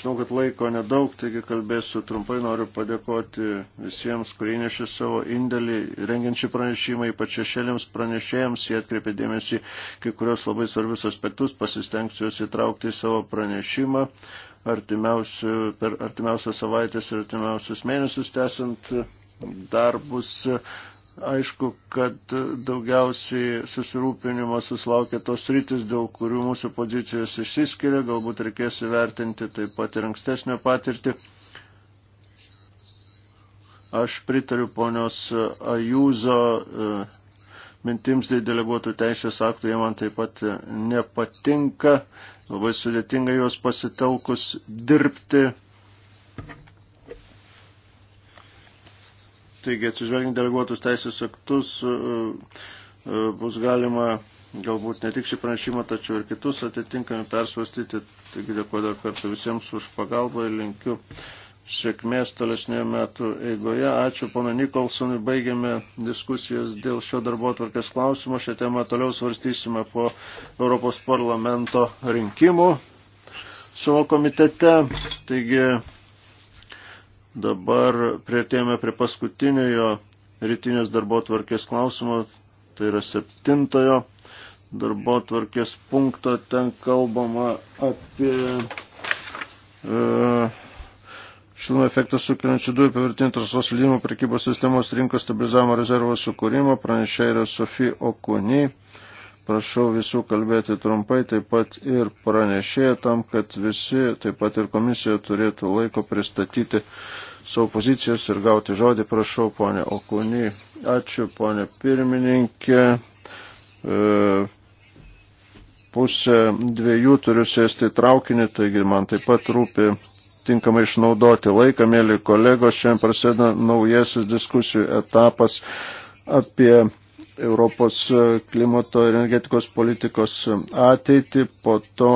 Žinau, kad laiko nedaug, taigi kalbėsiu trumpai, noriu padėkoti visiems, kurie įnešė savo indėlį, rengiančių pranešimą, ypač šešėliams pranešėjams, jie atkreipė dėmesį kai kurios labai svarbius aspektus, pasistengsiu juos įtraukti į savo pranešimą per artimiausias savaitės ir artimiausius mėnesius tęsant darbus Aišku, kad daugiausiai susirūpinimo susilaukia tos rytis, dėl kurių mūsų pozicijos išsiskiria, galbūt reikės įvertinti taip pat ir ankstesnę patirtį. Aš pritariu ponios Ajūzo e, mintims dėl deleguotų teisės aktų, jie man taip pat nepatinka, labai sudėtinga juos pasitelkus dirbti Taigi atsižvelgiant deleguotus teisės aktus e, e, bus galima galbūt ne tik šį pranešimą, tačiau ir kitus atitinkami persvastyti. Taigi dėkuoju dar kartą visiems už pagalbą ir linkiu sėkmės tolesnėje metų eigoje. Ačiū pana Nikolsonui, baigėme diskusijas dėl šio darbo atvarkės klausimo. Šią temą toliau svarstysime po Europos parlamento rinkimų savo komitete. Taigi, Dabar prieartėjame prie paskutiniojo rytinės darbo tvarkės klausimo, tai yra septintojo darbo tvarkės punkto, ten kalbama apie e, šilumą efektą sukeliančių dujų pavirtinių trasos leidimo prekybos sistemos rinkos stabilizavimo rezervo sukūrimo, pranešė yra Sofija Okuniai. Prašau visų kalbėti trumpai, taip pat ir pranešėję tam, kad visi, taip pat ir komisija turėtų laiko pristatyti savo pozicijas ir gauti žodį. Prašau, ponė Okūny. Ačiū, ponė pirmininkė. E, pusę dviejų turiu sėsti traukinį, taigi man taip pat rūpi tinkamai išnaudoti laiką, mėly kolegos. Šiandien prasideda naujasis diskusijų etapas apie Europos e, klimato ir energetikos politikos e, ateitį, po to,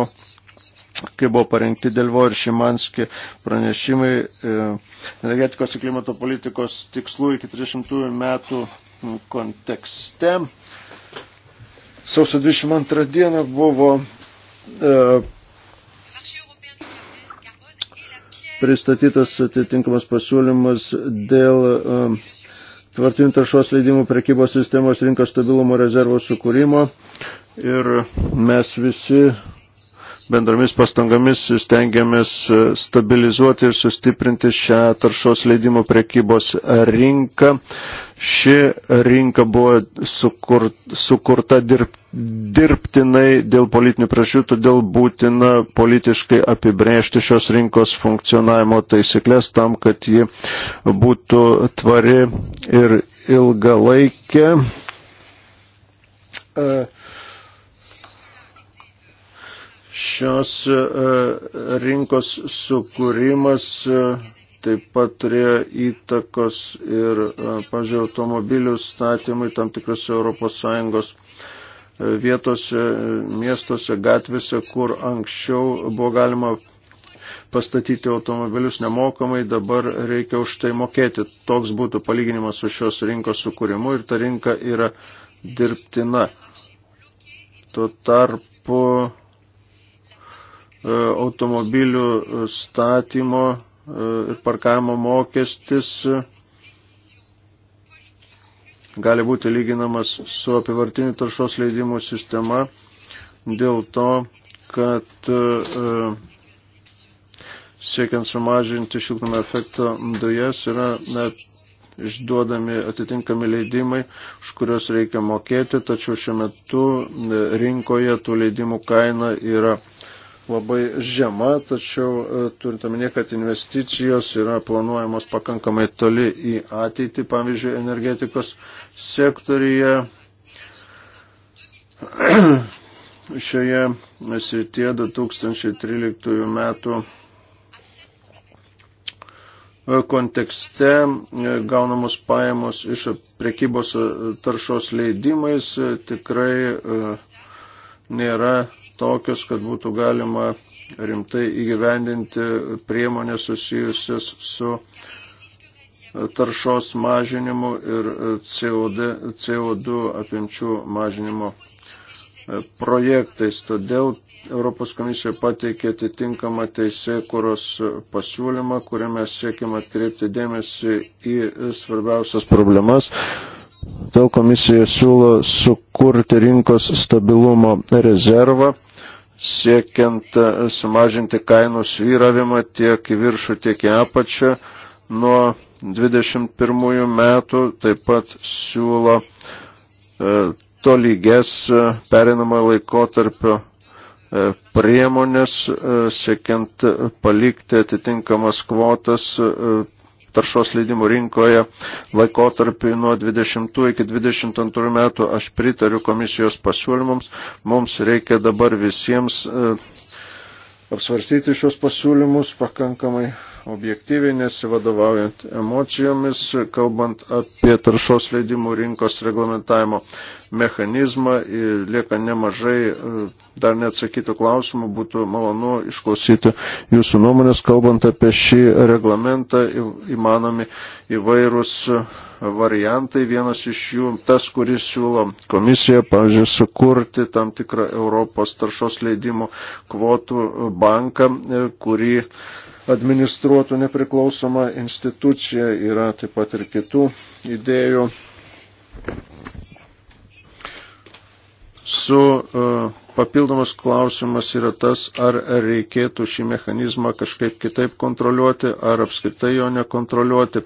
kai buvo parengti Delvo ir Šimanski pranešimai e, energetikos ir klimato politikos tikslų iki 30 metų kontekste. Sausio 22 dieną buvo e, pristatytas atitinkamas pasiūlymas dėl e, vartinių taršos leidimų prekybos sistemos rinkos stabilumo rezervo sukūrimo ir mes visi bendromis pastangomis stengiamės e, stabilizuoti ir sustiprinti šią taršos leidimų prekybos rinką. Ši rinka buvo sukur, sukurta dirb, dirbtinai dėl politinių prašių, todėl būtina politiškai apibrėžti šios rinkos funkcionavimo taisyklės tam, kad ji būtų tvari ir ilgalaikė. Uh, Šios e, e, rinkos sukūrimas e, taip pat turėjo įtakos ir, pažiūrėjau, automobilių statymui tam tikrose ES vietose, miestuose, gatvėse, kur anksčiau buvo galima pastatyti automobilius nemokamai, dabar reikia už tai mokėti. Toks būtų palyginimas su šios rinkos sukūrimu ir ta rinka yra dirbtina. Tuo tarpu E, automobilių e, statymo e, ir parkavimo mokestis gali būti lyginamas su apivartiniu taršos leidimų sistema dėl to, kad siekiant sumažinti šiltnamio efekto dujas yra net išduodami atitinkami leidimai, už kuriuos reikia mokėti, tačiau šiuo metu rinkoje tų leidimų kaina yra labai žema, tačiau e, turint omenyje, kad investicijos yra planuojamos pakankamai toli į ateitį, pavyzdžiui, energetikos sektorija. [clears throat] Šioje srityje 2013 metų e, kontekste e, gaunamos pajamos iš prekybos taršos leidimais tikrai nėra tokios, kad būtų galima rimtai įgyvendinti priemonės susijusias su taršos mažinimu ir CO2, CO2 apimčių mažinimo projektais. Todėl Europos komisija pateikė atitinkamą teisėkuros pasiūlymą, kuriame siekiama atkreipti dėmesį į svarbiausias problemas Todėl komisija siūlo sukurti rinkos stabilumo rezervą, siekiant e, sumažinti kainų svyravimą tiek į viršų, tiek į apačią. Nuo 21 metų taip pat siūlo e, to lygės e, perinamojo laikotarpio priemonės, siekiant palikti atitinkamas kvotas taršos leidimų rinkoje laikotarpį nuo 20 iki 22 metų. Aš pritariu komisijos pasiūlymams. Mums reikia dabar visiems e, apsvarstyti šios pasiūlymus pakankamai objektyviai nesivadovaujant emocijomis, kalbant apie taršos leidimų rinkos reglamentavimo mechanizmą, lieka nemažai e, dar neatsakytų klausimų, būtų malonu išklausyti jūsų nuomonės, kalbant apie šį reglamentą, įmanomi įvairūs e, variantai, vienas iš jų tas, kuris siūlo komisija, pavyzdžiui, sukurti tam tikrą Europos taršos leidimų kvotų banką, e, kurį administruotų nepriklausoma institucija, yra taip pat ir kitų idėjų. Su uh, papildomas klausimas yra tas, ar reikėtų šį mechanizmą kažkaip kitaip kontroliuoti, ar apskritai jo nekontroliuoti.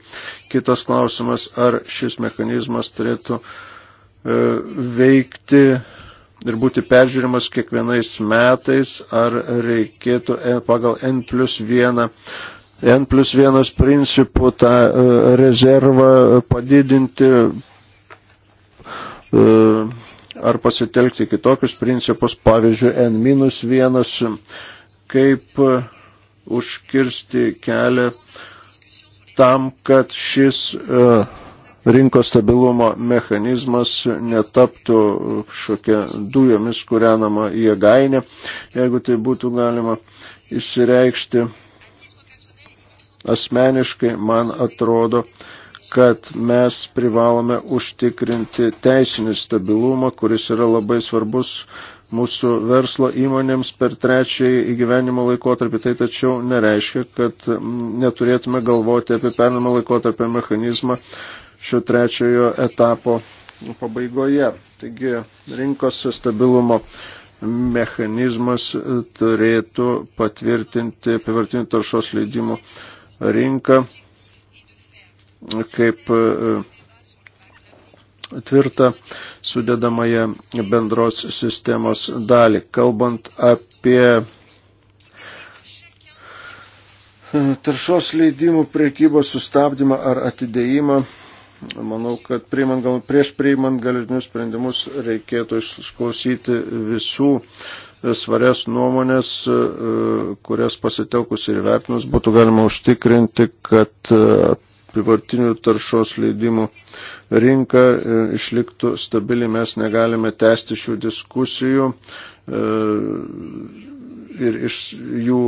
Kitas klausimas, ar šis mechanizmas turėtų uh, veikti uh, ir būti peržiūrimas kiekvienais metais, ar reikėtų e, pagal N plus 1 N plus vienas principų tą e, rezervą padidinti e, ar pasitelkti kitokius principus, pavyzdžiui, N minus vienas, kaip užkirsti kelią tam, kad šis uh, rinkos stabilumo mechanizmas netaptų kažkokia dujomis kūrenama jėgainė, jeigu tai būtų galima išsireikšti asmeniškai, man atrodo, kad mes privalome užtikrinti teisinį stabilumą, kuris yra labai svarbus mūsų verslo įmonėms per trečiąjį įgyvenimo laikotarpį. Tai tačiau nereiškia, kad neturėtume galvoti apie pernamą laikotarpio mechanizmą, šio trečiojo etapo pabaigoje. Taigi rinkos stabilumo mechanizmas turėtų patvirtinti apivartinių taršos leidimų rinką kaip e, tvirtą sudėdamąją bendros sistemos dalį. Kalbant apie e, taršos leidimų priekybos sustabdymą ar atidėjimą, Manau, kad priimant, gal, prieš priimant galutinius sprendimus reikėtų išklausyti visų e, svarės nuomonės, e, kurias pasitelkus ir vertinus būtų galima užtikrinti, kad e, apivartinių taršos leidimų rinka išliktų stabili. Mes negalime tęsti šių diskusijų ir iš jų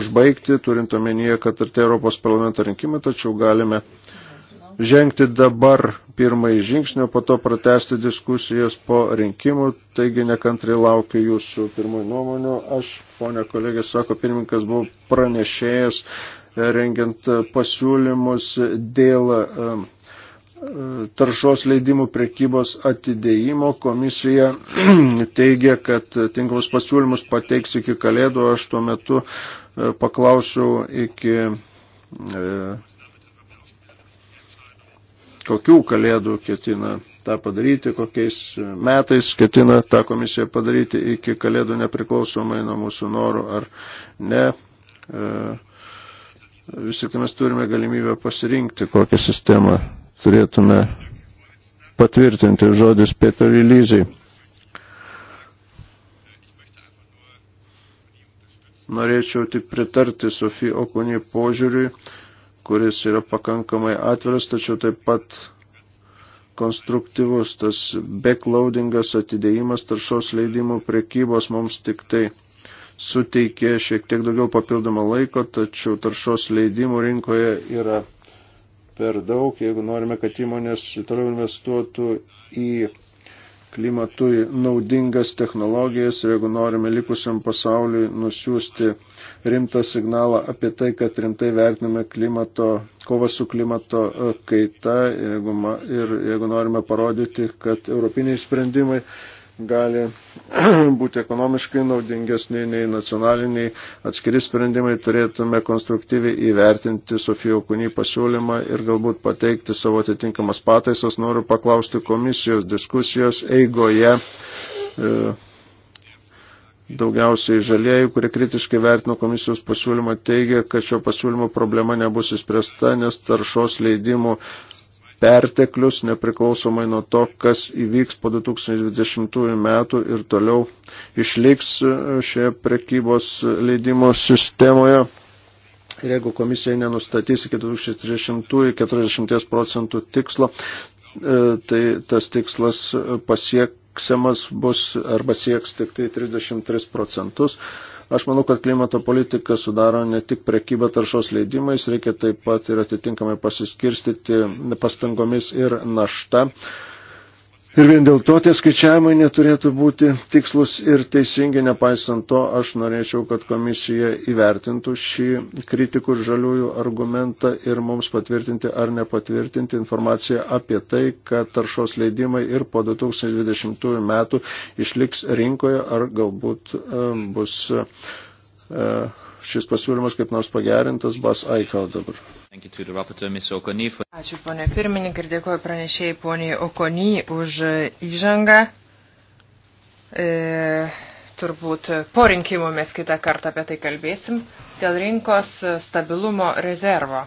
užbaigti, turint omenyje, kad artėja Europos parlamento rinkimai, tačiau galime žengti dabar pirmąjį žingsnį, po to pratesti diskusijas po rinkimų, taigi nekantrai laukiu jūsų pirmųjų nuomonių. Aš, ponia kolegė, sako, pirmininkas buvo pranešėjęs e, rengiant e, pasiūlymus dėl e, taršos leidimų prekybos atidėjimo. Komisija [clears throat] teigia, kad tinkamus pasiūlymus pateiks iki kalėdų, aš tuo metu paklausiau iki kokių kalėdų ketina tą padaryti, kokiais metais ketina tą komisiją padaryti iki kalėdų nepriklausomai nuo mūsų norų ar ne. E, vis tik mes turime galimybę pasirinkti, kokią sistemą turėtume patvirtinti žodis Peterį Lyzį. Norėčiau tik pritarti Sofijai Okunį požiūriui, kuris yra pakankamai atviras, tačiau taip pat konstruktyvus. Tas backloadingas atidėjimas taršos leidimų priekybos mums tik tai suteikė šiek tiek daugiau papildomą laiko, tačiau taršos leidimų rinkoje yra per daug, jeigu norime, kad įmonės toliau investuotų į klimatui naudingas technologijas ir jeigu norime likusiam pasauliui nusiųsti rimtą signalą apie tai, kad rimtai vertiname klimato, kovą su klimato e, kaita jeigu ma, ir jeigu norime parodyti, kad europiniai sprendimai gali [clears throat] būti ekonomiškai naudingesni nei nacionaliniai atskiri sprendimai, turėtume konstruktyviai įvertinti Sofijo Kunį pasiūlymą ir galbūt pateikti savo atitinkamas pataisas. Noriu paklausti komisijos diskusijos eigoje. E, daugiausiai žalieji, kurie kritiškai vertino komisijos pasiūlymą, teigia, kad šio pasiūlymo problema nebus įspręsta, nes taršos leidimų perteklius, nepriklausomai nuo to, kas įvyks po 2020 metų ir toliau išliks e, šioje prekybos leidimo sistemoje. Ir jeigu komisija nenustatys iki 2030-40 procentų tikslo, e, tai tas tikslas pasieksiamas bus arba sieks tik tai 33 procentus. Aš manau, kad klimato politika sudaro ne tik prekybą taršos leidimais, reikia taip pat ir atitinkamai pasiskirstyti pastangomis ir našta. Ir vien dėl to tie skaičiavimai neturėtų būti tikslus ir teisingi, nepaisant to, aš norėčiau, kad komisija įvertintų šį kritikų ir žaliųjų argumentą ir mums patvirtinti ar nepatvirtinti informaciją apie tai, kad taršos leidimai ir po 2020 metų išliks rinkoje ar galbūt e, bus. Uh, šis pasiūlymas kaip nors pagerintas, bas Aikau dabar. Ačiū ponė pirmininkai ir dėkoju pranešėjai poniai Okony už e, įžangą. E, turbūt po rinkimų mes kitą kartą apie tai kalbėsim. Dėl rinkos stabilumo rezervo.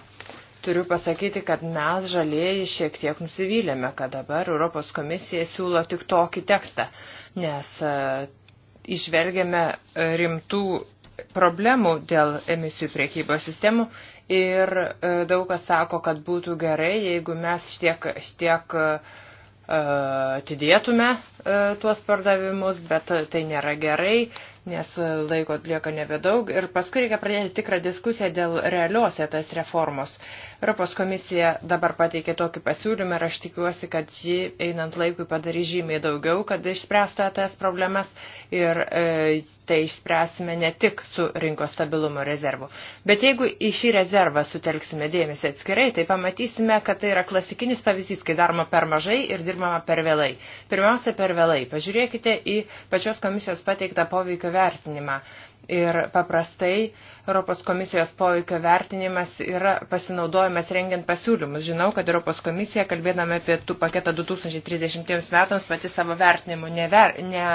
Turiu pasakyti, kad mes žalieji šiek tiek nusivylėme, kad dabar Europos komisija siūlo tik tokį tekstą, nes e, išvelgiame e, rimtų problemų dėl emisijų priekybos sistemų ir e, daug kas sako, kad būtų gerai, jeigu mes tiek, tiek e, atidėtume e, tuos pardavimus, bet tai nėra gerai nes e, laiko lieka nebedaug. Ir paskui reikia pradėti tikrą diskusiją dėl realios etas reformos. Europos komisija dabar pateikė tokį pasiūlymą ir aš tikiuosi, kad ji einant laikui padarys žymiai daugiau, kad išspręstų etas problemas ir e, tai išspręsime ne tik su rinkos stabilumo rezervu. Bet jeigu į šį rezervą sutelksime dėmesį atskirai, tai pamatysime, kad tai yra klasikinis pavyzdys, kai daroma per mažai ir dirbama per vėlai. Pirmiausia, per vėlai. Pažiūrėkite į pačios komisijos pateiktą poveikio poveikio vertinimą. Ir paprastai Europos komisijos poveikio vertinimas yra pasinaudojimas rengiant pasiūlymus. Žinau, kad Europos komisija, kalbėdama apie tų paketą 2030 metams, pati savo vertinimų never, ne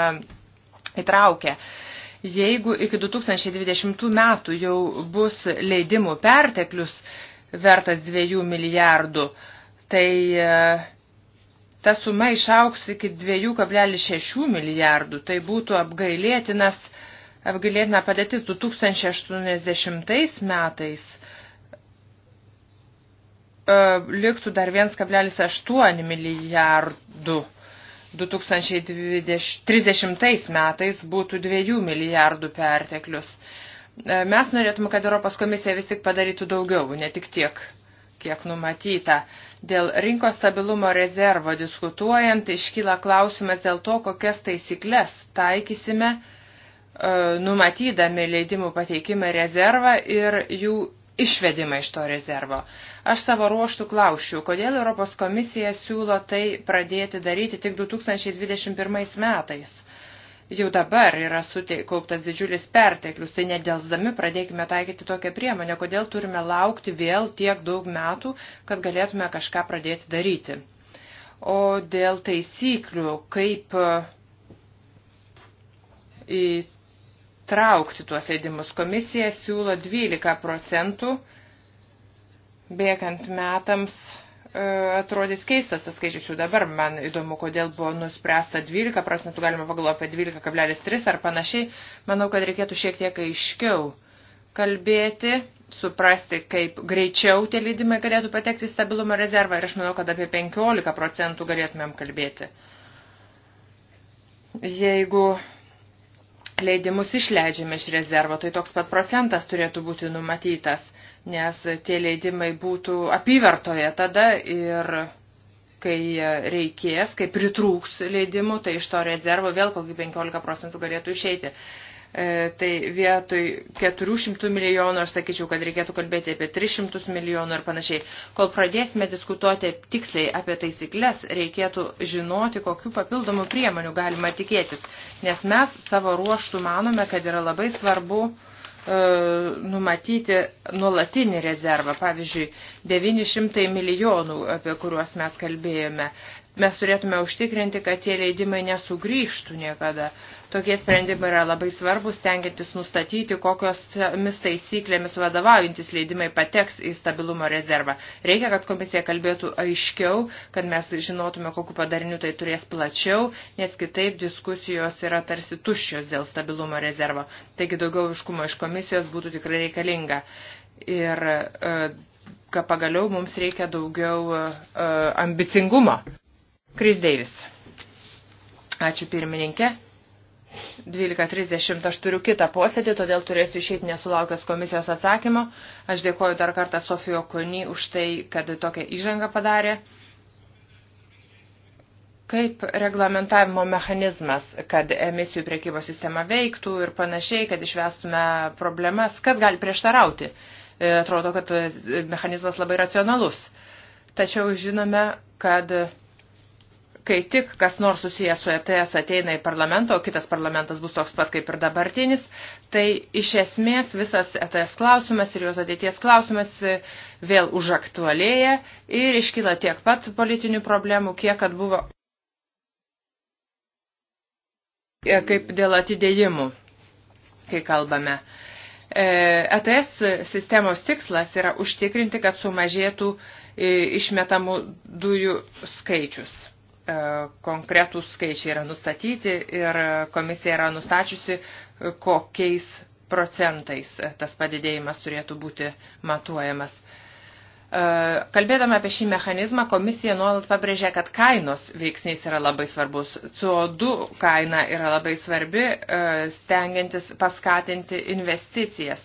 įtraukė. Jeigu iki 2020 metų jau bus leidimų perteklius vertas 2 milijardų, tai uh, ta suma išauks iki 2,6 milijardų. Tai būtų apgailėtinas, apgailėtina padėtis 2080 metais. E, liktų dar 1,8 milijardų. 2030 metais būtų 2 milijardų perteklius. E, mes norėtume, kad Europos komisija vis tik padarytų daugiau, ne tik tiek, kiek numatyta. Uh, Dėl rinkos stabilumo rezervo diskutuojant iškyla klausimas dėl to, kokias taisyklės taikysime, e, numatydami leidimų pateikimą rezervą ir jų išvedimą iš to rezervo. Aš savo ruoštų klausiu, kodėl Europos komisija siūlo tai pradėti daryti tik 2021 metais. Jau dabar yra sukauptas didžiulis perteklius, tai nedelsdami pradėkime taikyti tokią priemonę, kodėl turime laukti vėl tiek daug metų, kad galėtume kažką pradėti daryti. O dėl taisyklių, kaip e, įtraukti tuos leidimus, komisija siūlo 12 procentų bėgant metams E, atrodys keistas tas skaičius jau dabar. Man įdomu, kodėl buvo nuspręsta 12 procentų, galima pagalvoti apie 12,3 ar panašiai. Manau, kad reikėtų šiek tiek aiškiau kalbėti, suprasti, kaip greičiau tie leidimai galėtų patekti į stabilumo rezervą ir aš manau, kad apie 15 procentų galėtumėm kalbėti. Jeigu leidimus išleidžiame iš rezervo, tai toks pat procentas turėtų būti numatytas, nes tie leidimai būtų apyvartoje tada ir kai reikės, kai pritrūks leidimų, tai iš to rezervo vėl kokį 15 procentų galėtų išeiti. E, tai vietoj 400 milijonų, aš sakyčiau, kad reikėtų kalbėti apie 300 milijonų ir panašiai. Kol pradėsime diskutuoti tiksliai apie taisyklės, reikėtų žinoti, kokiu papildomų priemonių galima tikėtis, nes mes savo ruoštų manome, kad yra labai svarbu e, numatyti nuolatinį rezervą, pavyzdžiui, 900 milijonų, apie kuriuos mes kalbėjome mes turėtume užtikrinti, kad tie leidimai nesugrįžtų niekada. Tokie sprendimai yra labai svarbus, tenkintis nustatyti, kokiomis taisyklėmis vadovaujantis leidimai pateks į stabilumo rezervą. Reikia, kad komisija kalbėtų aiškiau, kad mes žinotume, kokiu padariniu tai turės plačiau, nes kitaip diskusijos yra tarsi tuščios dėl stabilumo rezervo. Taigi daugiau iškumo iš komisijos būtų tikrai reikalinga. Ir e, kad pagaliau mums reikia daugiau e, ambicingumo. Kris Deivis. Ačiū pirmininkė. 12.30 aš turiu kitą posėdį, todėl turėsiu išeiti nesulaukęs komisijos atsakymo. Aš dėkoju dar kartą Sofijo Kuni už tai, kad tokią įžangą padarė. Kaip reglamentavimo mechanizmas, kad emisijų priekybos sistema veiktų ir panašiai, kad išvestume problemas, kas gali prieštarauti? E, atrodo, kad mechanizmas labai racionalus. Tačiau žinome, kad kai tik kas nors susijęs su ETS ateina į parlamentą, o kitas parlamentas bus toks pat kaip ir dabartinis, tai iš esmės visas ETS klausimas ir jos ateities klausimas vėl užaktualėja ir iškyla tiek pat politinių problemų, kiek kad buvo e, kaip dėl atidėjimų, kai kalbame. ETS e sistemos tikslas yra užtikrinti, kad sumažėtų e, išmetamų dujų skaičius. E, konkretų skaičiai yra nustatyti ir komisija yra nustačiusi, e, kokiais procentais tas padidėjimas turėtų būti matuojamas. E, kalbėdama apie šį mechanizmą, komisija nuolat pabrėžia, kad kainos veiksnys yra labai svarbus. CO2 kaina yra labai svarbi, stengiantis paskatinti investicijas.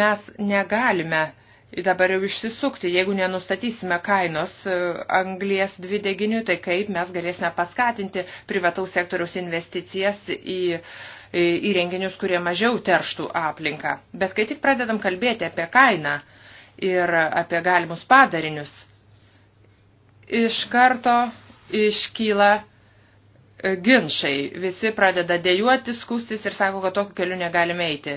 Mes negalime uh, dabar jau išsisukti. Jeigu nenustatysime kainos e, anglies dvideginių, tai kaip mes galėsime paskatinti privataus sektoriaus investicijas į įrenginius, kurie mažiau terštų aplinką. Bet kai tik pradedam kalbėti apie kainą ir apie galimus padarinius, iš karto iškyla e, ginčiai. Visi pradeda dėjuoti, skustis ir sako, kad tokiu keliu negalime eiti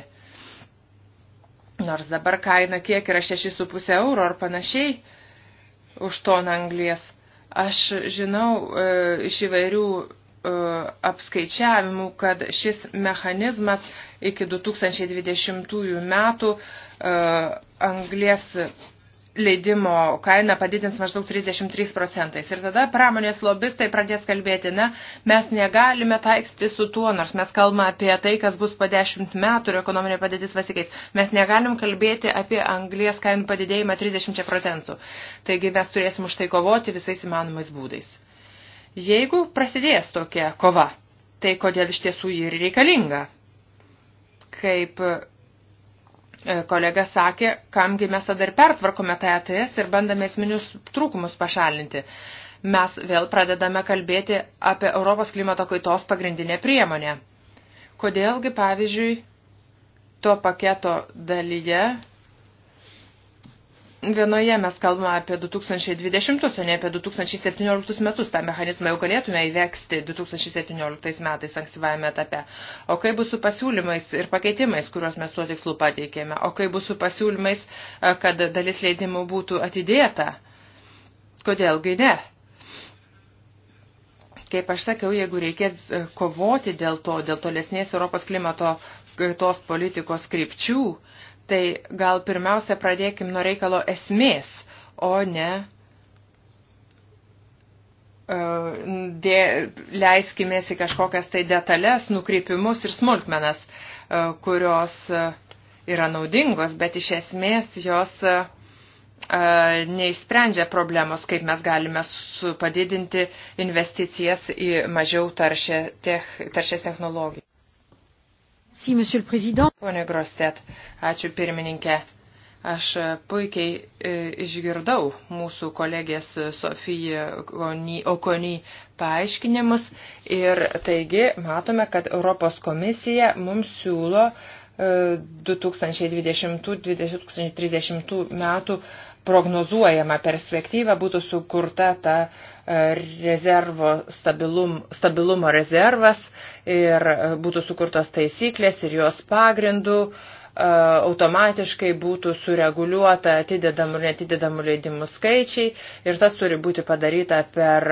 nors dabar kaina kiek yra 6,5 euro ar panašiai už toną anglies. Aš žinau e, iš įvairių e, apskaičiavimų, kad šis mechanizmas iki 2020 metų e, anglės leidimo kaina padidins maždaug 33 procentais. Ir tada pramonės lobistai pradės kalbėti, na, mes negalime taikstyti su tuo, nors mes kalbame apie tai, kas bus po 10 metų ir ekonominė padėtis pasikeis. Mes negalim kalbėti apie anglės kainų padidėjimą 30 procentų. Taigi mes turėsim už tai kovoti visais įmanomais būdais. Jeigu prasidės tokia kova, tai kodėl iš tiesų ji ir reikalinga? Kaip E, kolega sakė, kamgi mes tada ir pertvarkome tą ETS ir bandame esminius trūkumus pašalinti. Mes vėl pradedame kalbėti apie Europos klimato kaitos pagrindinę priemonę. Kodėlgi, pavyzdžiui, to paketo dalyje Vienoje mes kalbame apie 2020, o ne apie 2017 metus. Tą mechanizmą jau galėtume įveksti 2017 metais ankstyvajame etape. O kaip bus su pasiūlymais ir pakeitimais, kuriuos mes tuo tikslu pateikėme? O kaip bus su pasiūlymais, e, kad dalis leidimų būtų atidėta? Kodėlgi ne? Kaip aš sakiau, jeigu reikės e, kovoti dėl to, dėl tolesnės Europos klimato kaitos politikos krypčių, Tai gal pirmiausia pradėkim nuo reikalo esmės, o ne e, dė, leiskimės į kažkokias tai detalės, nukreipimus ir smulkmenas, e, kurios e, yra naudingos, bet iš esmės jos neišsprendžia problemos, kaip mes galime padidinti investicijas į mažiau taršę, tech, taršės technologiją. Si, monsieur le président. Pone Grostet, ačiū pirmininkė. Aš puikiai e, išgirdau mūsų kolegės Sofiją Okony paaiškinimus ir taigi matome, kad Europos komisija mums siūlo 2020-2030 e, metų prognozuojama perspektyva būtų sukurta ta e, rezervo stabilum, stabilumo rezervas ir e, būtų sukurtos taisyklės ir jos pagrindų e, automatiškai būtų sureguliuota atidedamų ir netidedamų leidimų skaičiai ir tas turi būti padaryta per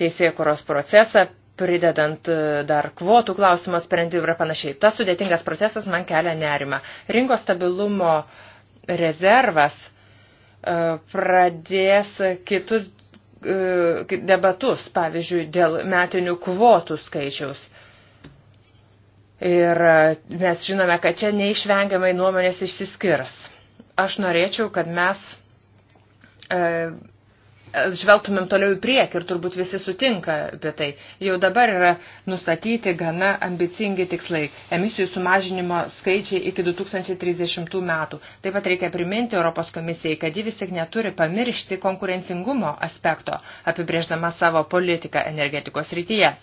teisėkuros procesą, pridedant dar kvotų klausimo sprendimą ir panašiai. Tas sudėtingas procesas man kelia nerima. Rinkos stabilumo rezervas uh, E, pradės kitus e, debatus, pavyzdžiui, dėl metinių kvotų skaičiaus. Ir e, mes žinome, kad čia neišvengiamai nuomonės išsiskirs. Aš norėčiau, kad mes žvelgtumėm toliau į priekį ir turbūt visi sutinka apie tai. Jau dabar yra nustatyti gana ambicingi tikslai - emisijų sumažinimo skaičiai iki 2030 metų. Taip pat reikia priminti Europos komisijai, kad ji vis tik neturi pamiršti konkurencingumo aspekto, apibrėždama savo politiką energetikos rytyje.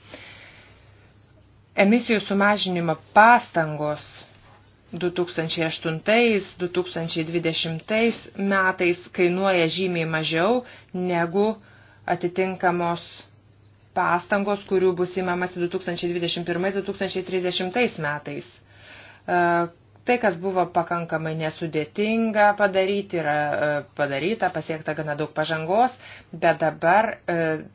Emisijų sumažinimo pastangos 2008-2020 metais kainuoja žymiai mažiau negu atitinkamos pastangos, kurių bus įmamasi 2021-2030 metais. E, tai, kas buvo pakankamai nesudėtinga padaryti, yra e, padaryta, pasiekta gana daug pažangos, bet dabar e,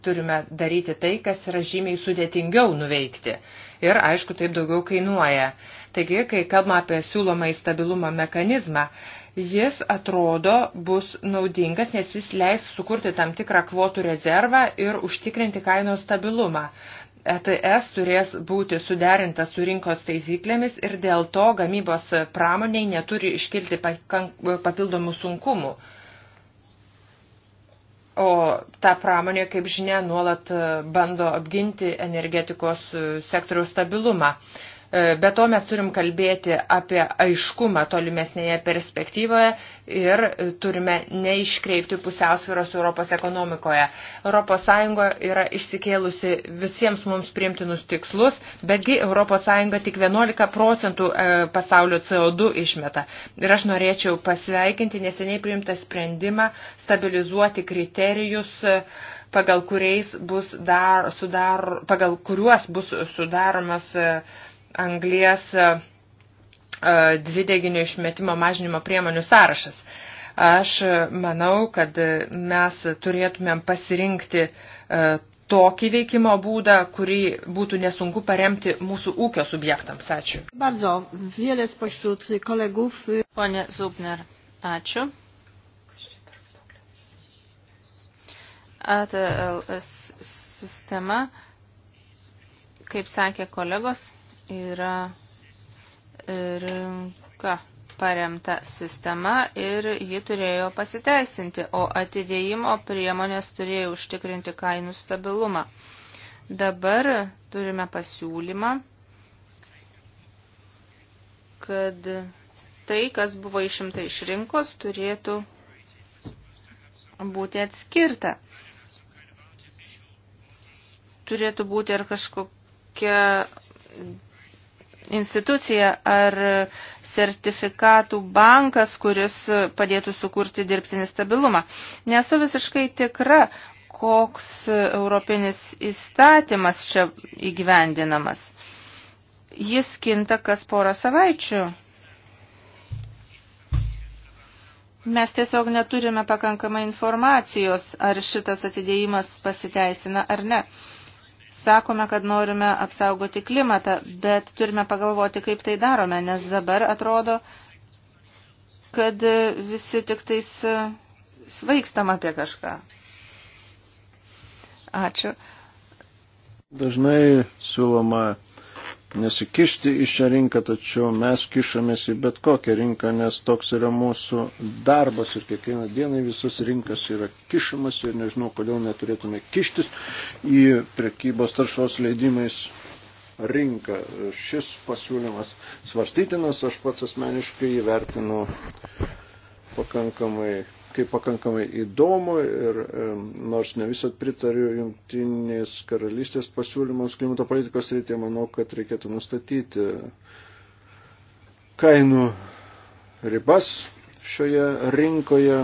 turime daryti tai, kas yra žymiai sudėtingiau nuveikti. Ir, aišku, taip daugiau kainuoja. Taigi, kai kalbame apie siūlomą įstabilumo mechanizmą, jis atrodo bus naudingas, nes jis leis sukurti tam tikrą kvotų rezervą ir užtikrinti kainos stabilumą. ETS turės būti suderinta su rinkos taisyklėmis ir dėl to gamybos pramoniai neturi iškilti papildomų sunkumų. O ta pramonė, kaip žinia, nuolat bando apginti energetikos sektoriaus stabilumą. E, be to mes turim kalbėti apie aiškumą tolimesnėje perspektyvoje ir turime neiškreipti pusiausvyros Europos ekonomikoje. Europos Sąjunga yra išsikėlusi visiems mums priimtinus tikslus, betgi Europos Sąjunga tik 11 procentų e, pasaulio CO2 išmeta. Ir aš norėčiau pasveikinti neseniai priimtą sprendimą stabilizuoti kriterijus e, pagal, kuriais bus dar, sudar, pagal kuriuos bus sudaromas uh, anglies e, e, dvideginio išmetimo mažinimo priemonių sąrašas. Aš manau, kad mes turėtumėm pasirinkti e, tokį veikimo būdą, kurį būtų nesunku paremti mūsų ūkio subjektams. Ačiu. Bardzo, wiele spośród kolegów. Pone Zubner, ačiū. ATLS sistema, kaip sakė kolegos, yra rinka paremta sistema ir ji turėjo pasiteisinti, o atidėjimo priemonės turėjo užtikrinti kainų stabilumą. Dabar turime pasiūlymą, kad tai, kas buvo išimta iš rinkos, turėtų būti atskirta. Turėtų būti ir kažkokia institucija ar sertifikatų bankas, kuris padėtų sukurti dirbtinį stabilumą. Nesu visiškai tikra, koks europinis įstatymas čia įgyvendinamas. Jis kinta kas porą savaičių. Mes tiesiog neturime pakankamai informacijos, ar šitas atidėjimas pasiteisina ar ne. Sakome, kad norime apsaugoti klimatą, bet turime pagalvoti, kaip tai darome, nes dabar atrodo, kad visi tik tais e, svaikstam apie kažką. Ačiū. Dažnai siūloma nesikišti į šią rinką, tačiau mes kišamės į bet kokią rinką, nes toks yra mūsų darbas ir kiekvieną dieną visas rinkas yra kišamas ir nežinau, kodėl neturėtume kištis į prekybos taršos leidimais rinką. Šis pasiūlymas svarstytinas, aš pats asmeniškai įvertinu pakankamai kaip pakankamai įdomu ir nors ne visat pritariu jungtinės karalystės pasiūlymams klimato politikos rytėje, manau, kad reikėtų nustatyti kainų ribas šioje rinkoje.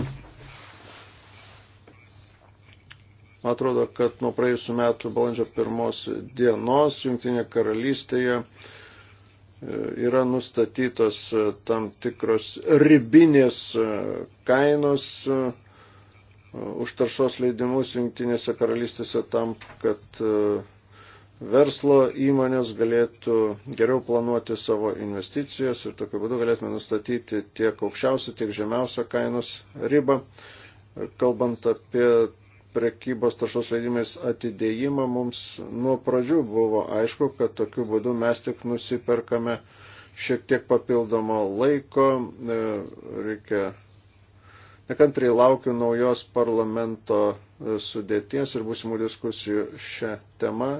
Man atrodo, kad nuo praėjusiu metu balandžio pirmos dienos jungtinė karalystėje uh, yra nustatytos e, tam tikros ribinės e, kainos e, už taršos leidimus jungtinėse karalystėse tam, kad verslo įmonės galėtų geriau planuoti savo investicijas ir tokiu būdu galėtume nustatyti tiek aukščiausią, tiek žemiausią kainos ribą. Kalbant apie prekybos taršos leidimais atidėjimą, mums nuo pradžių buvo aišku, kad tokiu būdu mes tik nusiperkame šiek tiek papildomo laiko, e, reikia nekantriai laukiu naujos parlamento e, sudėties ir būsimų diskusijų šią temą.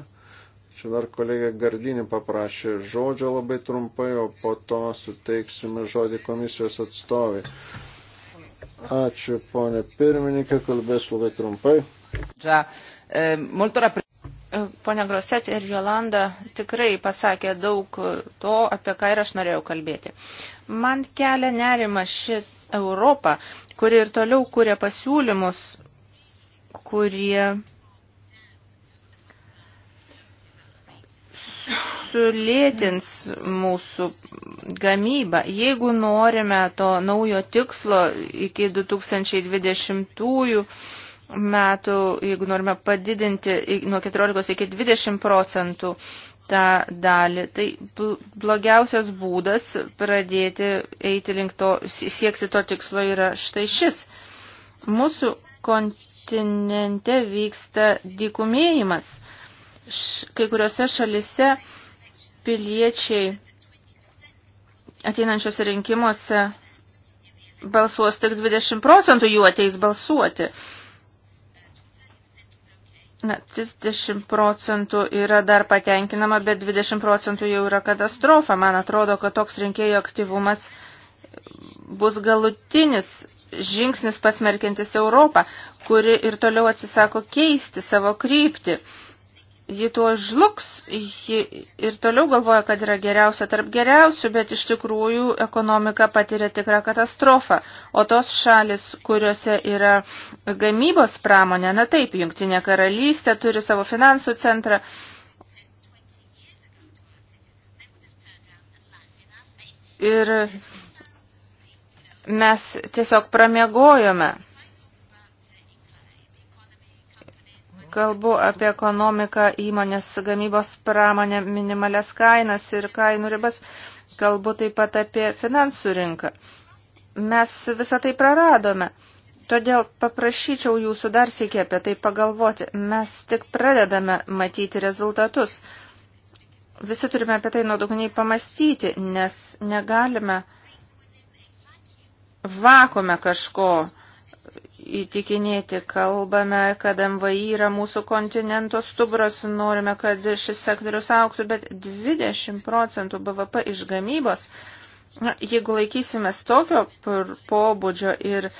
Čia dar kolegė Gardinį paprašė žodžio labai trumpai, o po to suteiksime žodį komisijos atstovai. Ačiū, ponė pirmininkė, kalbėsiu labai trumpai. Ja, e, molto e, Pone Groset ir Jolanda tikrai pasakė daug to, apie ką ir aš norėjau kalbėti. Man kelia nerima ši Europa, kuri ir toliau kūrė pasiūlymus, kurie sulėtins mūsų gamybą. Jeigu norime to naujo tikslo iki 2020 metų, jeigu norime padidinti nuo 14 iki 20 procentų tą dalį, tai blogiausias būdas pradėti eiti link to, siekti to tikslo yra štai šis. Mūsų kontinente vyksta dykumėjimas. Kai kuriuose šalise piliečiai ateinančiose rinkimuose balsuos tik 20 procentų jų ateis balsuoti. Na, 30 procentų yra dar patenkinama, bet 20 procentų jau yra katastrofa. Man atrodo, kad toks rinkėjo aktyvumas bus galutinis žingsnis pasmerkiantis Europą, kuri ir toliau atsisako keisti savo kryptį ji tuo žlugs, ji ir toliau galvoja, kad yra geriausia tarp geriausių, bet iš tikrųjų ekonomika patiria tikrą katastrofą. O tos šalis, kuriuose yra gamybos pramonė, na taip, Jungtinė karalystė turi savo finansų centrą. Ir mes tiesiog pramiegojome. Kalbu apie ekonomiką, įmonės gamybos pramonę, minimales kainas ir kainų ribas. Kalbu taip pat apie finansų rinką. Mes visą tai praradome. Todėl paprašyčiau jūsų dar sėkiai apie tai pagalvoti. Mes tik pradedame matyti rezultatus. Visi turime apie tai nuodugniai pamastyti, nes negalime vakume kažko įtikinėti. Kalbame, kad MVI yra mūsų kontinento stubras, norime, kad šis sektorius auktų, bet 20 procentų BVP iš gamybos. Na, jeigu laikysimės tokio pobūdžio ir e,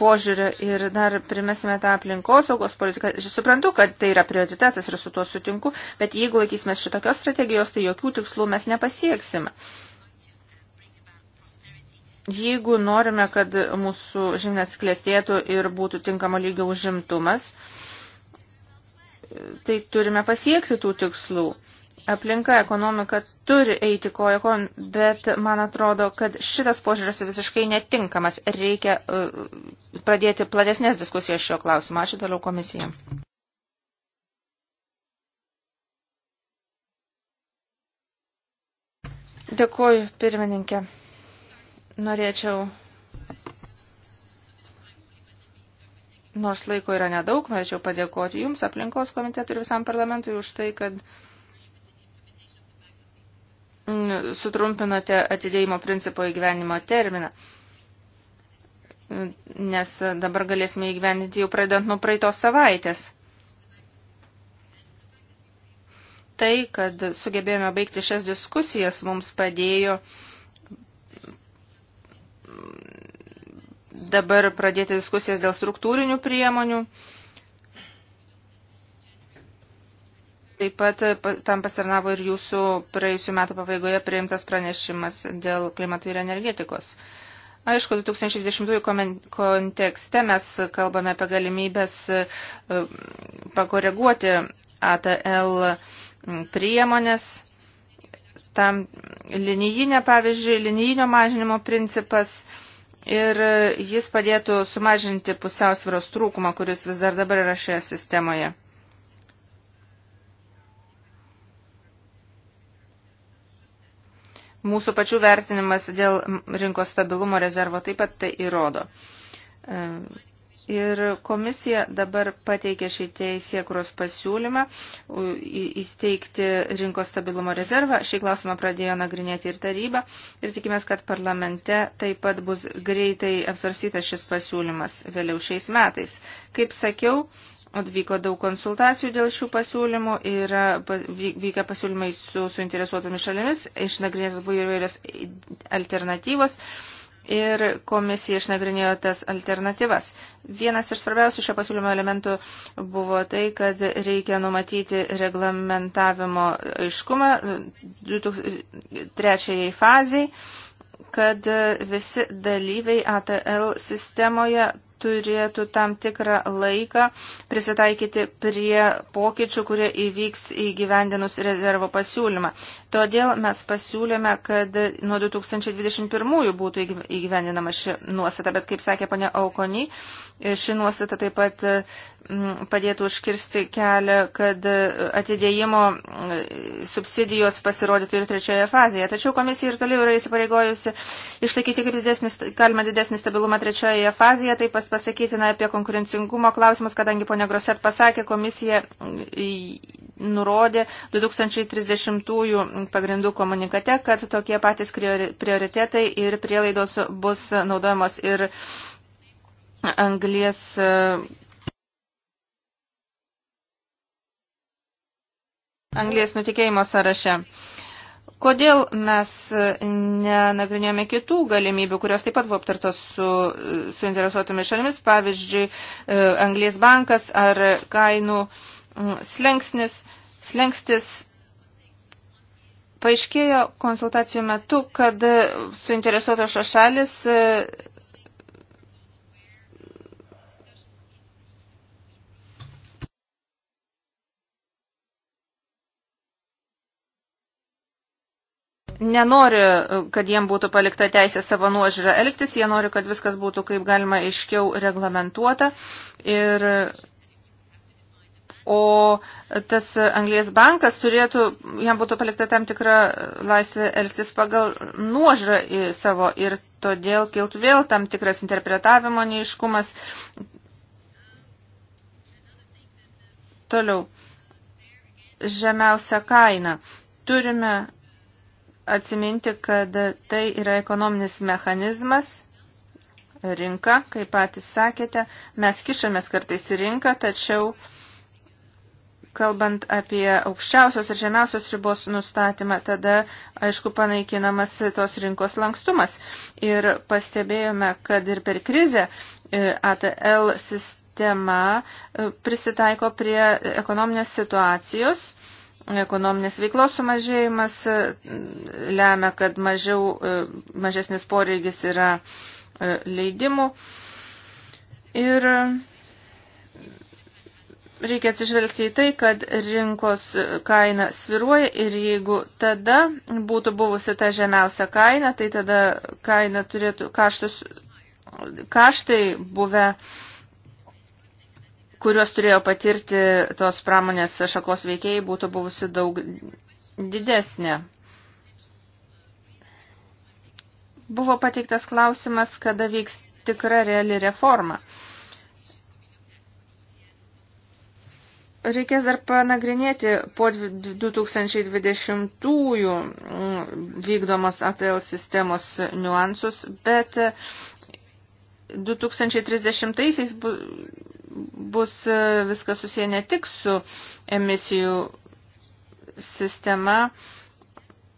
požiūrio ir dar primesime tą aplinkosaugos politiką, suprantu, kad tai yra prioritetas ir su tuo sutinku, bet jeigu laikysimės šitokios strategijos, tai jokių tikslų mes nepasieksime. Jeigu norime, kad mūsų žemės klėstėtų ir būtų tinkamo lygio užimtumas, tai turime pasiekti tų tikslų. Aplinka, ekonomika turi eiti koja kon, bet man atrodo, kad šitas požiūris visiškai netinkamas. Reikia uh, pradėti platesnės diskusijas šio klausimo. Ačiū toliau komisijai. Dėkuoju, pirmininkė. Norėčiau, nors laiko yra nedaug, norėčiau padėkoti Jums, aplinkos komitetui ir visam parlamentui už tai, kad sutrumpinote atidėjimo principo įgyvenimo terminą. Nes dabar galėsime įgyvendinti jau pradant nuo praeitos savaitės. Tai, kad sugebėjome baigti šias diskusijas, mums padėjo uh, dabar pradėti diskusijas dėl struktūrinių priemonių. Taip pat tam pastarnavo ir jūsų praėjusių metų pabaigoje priimtas pranešimas dėl klimato ir energetikos. Aišku, 2020 kontekste mes kalbame apie galimybės e, pakoreguoti ATL priemonės tam linijinė, pavyzdžiui, linijinio mažinimo principas ir jis padėtų sumažinti pusiausviros trūkumą, kuris vis dar dabar yra šioje sistemoje. Mūsų pačių vertinimas dėl rinkos stabilumo rezervo taip pat tai įrodo. Ir komisija dabar pateikė šį teisėkuros pasiūlymą įsteigti rinkos stabilumo rezervą. Šį klausimą pradėjo nagrinėti ir taryba ir tikimės, kad parlamente taip pat bus greitai apsvarstytas šis pasiūlymas vėliau šiais metais. Kaip sakiau, Atvyko daug konsultacijų dėl šių pasiūlymų ir vykę pasiūlymai su suinteresuotomis šalimis, išnagrinėtos buvo įvairios alternatyvos ir komisija išnagrinėjo tas alternatyvas. Vienas iš svarbiausių šio pasiūlymo elementų buvo tai, kad reikia numatyti reglamentavimo aiškumą trečiajai fazai, kad visi dalyviai ATL sistemoje turėtų tam tikrą laiką prisitaikyti prie pokyčių, kurie įvyks įgyvendinus rezervo pasiūlymą. Todėl mes pasiūlėme, kad nuo 2021 būtų įgyvendinama ši nuostata, bet kaip sakė ponia Aukony, ši nuostata taip pat mm, padėtų užkirsti kelią, kad atidėjimo mm, subsidijos pasirodytų ir trečioje fazėje. Tačiau komisija ir toliau yra įsipareigojusi išlaikyti kaip didesnis, galima didesnį stabilumą trečioje fazėje, taip pat pasakytina apie konkurencingumo klausimus, kadangi ponia Groset pasakė, komisija nurodė 2030 pagrindų komunikate, kad tokie patys prioritetai ir prielaidos bus naudojamos ir anglies anglės nutikėjimo sąraše. Kodėl mes e, nenagrinėjome kitų galimybių, kurios taip pat buvo aptartos su e, suinteresuotomis šalimis, pavyzdžiui, e, Anglijas bankas ar kainų slengsnis, slengstis paaiškėjo konsultacijų metu, kad suinteresuotos šalis nenori, kad jiem būtų palikta teisė savo nuožiūrą elgtis, jie nori, kad viskas būtų kaip galima aiškiau reglamentuota. Ir, o tas anglės bankas turėtų, jam būtų palikta tam tikra laisvė elgtis pagal nuožiūrą į savo ir todėl kiltų vėl tam tikras interpretavimo neiškumas. Toliau. Žemiausia kaina turime atsiminti, kad tai yra ekonominis mechanizmas, rinka, kaip patys sakėte. Mes kišamės kartais į rinką, tačiau kalbant apie aukščiausios ir žemiausios ribos nustatymą, tada, aišku, panaikinamas tos rinkos lankstumas. Ir pastebėjome, kad ir per krizę e, ATL sistema e, prisitaiko prie ekonominės situacijos Ekonominės veiklos sumažėjimas e, lemia, kad mažiau, e, mažesnis poreigis yra e, leidimų. Ir reikia atsižvelgti į tai, kad rinkos kaina sviruoja ir jeigu tada būtų buvusi ta žemiausia kaina, tai tada kaina turėtų kaštus, kaštai buvę kuriuos turėjo patirti tos pramonės šakos veikėjai, būtų buvusi daug didesnė. Buvo pateiktas klausimas, kada vyks tikra reali reforma. Reikės dar panagrinėti po 2020-ųjų mm, vykdomos ATL sistemos niuansus, bet 2030-aisiais bu, bus e, viskas susiję ne tik su emisijų sistema,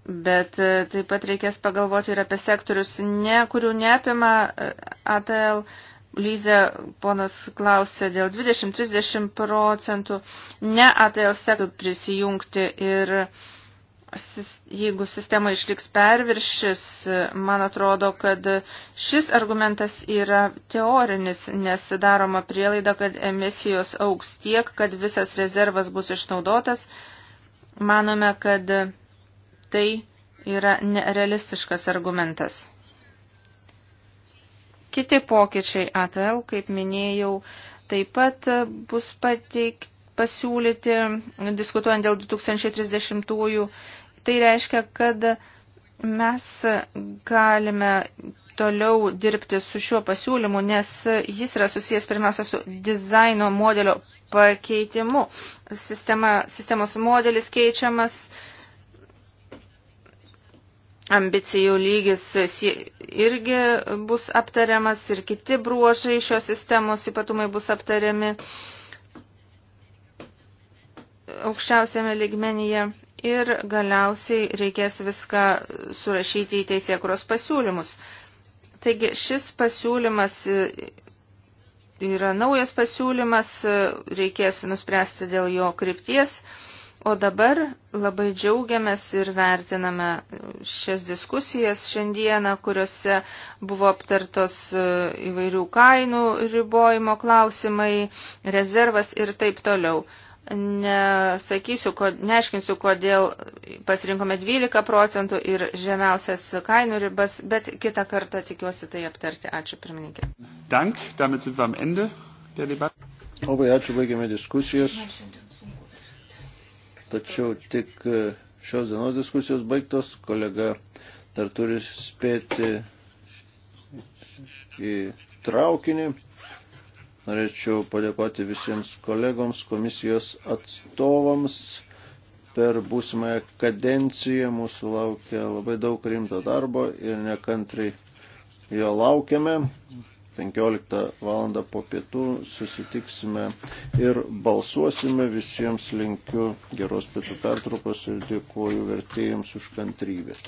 bet e, taip pat reikės pagalvoti ir apie sektorius, ne, kurių neapima e, ATL. Lyze, ponas klausė, dėl 20-30 procentų ne ATL sektorių prisijungti ir uh, jeigu sistema išliks perviršis, man atrodo, kad šis argumentas yra teorinis, nes daroma prielaida, kad emisijos auks tiek, kad visas rezervas bus išnaudotas. Manome, kad tai yra nerealistiškas argumentas. Kiti pokyčiai ATL, kaip minėjau, taip pat bus pateikti pasiūlyti, diskutuojant dėl 2030-ųjų. Tai reiškia, kad mes galime toliau dirbti su šiuo pasiūlymu, nes jis yra susijęs pirmiausia su dizaino modelio pakeitimu. Sistema, sistemos modelis keičiamas, ambicijų lygis irgi bus aptariamas ir kiti bruožai šios sistemos ypatumai bus aptariami. Uh, aukščiausiame ligmenyje ir galiausiai reikės viską surašyti į teisėkuros pasiūlymus. Taigi šis pasiūlymas e, yra naujas pasiūlymas, e, reikės nuspręsti dėl jo krypties, o dabar labai džiaugiamės ir vertiname šias diskusijas šiandieną, kuriuose buvo aptartos e, įvairių kainų ribojimo klausimai, rezervas ir taip toliau. Nesakysiu, kod, neaiškinsiu, kodėl pasirinkome 12 procentų ir žemiausias kainų ribas, bet kitą kartą tikiuosi tai aptarti. Ačiū pirmininkė. Dank, damit sind wir am Ende der Debatte. Labai ačiū, baigėme diskusijas. Tačiau tik e, šios dienos diskusijos baigtos, kolega dar turi spėti į traukinį. Norėčiau padėkoti visiems kolegoms, komisijos atstovams. Per būsimąją kadenciją mūsų laukia labai daug rimto darbo ir nekantrai jo laukiame. 15 val. po pietų susitiksime ir balsuosime. Visiems linkiu geros pietų pertraukos ir dėkuoju vertėjams už kantrybę.